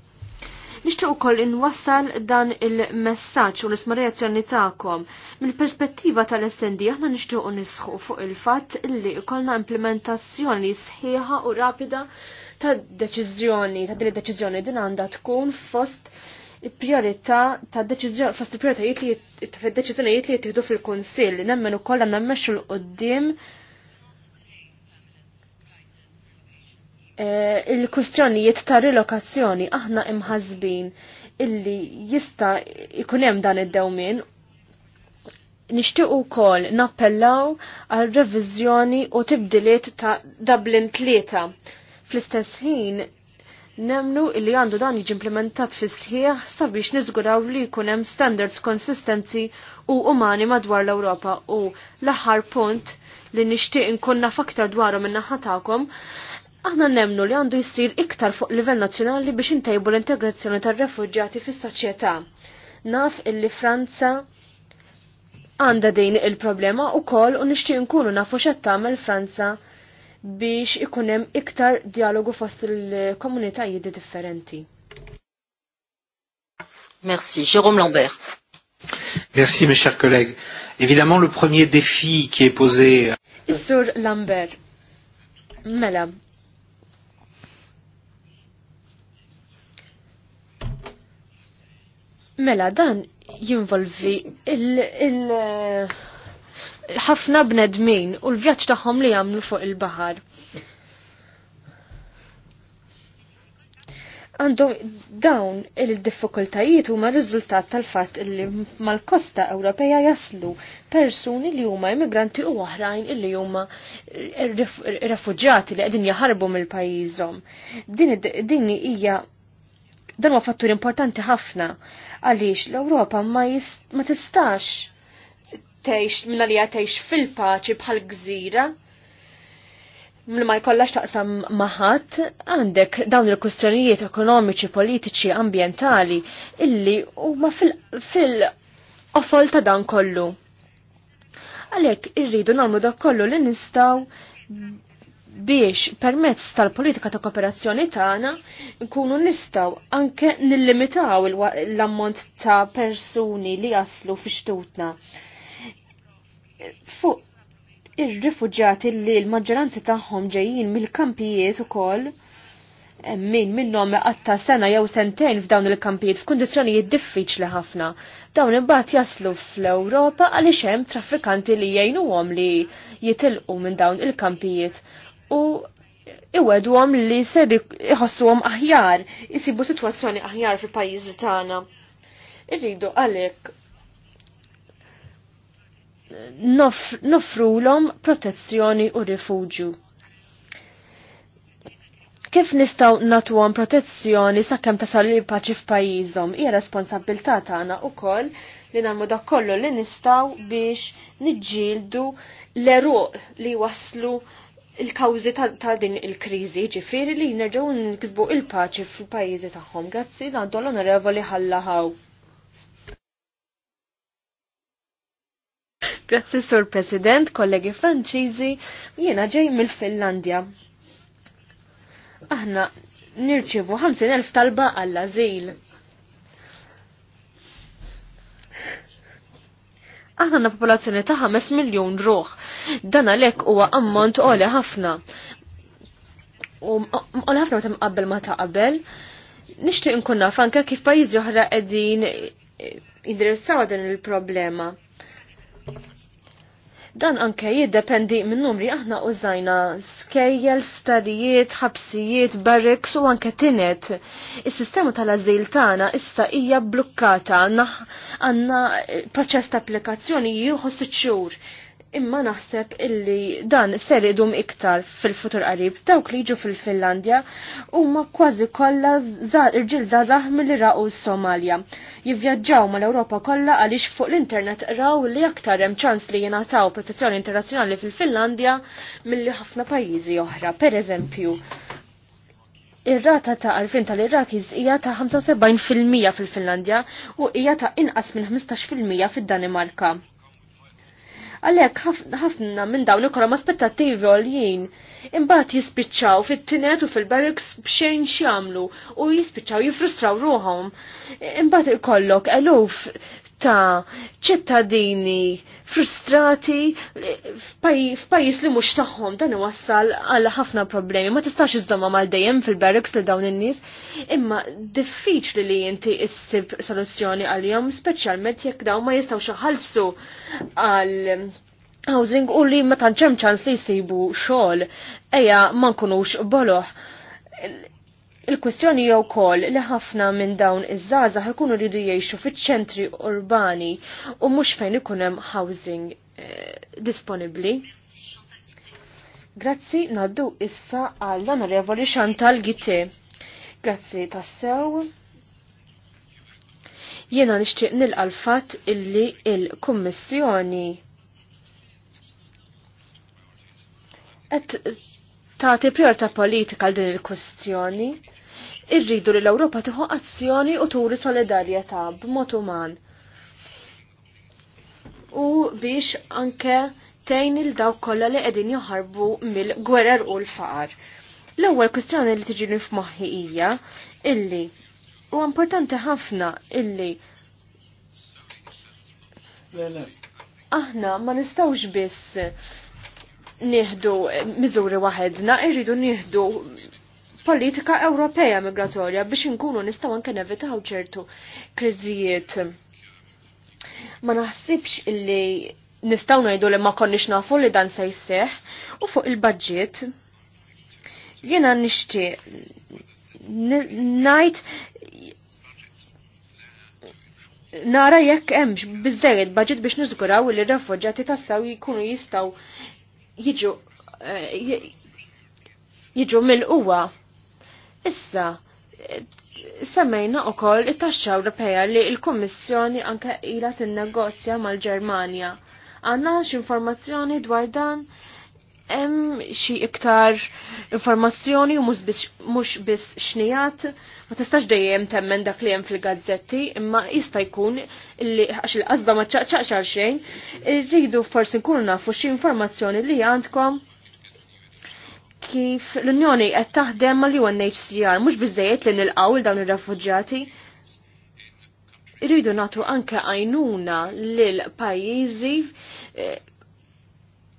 Nixtieq ukoll inwassal dan il-messaġġ u l reazzjoni tagħkom. Mill-perspettiva tal-SND aħna nixtiequ nisħu fuq il-fatt li jkollna implementazzjoni sħiħa u rapida ta' deċiżjoni, ta' din id-deċiżjoni din għandha tkun fost il-priorità ta' deċiżjoni fost il li fid-deċiżjonijiet li jittieħdu fil-Kunsill, nemmen ukoll għandna mmexxu l qudiem eh, il-kustjonijiet ta' relokazzjoni aħna imħazbin illi jista' ikun hemm dan id-dewmin nixtieq ukoll nappellaw għal reviżjoni u tibdiliet ta' Dublin tlieta Fl-istess ħin nemnu illi għandu dan jiġi implementat fis sħiħ sabiex niżguraw li jkun hemm standards konsistenzi u umani madwar l-Ewropa u l-aħħar punt li nixtieq nkunna naf aktar dwarhom min-naħa tagħkom aħna nemnu li għandu jisir iktar fuq livell nazzjonali biex intajbu l-integrazzjoni tar-refuġjati fis-soċjetà. Naf illi Franza għandha din il-problema u kol u nixtieq nkunu nafu x'qed tagħmel Franza biex ikunem iktar dialogu fost il-komunitajiet differenti. Merci, Jérôme Lambert. Merci, mes chers collègues. Évidemment, le premier défi qui est posé. Euh, Sur Lambert. Mela. Mela, dan jinvolvi il-, il ħafna bnedmin u l-vjaġġ tagħhom li jagħmlu fuq il-baħar. Għandu dawn il-diffikultajiet huma riżultat tal-fatt li mal-kosta Ewropea jaslu persuni li huma immigranti u oħrajn li huma refuġjati li qegħdin jaħarbu mill-pajjiżhom. Din hija dan huwa fattur importanti ħafna għaliex l-Ewropa ma, ma tistax tgħix minna li tgħix fil-paċi bħal gżira ma jkollax taqsam maħat għandek dawn il-kustjonijiet ekonomiċi, politiċi, ambientali illi huma fil-qofol ta' dan kollu. Għalhekk irridu nagħmlu dak kollu li nistgħu biex permezz tal-politika ta' kooperazzjoni tagħna nkunu nistgħu anke nillimitaw l-ammont ta' persuni li jaslu fi xtutna fuq ir-rifuġjati li l-maġġoranza tagħhom ġejjin mill-kampijiet ukoll eh, min minnhom għatta sena jew sentejn f'dawn il-kampijiet f'kundizzjonijiet diffiċli ħafna. Dawn imbagħad jaslu fl-Ewropa għaliex hemm traffikanti li jgħinuhom li jitilqu minn dawn il-kampijiet u iwedhom li ser iħossuhom aħjar, isibu sitwazzjoni aħjar fil-pajjiżi tagħna. Irridu għalhekk nofrulhom protezzjoni u rifuġju. Kif nistaw natuhom protezzjoni sakemm tasal il-paċi f'pajjiżhom hija responsabilità tagħna wkoll li nagħmlu da kollu li nistaw biex niġġieldu l-eruq li waslu il-kawżi ta' din il-kriżi ġifiri li nerġgħu nkisbu il-paċi fil tagħhom. Grazzi għandhom l-onorevoli ħallaħaw. Grazzi Sur President, kollegi Franċiżi, jiena ġej mill-Finlandja. Aħna nirċivu 50.000 talba għall-azil. Aħna na popolazzjoni ta' 5 miljon ruħ. Dan għalhekk huwa ammont qoli ħafna. U qoli ħafna meta mqabbel ma ta' qabel. Nixtieq nkun naf anke kif pajjiżi oħra qegħdin jidrissaw din il-problema. Dan anke jiddependi minn numri aħna użajna skejjel, starijiet, ħabsijiet, barreks u anke tinet. Is-sistema tal-azil tagħna issa hija blukkata għandna proċess ta' applikazzjoni jieħu sitt xhur imma naħseb illi dan ser idum iktar fil-futur qarib dawk li jiġu fil-Finlandja huma kważi kollha irġiel żgħażagħ milli raqu s-Somalja. Jivvjaġġaw mal-Ewropa kollha għaliex fuq l-internet raw li aktar hemm ċans li jingħataw protezzjoni internazzjonali fil-Finlandja milli ħafna pajjiżi oħra. Pereżempju, Ir-rata ta' għalfin tal-Irakis hija ta' 75% fil-Finlandja u hija ta' inqas minn 15% fid-Danimarka. Għalhekk ħafna minn dawn ikollhom aspettattivi għoljien. Imbagħad jispiċċaw fit-tinet u fil barriks b'xejn x'jagħmlu u jispiċċaw jifrustraw ruhom. Imbagħad ikollok eluf ta' ċittadini frustrati eh, f'pajis li mhux tagħhom dan iwassal għal ħafna problemi. Ma tistax iżdomma mal dejjem fil-barracks li dawn in-nies, imma diffiċli li inti issib soluzzjoni għalihom speċjalment jekk dawn ma jistgħux iħallsu għal housing u li ma tantx hemm ċans li jsibu xogħol ejja ma nkunux boloħ Il-kwestjoni jew kol li ħafna minn dawn iż-żgħażagħ ikunu rridu jgħixu fiċ-ċentri urbani u mhux fejn ikun hemm housing eh, disponibbli. Grazzi naddu issa għall-Onorevoli Chantal Gitte. Grazzi tassew. Jiena nixtieq nilqa' l-fatt illi il-Kummissjoni qed tagħti priorità politika għal din il-kwestjoni irridu li l-Ewropa tieħu azzjoni u turi solidarjetà b'mod uman. U biex anke tejn il dawk kollha li qegħdin joħarbu mill-gwerer u l-faqar. L-ewwel kwistjoni li tiġi li f'moħħi hija illi u importanti ħafna illi aħna ma nistgħux biss nieħdu miżuri waħedna, irridu nieħdu politika Ewropea migratorja biex inkunu nistgħu anke nevitaw ċertu kriżijiet. Ma naħsibx illi nistgħu ngħidu li ma konniex nafu li dan se jseħ u fuq il-budget jiena nixtieq ngħid nara jekk hemmx biżejjed budget biex niżguraw li r-refuġjati tassaw jkunu jistgħu jiġu eh, jiġu mill-quwa Issa, semmejna u koll it-taxxa Ewropea li il-Kommissjoni anke ila tinnegozja mal-Ġermanja. Għanna x-informazzjoni dwar dan hemm xi iktar informazzjoni u mhux biss xnijat, ma tistax dejjem temmen dak li hemm fil-gazzetti, imma jista' jkun li għax il-qasda ma ċaqċaq xejn, irridu forsi nkunu nafu xi informazzjoni li għandkom kif l-Unjoni qed taħdem mal-UNHCR mhux biżejjed li nilqgħu l dawn ir-refuġjati. Irridu nagħtu anke għajnuna lil pajjiżi eh,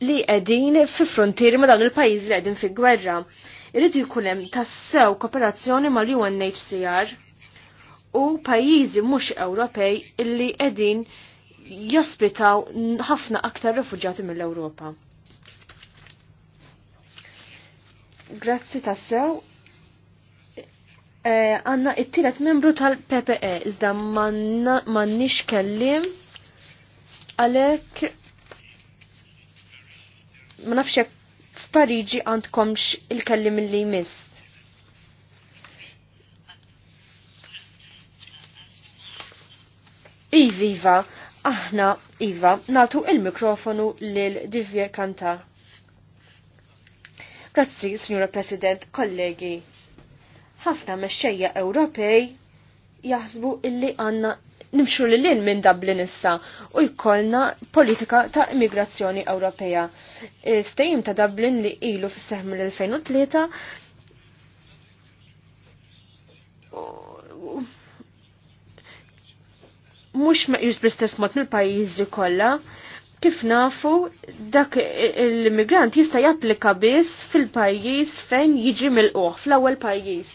li qegħdin fi frontieri ma' dawn il-pajjiżi li qegħdin fi gwerra. Iridu jkun hemm tassew kooperazzjoni mal-UNHCR u pajjiżi mhux Ewropej illi qegħdin jospitaw ħafna aktar refuġjati mill-Ewropa. Grazzi tassew. Eh, għanna e, it-tielet membru tal-PPE, iżda mannix kellim għalek ma nafx jekk f'Pariġi għandkomx il-kellim li jmiss. Iva, iva aħna, Iva, natu il-mikrofonu lil Divje Kantar. Grazzi, Signora President, kollegi. Ħafna mexxejja Ewropej jaħsbu illi għanna nimxu li l minn Dublin issa u jkollna politika ta' immigrazzjoni Ewropea. Stejim ta' Dublin li ilu fis seħm l-2003 mux ma bl-istess mod mill-pajizi kollha Kif nafu, dak l-immigrant jista' japplika biss fil-pajjiż fejn jiġi mill-qoħ, fl-ewwel pajjiż.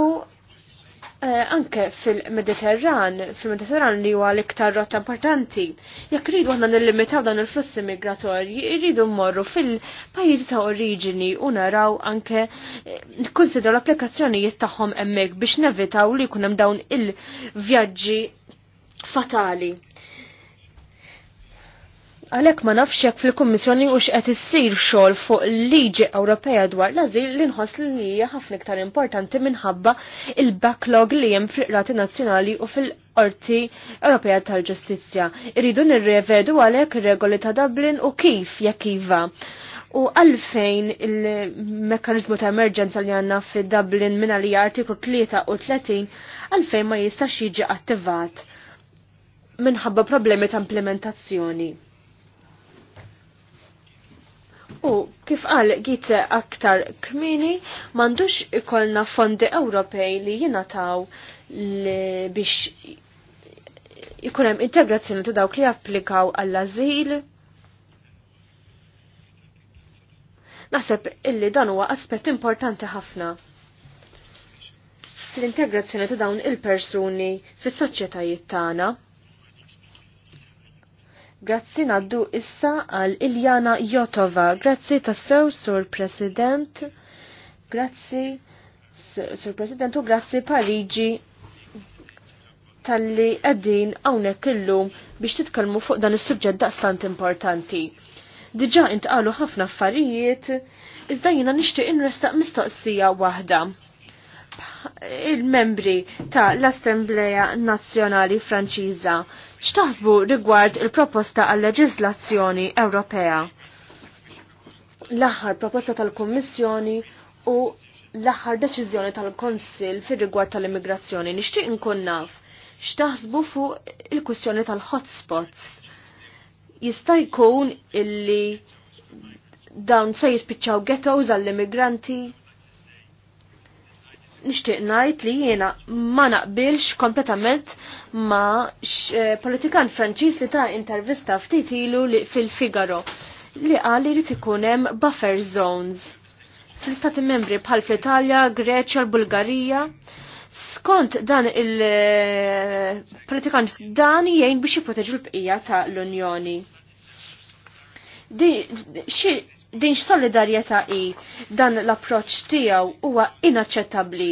U eh, anke fil-Mediterran, fil-Mediterran li huwa l-iktar rotta importanti, jekk rridu aħna nillimitaw dan il-flussi migratorji, irridu mmorru fil-pajjiżi ta' oriġini u naraw anke eh, nikkonsidraw l-applikazzjonijiet tagħhom hemmhekk biex nevitaw li jkun hemm dawn il-vjaġġi fatali. Għalek ma nafxek fil-Kommissjoni u x'qed issir xogħol fuq liġi Ewropea dwar l-azil li nħoss li hija ħafna iktar importanti minħabba il-backlog li hemm fil-Rati Nazzjonali u fil-Qorti Ewropea tal-Ġustizzja. Irridu nirrevedu għalhekk ir-regoli ta' Dublin u kif jekk iva. U għalfejn il-mekkanizmu ta' emerġenza li għanna fi Dublin minn għalija artiklu 33 għalfejn ma jistax jiġi attivat minħabba problemi ta' implementazzjoni. U kif għal għite aktar kmini mandux ikolna fondi Ewropej li jinataw li biex ikunem integrazzjoni ta' dawk li applikaw għall-azil. Naħseb illi dan huwa aspett importanti ħafna l-integrazzjoni ta' dawn il-persuni fis-soċjetajiet tagħna. Grazzi naddu issa għal Iljana Jotova. Grazzi tassew, Sur President. Grazzi, Sur President, u grazzi Parigi tal-li għeddin għawnek illum biex titkalmu fuq dan is-suġġett daqstant importanti. Dġa intqalu ħafna affarijiet, iżda jina nixtieq inrestaq mistoqsija waħda. Il-membri ta' l-Assembleja Nazzjonali Franċiża X'taħsbu rigward il-proposta għal leġiżlazzjoni Ewropea? L-aħħar proposta tal-Kummissjoni u l-aħħar deċiżjoni tal-Konsil fir-rigward tal-immigrazzjoni nixtieq inkun naf x'taħsbu fuq il-kwistjoni tal-hotspots. Jista' jkun illi dawn se jispiċċaw ghettos għall-immigranti nixtieq ngħid li jiena ma naqbilx kompletament ma eh, politikan Franċiż li ta' intervista ftit ilu fil-Figaro li qal li jrid ikun hemm buffer zones fl-istati membri bħal fl-Italja, Greċja, l-Bulgarija. Skont dan il-pratikant eh, dan jgħin biex jipproteġu l-bqija ta' l-Unjoni dinx solidarjetà i dan l-approċ tiegħu huwa inaċċettabbli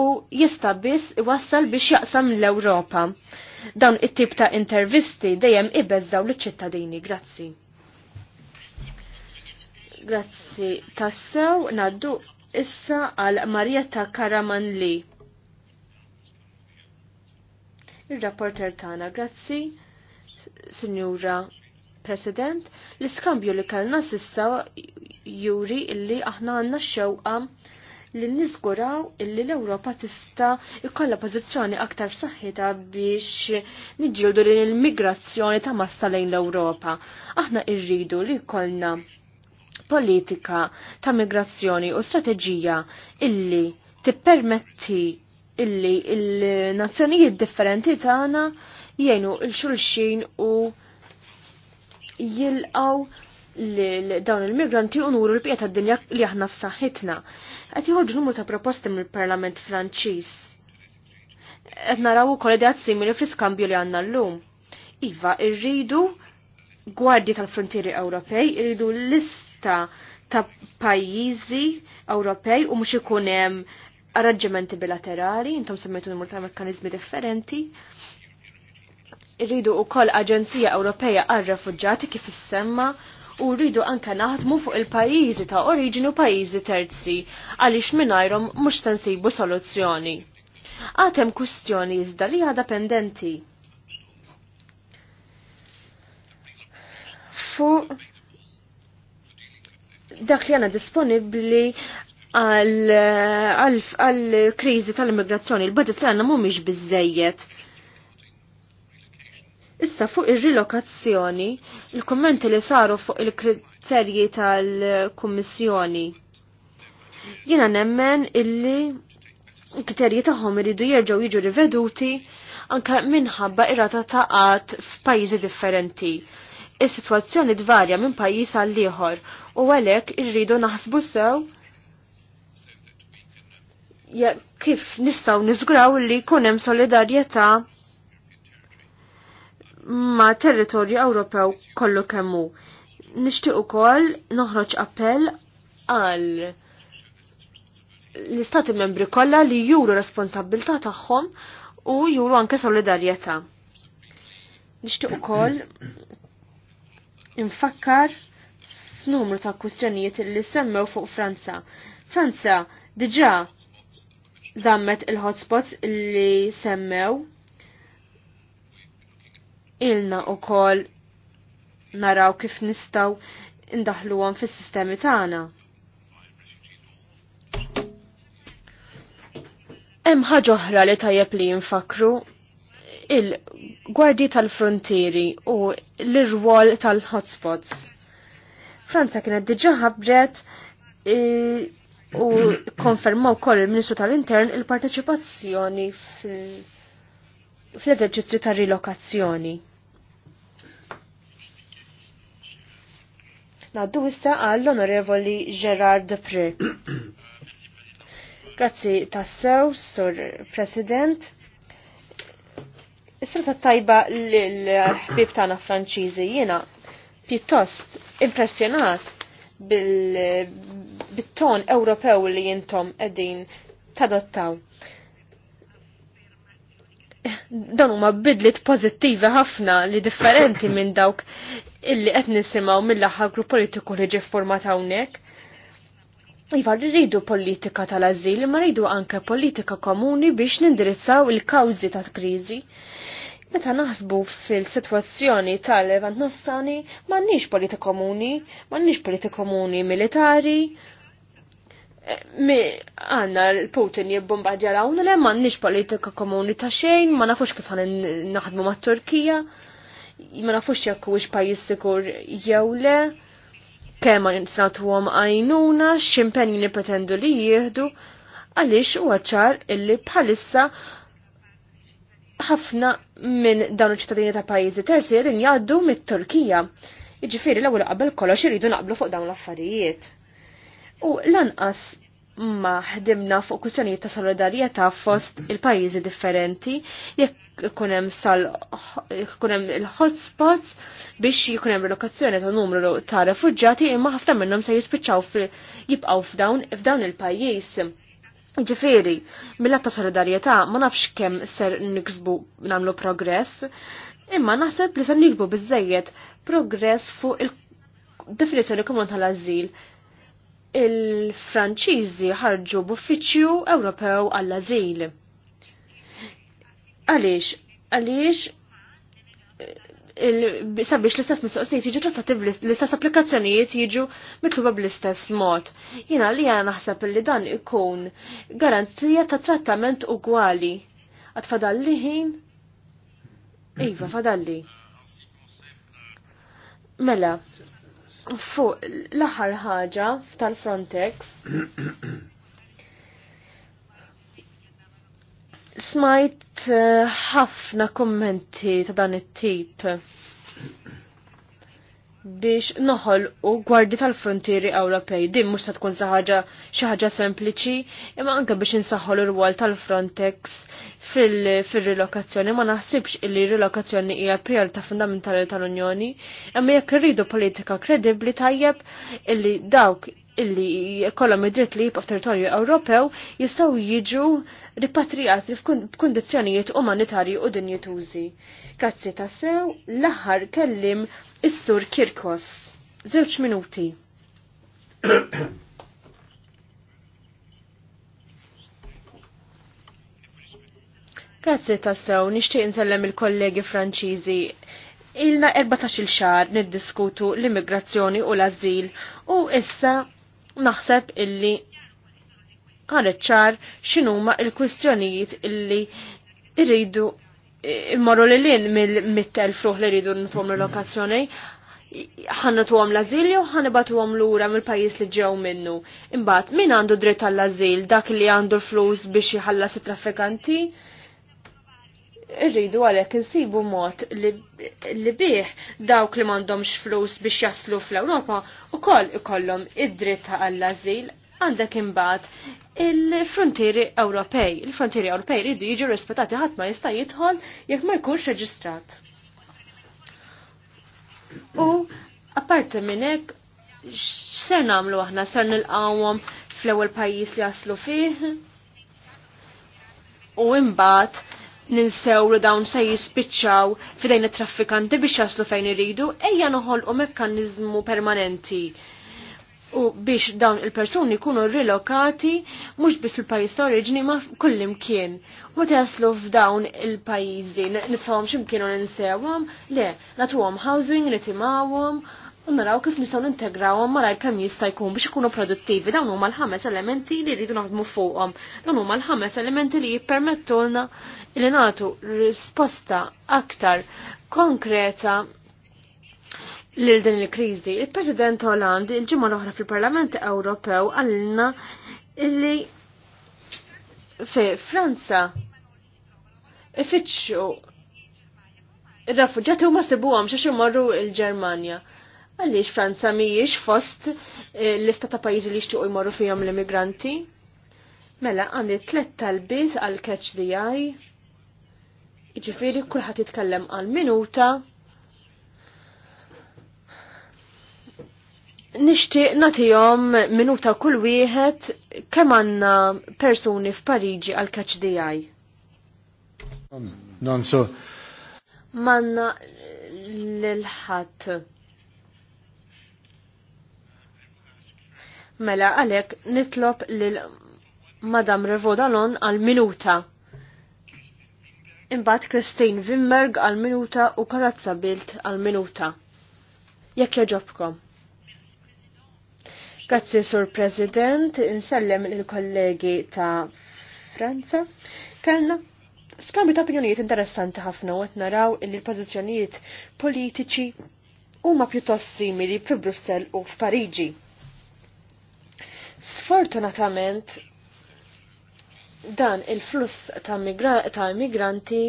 u jista' biss iwassal biex jaqsam l-Ewropa. Dawn it-tip ta' intervisti dejjem ibeżżaw l ċittadini Grazzi. Grazzi tassew naddu issa għal Marietta Karamanli. Il-rapporter tagħna, grazzi, Signora President, l-iskambju li kellna sissa juri illi aħna għandna xewqa li nizguraw illi l-Ewropa tista' ikollha pożizzjoni aktar saħħita biex nġildu li l migrazzjoni ta' massa lejn l-Ewropa. Aħna rridu li jkollna politika ta' migrazzjoni u strateġija illi tippermetti illi il-nazzjonijiet differenti tagħna jgħinu il-xulxin u jilqaw li dawn il-migranti unuru l-bqiet tad-dinja li aħna f'saħħitna. Qed joħorġu numru ta' proposti mill-Parlament Franċiż. Qed naraw ukoll ideat simili fl-iskambju li għandna llum. Iva, irridu gwardji tal-frontieri Ewropej, irridu lista ta' pajjiżi Ewropej u mhux ikun hemm arranġamenti bilaterali, intom semmetu numru ta' mekkanizmi differenti rridu wkoll Aġenzija Ewropea għar refugġati kif issemma u rridu anka naħdmu fuq il-pajjiżi ta' oriġinu pajjiżi terzi għaliex mingħajrhom mhux se nsibu soluzzjoni. Għatem kustjoni iżda li għada pendenti. Fuq dak li għana disponibli għal-krizi tal-immigrazzjoni, il-budget għandna mumiġ bizzejiet Issa fuq ir-rilokazzjoni, il kommenti li saru fuq il-kriterji tal-Kummissjoni. Jiena nemmen illi kriterji tagħhom iridu jerġgħu jiġu riveduti anke minħabba irata taqat f'pajjiżi differenti. Is-sitwazzjoni tvarja minn pajjiż għal ieħor u għalhekk irridu naħsbu sew kif nistgħu niżgraw li jkun hemm solidarjetà ma' territorju Ewropew kollu kemmu. Nixtieq ukoll noħroġ appell għal l-istati membri kollha li juru responsabilità tagħhom u juru anke solidarjetà. Nixtieq ukoll infakkar f'numru ta' kwistjonijiet li semmew fuq Franza. Franza diġà żammet il-hotspots li semmew ilna u kol naraw kif nistaw indaħlu għan fis sistemi tagħna. Hemm ħaġa oħra li tajjeb li jinfakru il-gwardji tal-frontieri u l-irwol tal-hotspots. Franza kienet diġa ħabret e, u konfermaw koll il-Ministru tal-Intern il-parteċipazzjoni fil- fl-eżerċizzju ta' rilokazzjoni. Naddu issa għall-Onorevoli Gerard Pre. [coughs] Grazzi tassew, Sur President. Issa ta' tajba l-ħbib tagħna Franċiżi jiena pjuttost impressjonat bil-ton Ewropew li jintom qegħdin tadottaw dan huma bidlit pożittivi ħafna li differenti minn dawk illi qed nisimgħu mill-aħħar grupp politiku li ġie format hawnhekk. Iva rridu politika tal-azil, ma rridu anke politika komuni biex nindirizzaw il-kawżi ta' kriżi Meta naħsbu fil-sitwazzjoni tal-Levant Nofsani, m'għandniex politika komuni, m'għandniex politika komuni militari, mi għanna Putin jibbombardja l-għawna le mannix politika komuni ta' xejn, ma nafux kif għan naħdmu ma' Turkija, ma nafux jekk wix pajis sikur jew le, kemm u għom għajnuna, ximpenji nipretendu li jihdu, għalix u għacċar illi bħalissa ħafna minn dawn iċ-ċittadini ta' pajjiżi terzi jgħaddu mit-Turkija. Jiġifieri l-ewwel qabel kollox iridu naqblu fuq dawn l-affarijiet u lanqas ma ħdimna fuq kwistjonijiet ta' solidarjetà fost il-pajjiżi differenti jekk ikun hemm sal ikun hemm il-hotspots biex jkun hemm relokazzjoni ta' numru ta' refuġġati imma ħafna minnhom se jispiċċaw jibqgħu f'dawn f'dawn il-pajjiż. Ġifieri, mill ta' solidarjetà ma nafx kemm ser niksbu nagħmlu progress, imma naħseb li se nikbu biżejjed progress fuq il-definizzjoni komun tal-azil il-Franċiżi ħarġu b'uffiċċju Ewropew għall-Azil. Għaliex, għaliex eh, sabiex l-istess mistoqsijiet jiġu trattati l-istess applikazzjonijiet jiġu mitluba bl-istess mod. Jina li għana naħseb li dan ikun garanzija ta' trattament ugwali. Għad fadalli ħin? Iva, fadalli. Mela, fuq l-aħħar ħaġa tal-Frontex. Smajt eh, ħafna kommenti ta' dan it-tip biex noħol u gwardi tal-frontieri Ewropej. Din mhux se tkun xi ħaġa sempliċi, imma anke biex insaħħol ir-rwol tal-Frontex fil-rilokazzjoni ma naħsibx illi rilokazzjoni hija priorità fundamentali tal-Unjoni, imma jekk irridu politika kredibbli tajjeb illi dawk illi kollom id-dritt li jibqa' f'territorju Ewropew jistgħu jiġu ripatrijati f'kundizzjonijiet umanitarji u dinjitużi. Grazzi tassew, l-aħħar kellim is-sur Kirkos. Żewġ minuti. [coughs] Grazzi tassew, nixtieq insellem il-kollegi Franċiżi Ilna 14 il xar niddiskutu l-immigrazzjoni u l-azil u issa naħseb illi ċar x'inhuma il-kwistjonijiet illi irridu immorru li l-in mill-mittel fruħ li rridu nitwom l-lokazzjoni ħanna tuħom l-azil jew ħanibatu għom l-ura mill-pajis li ġew minnu. Imbat, min għandu dritt għall-azil, dak li għandu l-flus biex jħalla it-traffikanti, irridu għalhekk insibu mod li bih dawk li m'għandhomx flus biex jaslu fl-Ewropa ukoll ikollhom id-dritt għall azil għandek imbagħad il-frontieri Ewropej. Il-frontieri Ewropej rridu jiġu rispettati ħadd ma jista' jidħol jekk ma jkunx reġistrat. U apparti minn hekk x'ser nagħmlu aħna ser nilqawhom fl-ewwel pajjiż li jaslu fih. U imbagħad ninsew li dawn se jispiċċaw fidejn it-traffikanti biex jaslu fejn iridu, ejja noħolqu mekkaniżmu permanenti u biex dawn il-persuni jkunu rilokati mhux biss il-pajjiż ta' oriġini ma' kullimkien. Meta jaslu f'dawn il-pajjiżi nifhom x'imkienu ninsewhom, le, nagħtuhom housing, nitimgħuhom u naraw kif nistgħu nintegrawhom malajr kemm jista' jkun biex ikunu produttivi dawn huma l-ħames elementi li rridu naħdmu fuqhom. Dawn huma l-ħames elementi li jippermettulna li nagħtu risposta aktar konkreta lil din il-kriżi. Il-President Holland il-ġimgħa l-oħra fil-Parlament Ewropew għalna illi fi Franza ifittxu ir-refuġjati huma sibuhom xi imorru l-Ġermanja. Għaliex Franza mhijiex fost eh, l-lista ta' pajjiżi li jixtiequ jmorru fihom l-immigranti. Mela għandi tlet talbiz għal catch the eye. Iġifiri, kulħadd jitkellem għal minuta. Nixtieq nagħtihom minuta kull wieħed kemm għandna persuni f'Pariġi għal catch the eye. Non so. Manna l-ħadd. Mela għalek nitlob lil Madam Revodalon għal minuta. Imbagħad Christine Wimberg għal minuta u Karazza Bilt għal minuta. Jekk jaġobkom. Grazzi Sur President, insellem il-kollegi ta' Franza. Kellna skambju ta' opinjonijiet interessanti ħafna u qed naraw li l-pożizzjonijiet politiċi huma pjuttost simili fi Brussel u f'Pariġi. Sfortunatament, dan il-fluss ta', migra migranti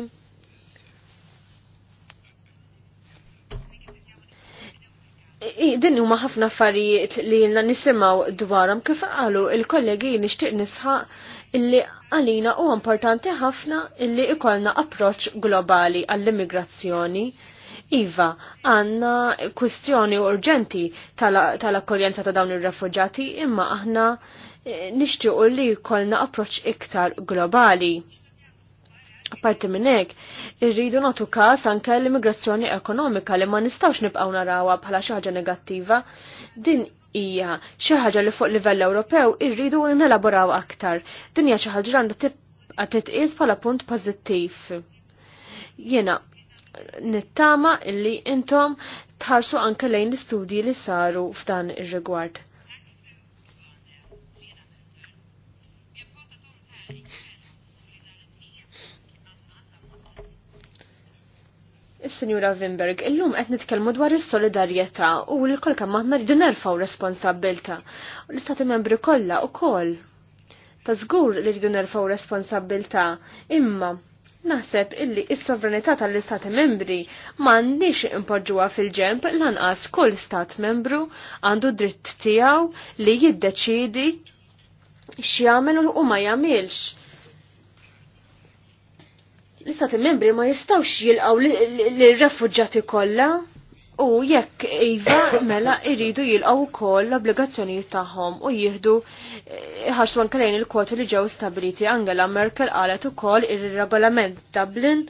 din huma ħafna affarijiet li jilna nisimgħu dwarhom kif qalu il-kollegi nixtieq nisħaq illi għalina u importanti ħafna illi ikolna approċ globali għall-immigrazzjoni Iva, għanna kwistjoni urġenti tal-akkoljenza ta' dawn ir-refuġati imma aħna eh, nixtiequ li jkollna approċċ iktar globali. Apparti minn hekk, irridu nagħtu każ anke l-immigrazzjoni ekonomika li ma nistawx nibqgħu narawha bħala xi ħaġa negattiva. Din hija xi ħaġa li fuq livell Ewropew irridu nelaboraw aktar. Din hija xi ħaġa għandha titqies bħala punt pożittiv. Jiena nittama illi intom tħarsu anke lejn l-istudji li saru f'dan ir-rigward. Is-Sinjura Wimberg, illum qed nitkellmu dwar is-solidarjetà u l kol kemm aħna rridu nerfgħu responsabbilta. L-istati membri kollha wkoll. Ta' żgur li rridu nerfgħu responsabbilta imma Naħseb illi is-sovranità tal-istati membri m'għandniex impoġġuha fil-ġemp lanqas kull stat membru għandu dritt tiegħu li jiddeċidi x'jagħmel u ma jagħmilx. L-istati membri ma jistgħux jilqgħu lir-refuġġati kollha. U jekk iva mela irridu jilqaw ukoll l-obbligazzjonijiet tagħhom u jieħdu eh, ħarsu anke il-kwoti li ġew stabiliti Angela Merkel qalet ukoll ir-regolament Dublin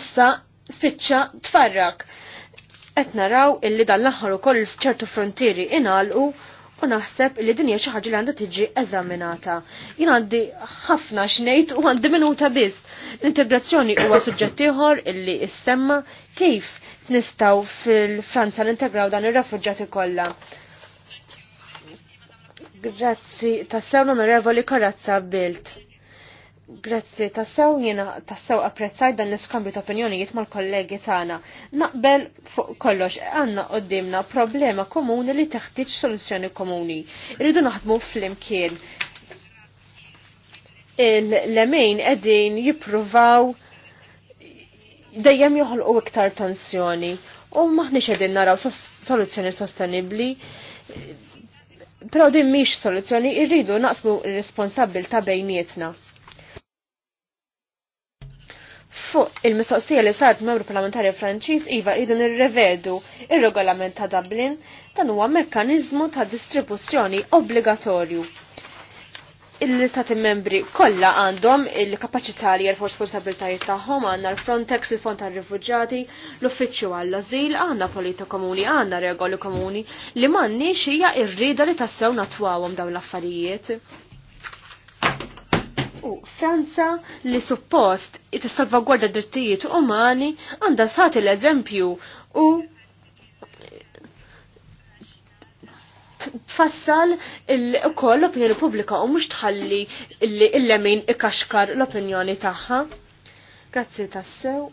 issa spiċċa tfarrak. Qed naraw illi dan l-aħħar ukoll f'ċertu frontieri inalqu u naħseb li dinja xi ħaġa li għandha tiġi eżaminata. Jien għandi ħafna xnejt u għandi minuta biss. L-integrazzjoni huwa suġġett ieħor illi issemma kif nistgħu fil-Franza nintegraw dan ir-refuġġati kollha. Grazzi, tassew l-onorevoli Karazza Bilt. Grazzi, tassew jena tassew apprezzaj dan l-iskambju ta' opinjonijiet mal-kollegi tagħna. Naqbel fuq kollox għandna għoddimna problema komuni li teħtieġ soluzzjoni komuni. Irridu naħdmu flimkien. Il-lemejn qegħdin jippruvaw dejjem joħolqu iktar tensjoni u maħniex qegħdin naraw soluzzjoni sostenibbli. Però din mhix soluzzjoni, irridu naqsmu r ta' bejnietna Fuq il-mistoqsija li sart membru parlamentari Franċiż iva rridu nirrevedu ir-regolament ta' Dublin dan huwa mekkaniżmu ta' distribuzzjoni obbligatorju il istati membri kollha għandhom il kapaċità li jerfu responsabiltajiet tagħhom għandna l-Frontex, il-Fond tar-Rifuġġati, l-Uffiċċju għall-Ażil, għandna politika komuni, għandna regoli komuni li m'għandniex hija rrieda li tassew natwawhom dawn l-affarijiet. U Franza li suppost it-salvagwarda drittijiet umani għandha sati l-eżempju u tfassal il-koll l-opinjoni pubblika u mux tħalli il-lemin ikaxkar l-opinjoni taħħa. Grazzi tassew.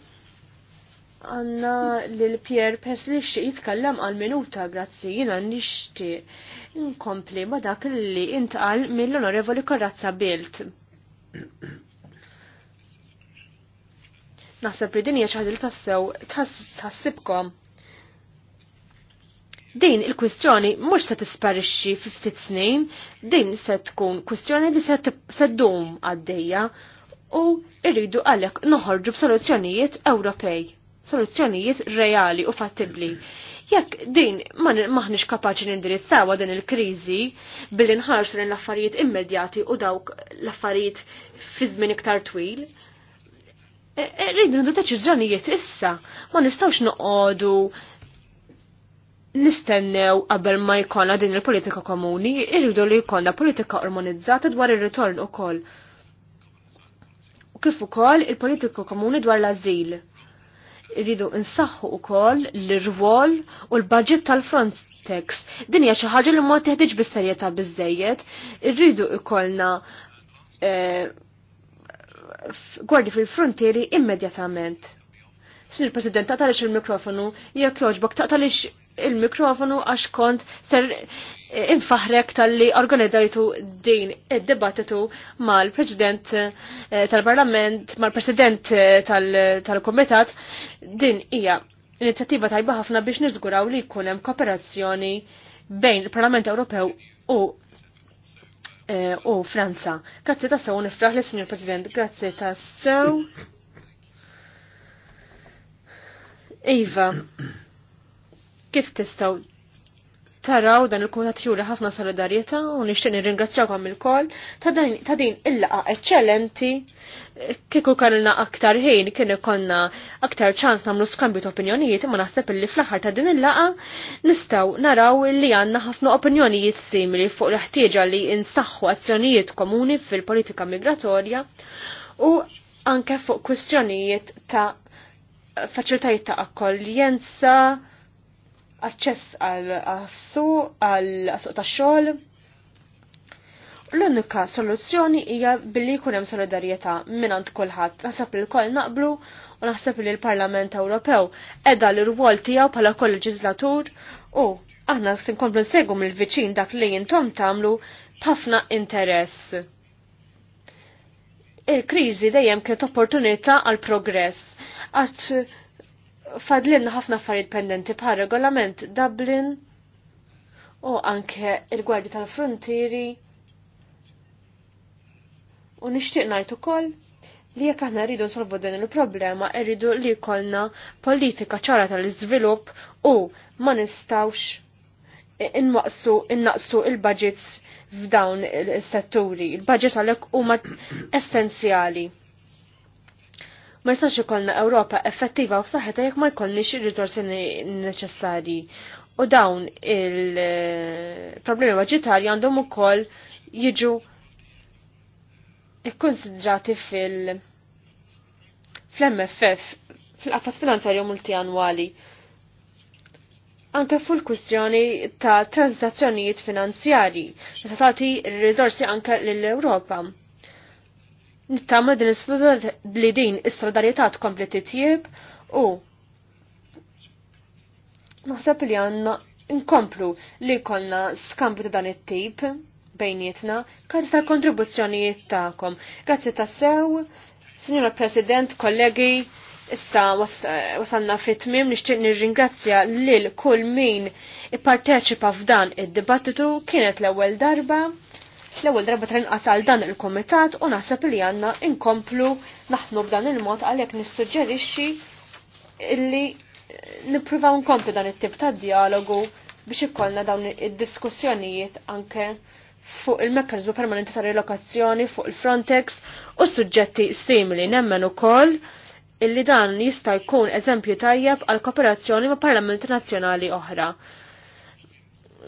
Għanna l-Pier Pers li xie jitkallam għal-minuta, grazzi, jina nishti nkompli ma dak li intqal mill-onorevoli Korazza Bilt. Naħseb li din hija xi li tassew tassibkom. Din il-kwistjoni mhux se tisparixxi fi ftit snin, din se tkun kwistjoni li se ddum għaddejja u rridu għalhekk noħorġu b'soluzzjonijiet Ewropej, soluzzjonijiet reali u fattibbli. Jekk din maħniex kapaċi nindirizzawa din il-kriżi billi nħarġu l-affarijiet immedjati u dawk l-affarijiet fi żmien iktar twil, e, e, rridu ndu deċiżjonijiet issa, ma nistgħux noqogħdu nistennew qabel ma jkollna din il-politika komuni, irridu li jkollna politika ormonizzata dwar ir-ritorn ukoll. U kif ukoll il-politika komuni dwar l-azil irridu insaħħu wkoll l-irwol u l-budget tal-Frontex. Din hija xi ħaġa li ma teħdiġ bis-serjetà biżejjed, irridu ikollna eh, gwardi fil-frontieri immedjatament. Sinir President, taqtalix il-mikrofonu, jekk joġbok taqtalix il-mikrofonu għax kont ser infaħrek tal-li organizzajtu din id-dibattitu mal-President eh, tal-Parlament, mal-President eh, tal-Komitat, din hija inizjattiva tajba ħafna biex niżguraw li jkun hemm kooperazzjoni bejn il-Parlament Ewropew u eh, u Franza. Grazzi ta' sew nifraħ li Signor President, grazzi ta' sew. Iva, Kif tistaw taraw dan il-kuntat juri ħafna solidarieta u nixtieq għam il-koll ta' din il-laqa eċċellenti kieku kellna aktar ħin kien ikonna aktar ċans nagħmlu skambju ta' opinjonijiet imma naħseb illi fl-aħħar ta' din il-laqa nistgħu naraw li għandna ħafna opinjonijiet simili fuq l-ħtieġa li insaħħu azzjonijiet komuni fil-politika migratorja u anke fuq kwistjonijiet ta' faċiltajiet ta' akkoljenza, aċċess għal-assu, għal-assuq ta' xogħol. L-unika soluzzjoni hija billi jkun hemm solidarjetà mingħand kulħadd. Naħseb li l-koll naqblu u naħseb li l-Parlament Ewropew edha l-rwol tiegħu bħala kol-leġislatur u aħna se nkomplu nsegwu mill-viċin dak li jintom tagħmlu b'ħafna interess. Il-kriżi dejjem kienet opportunità għal progress Għat fadlinna ħafna affarijiet pendenti bħal regolament Dublin u anke il-Gwardji tal-Frontieri. U nixtieq ngħid ukoll li jekk aħna rridu nsolvu din il-problema, rridu li jkollna politika ċara tal-iżvilupp u ma nistawx innaqsu in il-budgets f'dawn is-setturi. Il-budgets għalhekk huma essenzjali Ma jistax ikollna Ewropa effettiva u saħħetha jekk ma jkollniex ir-riżorsi neċessarji. U dawn il-problemi veġitarji għandhom ukoll jiġu ikkonsidrati fil- fl-MFF fil-qafas finanzjarju multianwali. Anke fuq kwistjoni ta' transazzjonijiet finanzjarji, meta tagħti r-riżorsi anke lill-Ewropa nittama din li din is solidarietà tkompli titjieb u naħseb li għanna nkomplu li konna skambu ta' dan it-tip bejnietna, grazzi ta' kontribuzzjonijiet tagħkom. Grazzi ta' sew, President, kollegi, issa wasanna fit-tmim nixtieq nirringrazzja lil kull min ipparteċipa f'dan id-dibattitu kienet l-ewwel darba fl-ewwel darba trinqas għal dan il-komitat u naħseb li għandna inkomplu naħnu b'dan il-mod għalhekk nissuġġerixxi illi nippruvaw nkomplu dan it-tip ta' dialogu biex ikollna dawn id-diskussjonijiet anke fuq il-mekkanizmu permanenti ta' rilokazzjoni fuq il-Frontex u suġġetti simili nemmen ukoll illi dan jista' jkun eżempju tajjeb għal kooperazzjoni ma' parlamenti nazzjonali oħra.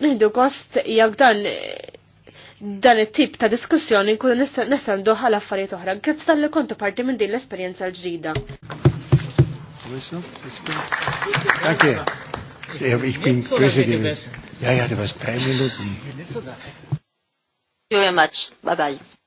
Nihdu kost jak dan dan it-tip ta' diskussjoni nkunu nistgħu ndoħ għal affarijiet oħra. Grazzi tal-li kontu parti minn din l-esperjenza l-ġdida. Danke. Ich bin Präsident. Ja, ja, du warst drei Minuten. Thank you very much. Bye bye.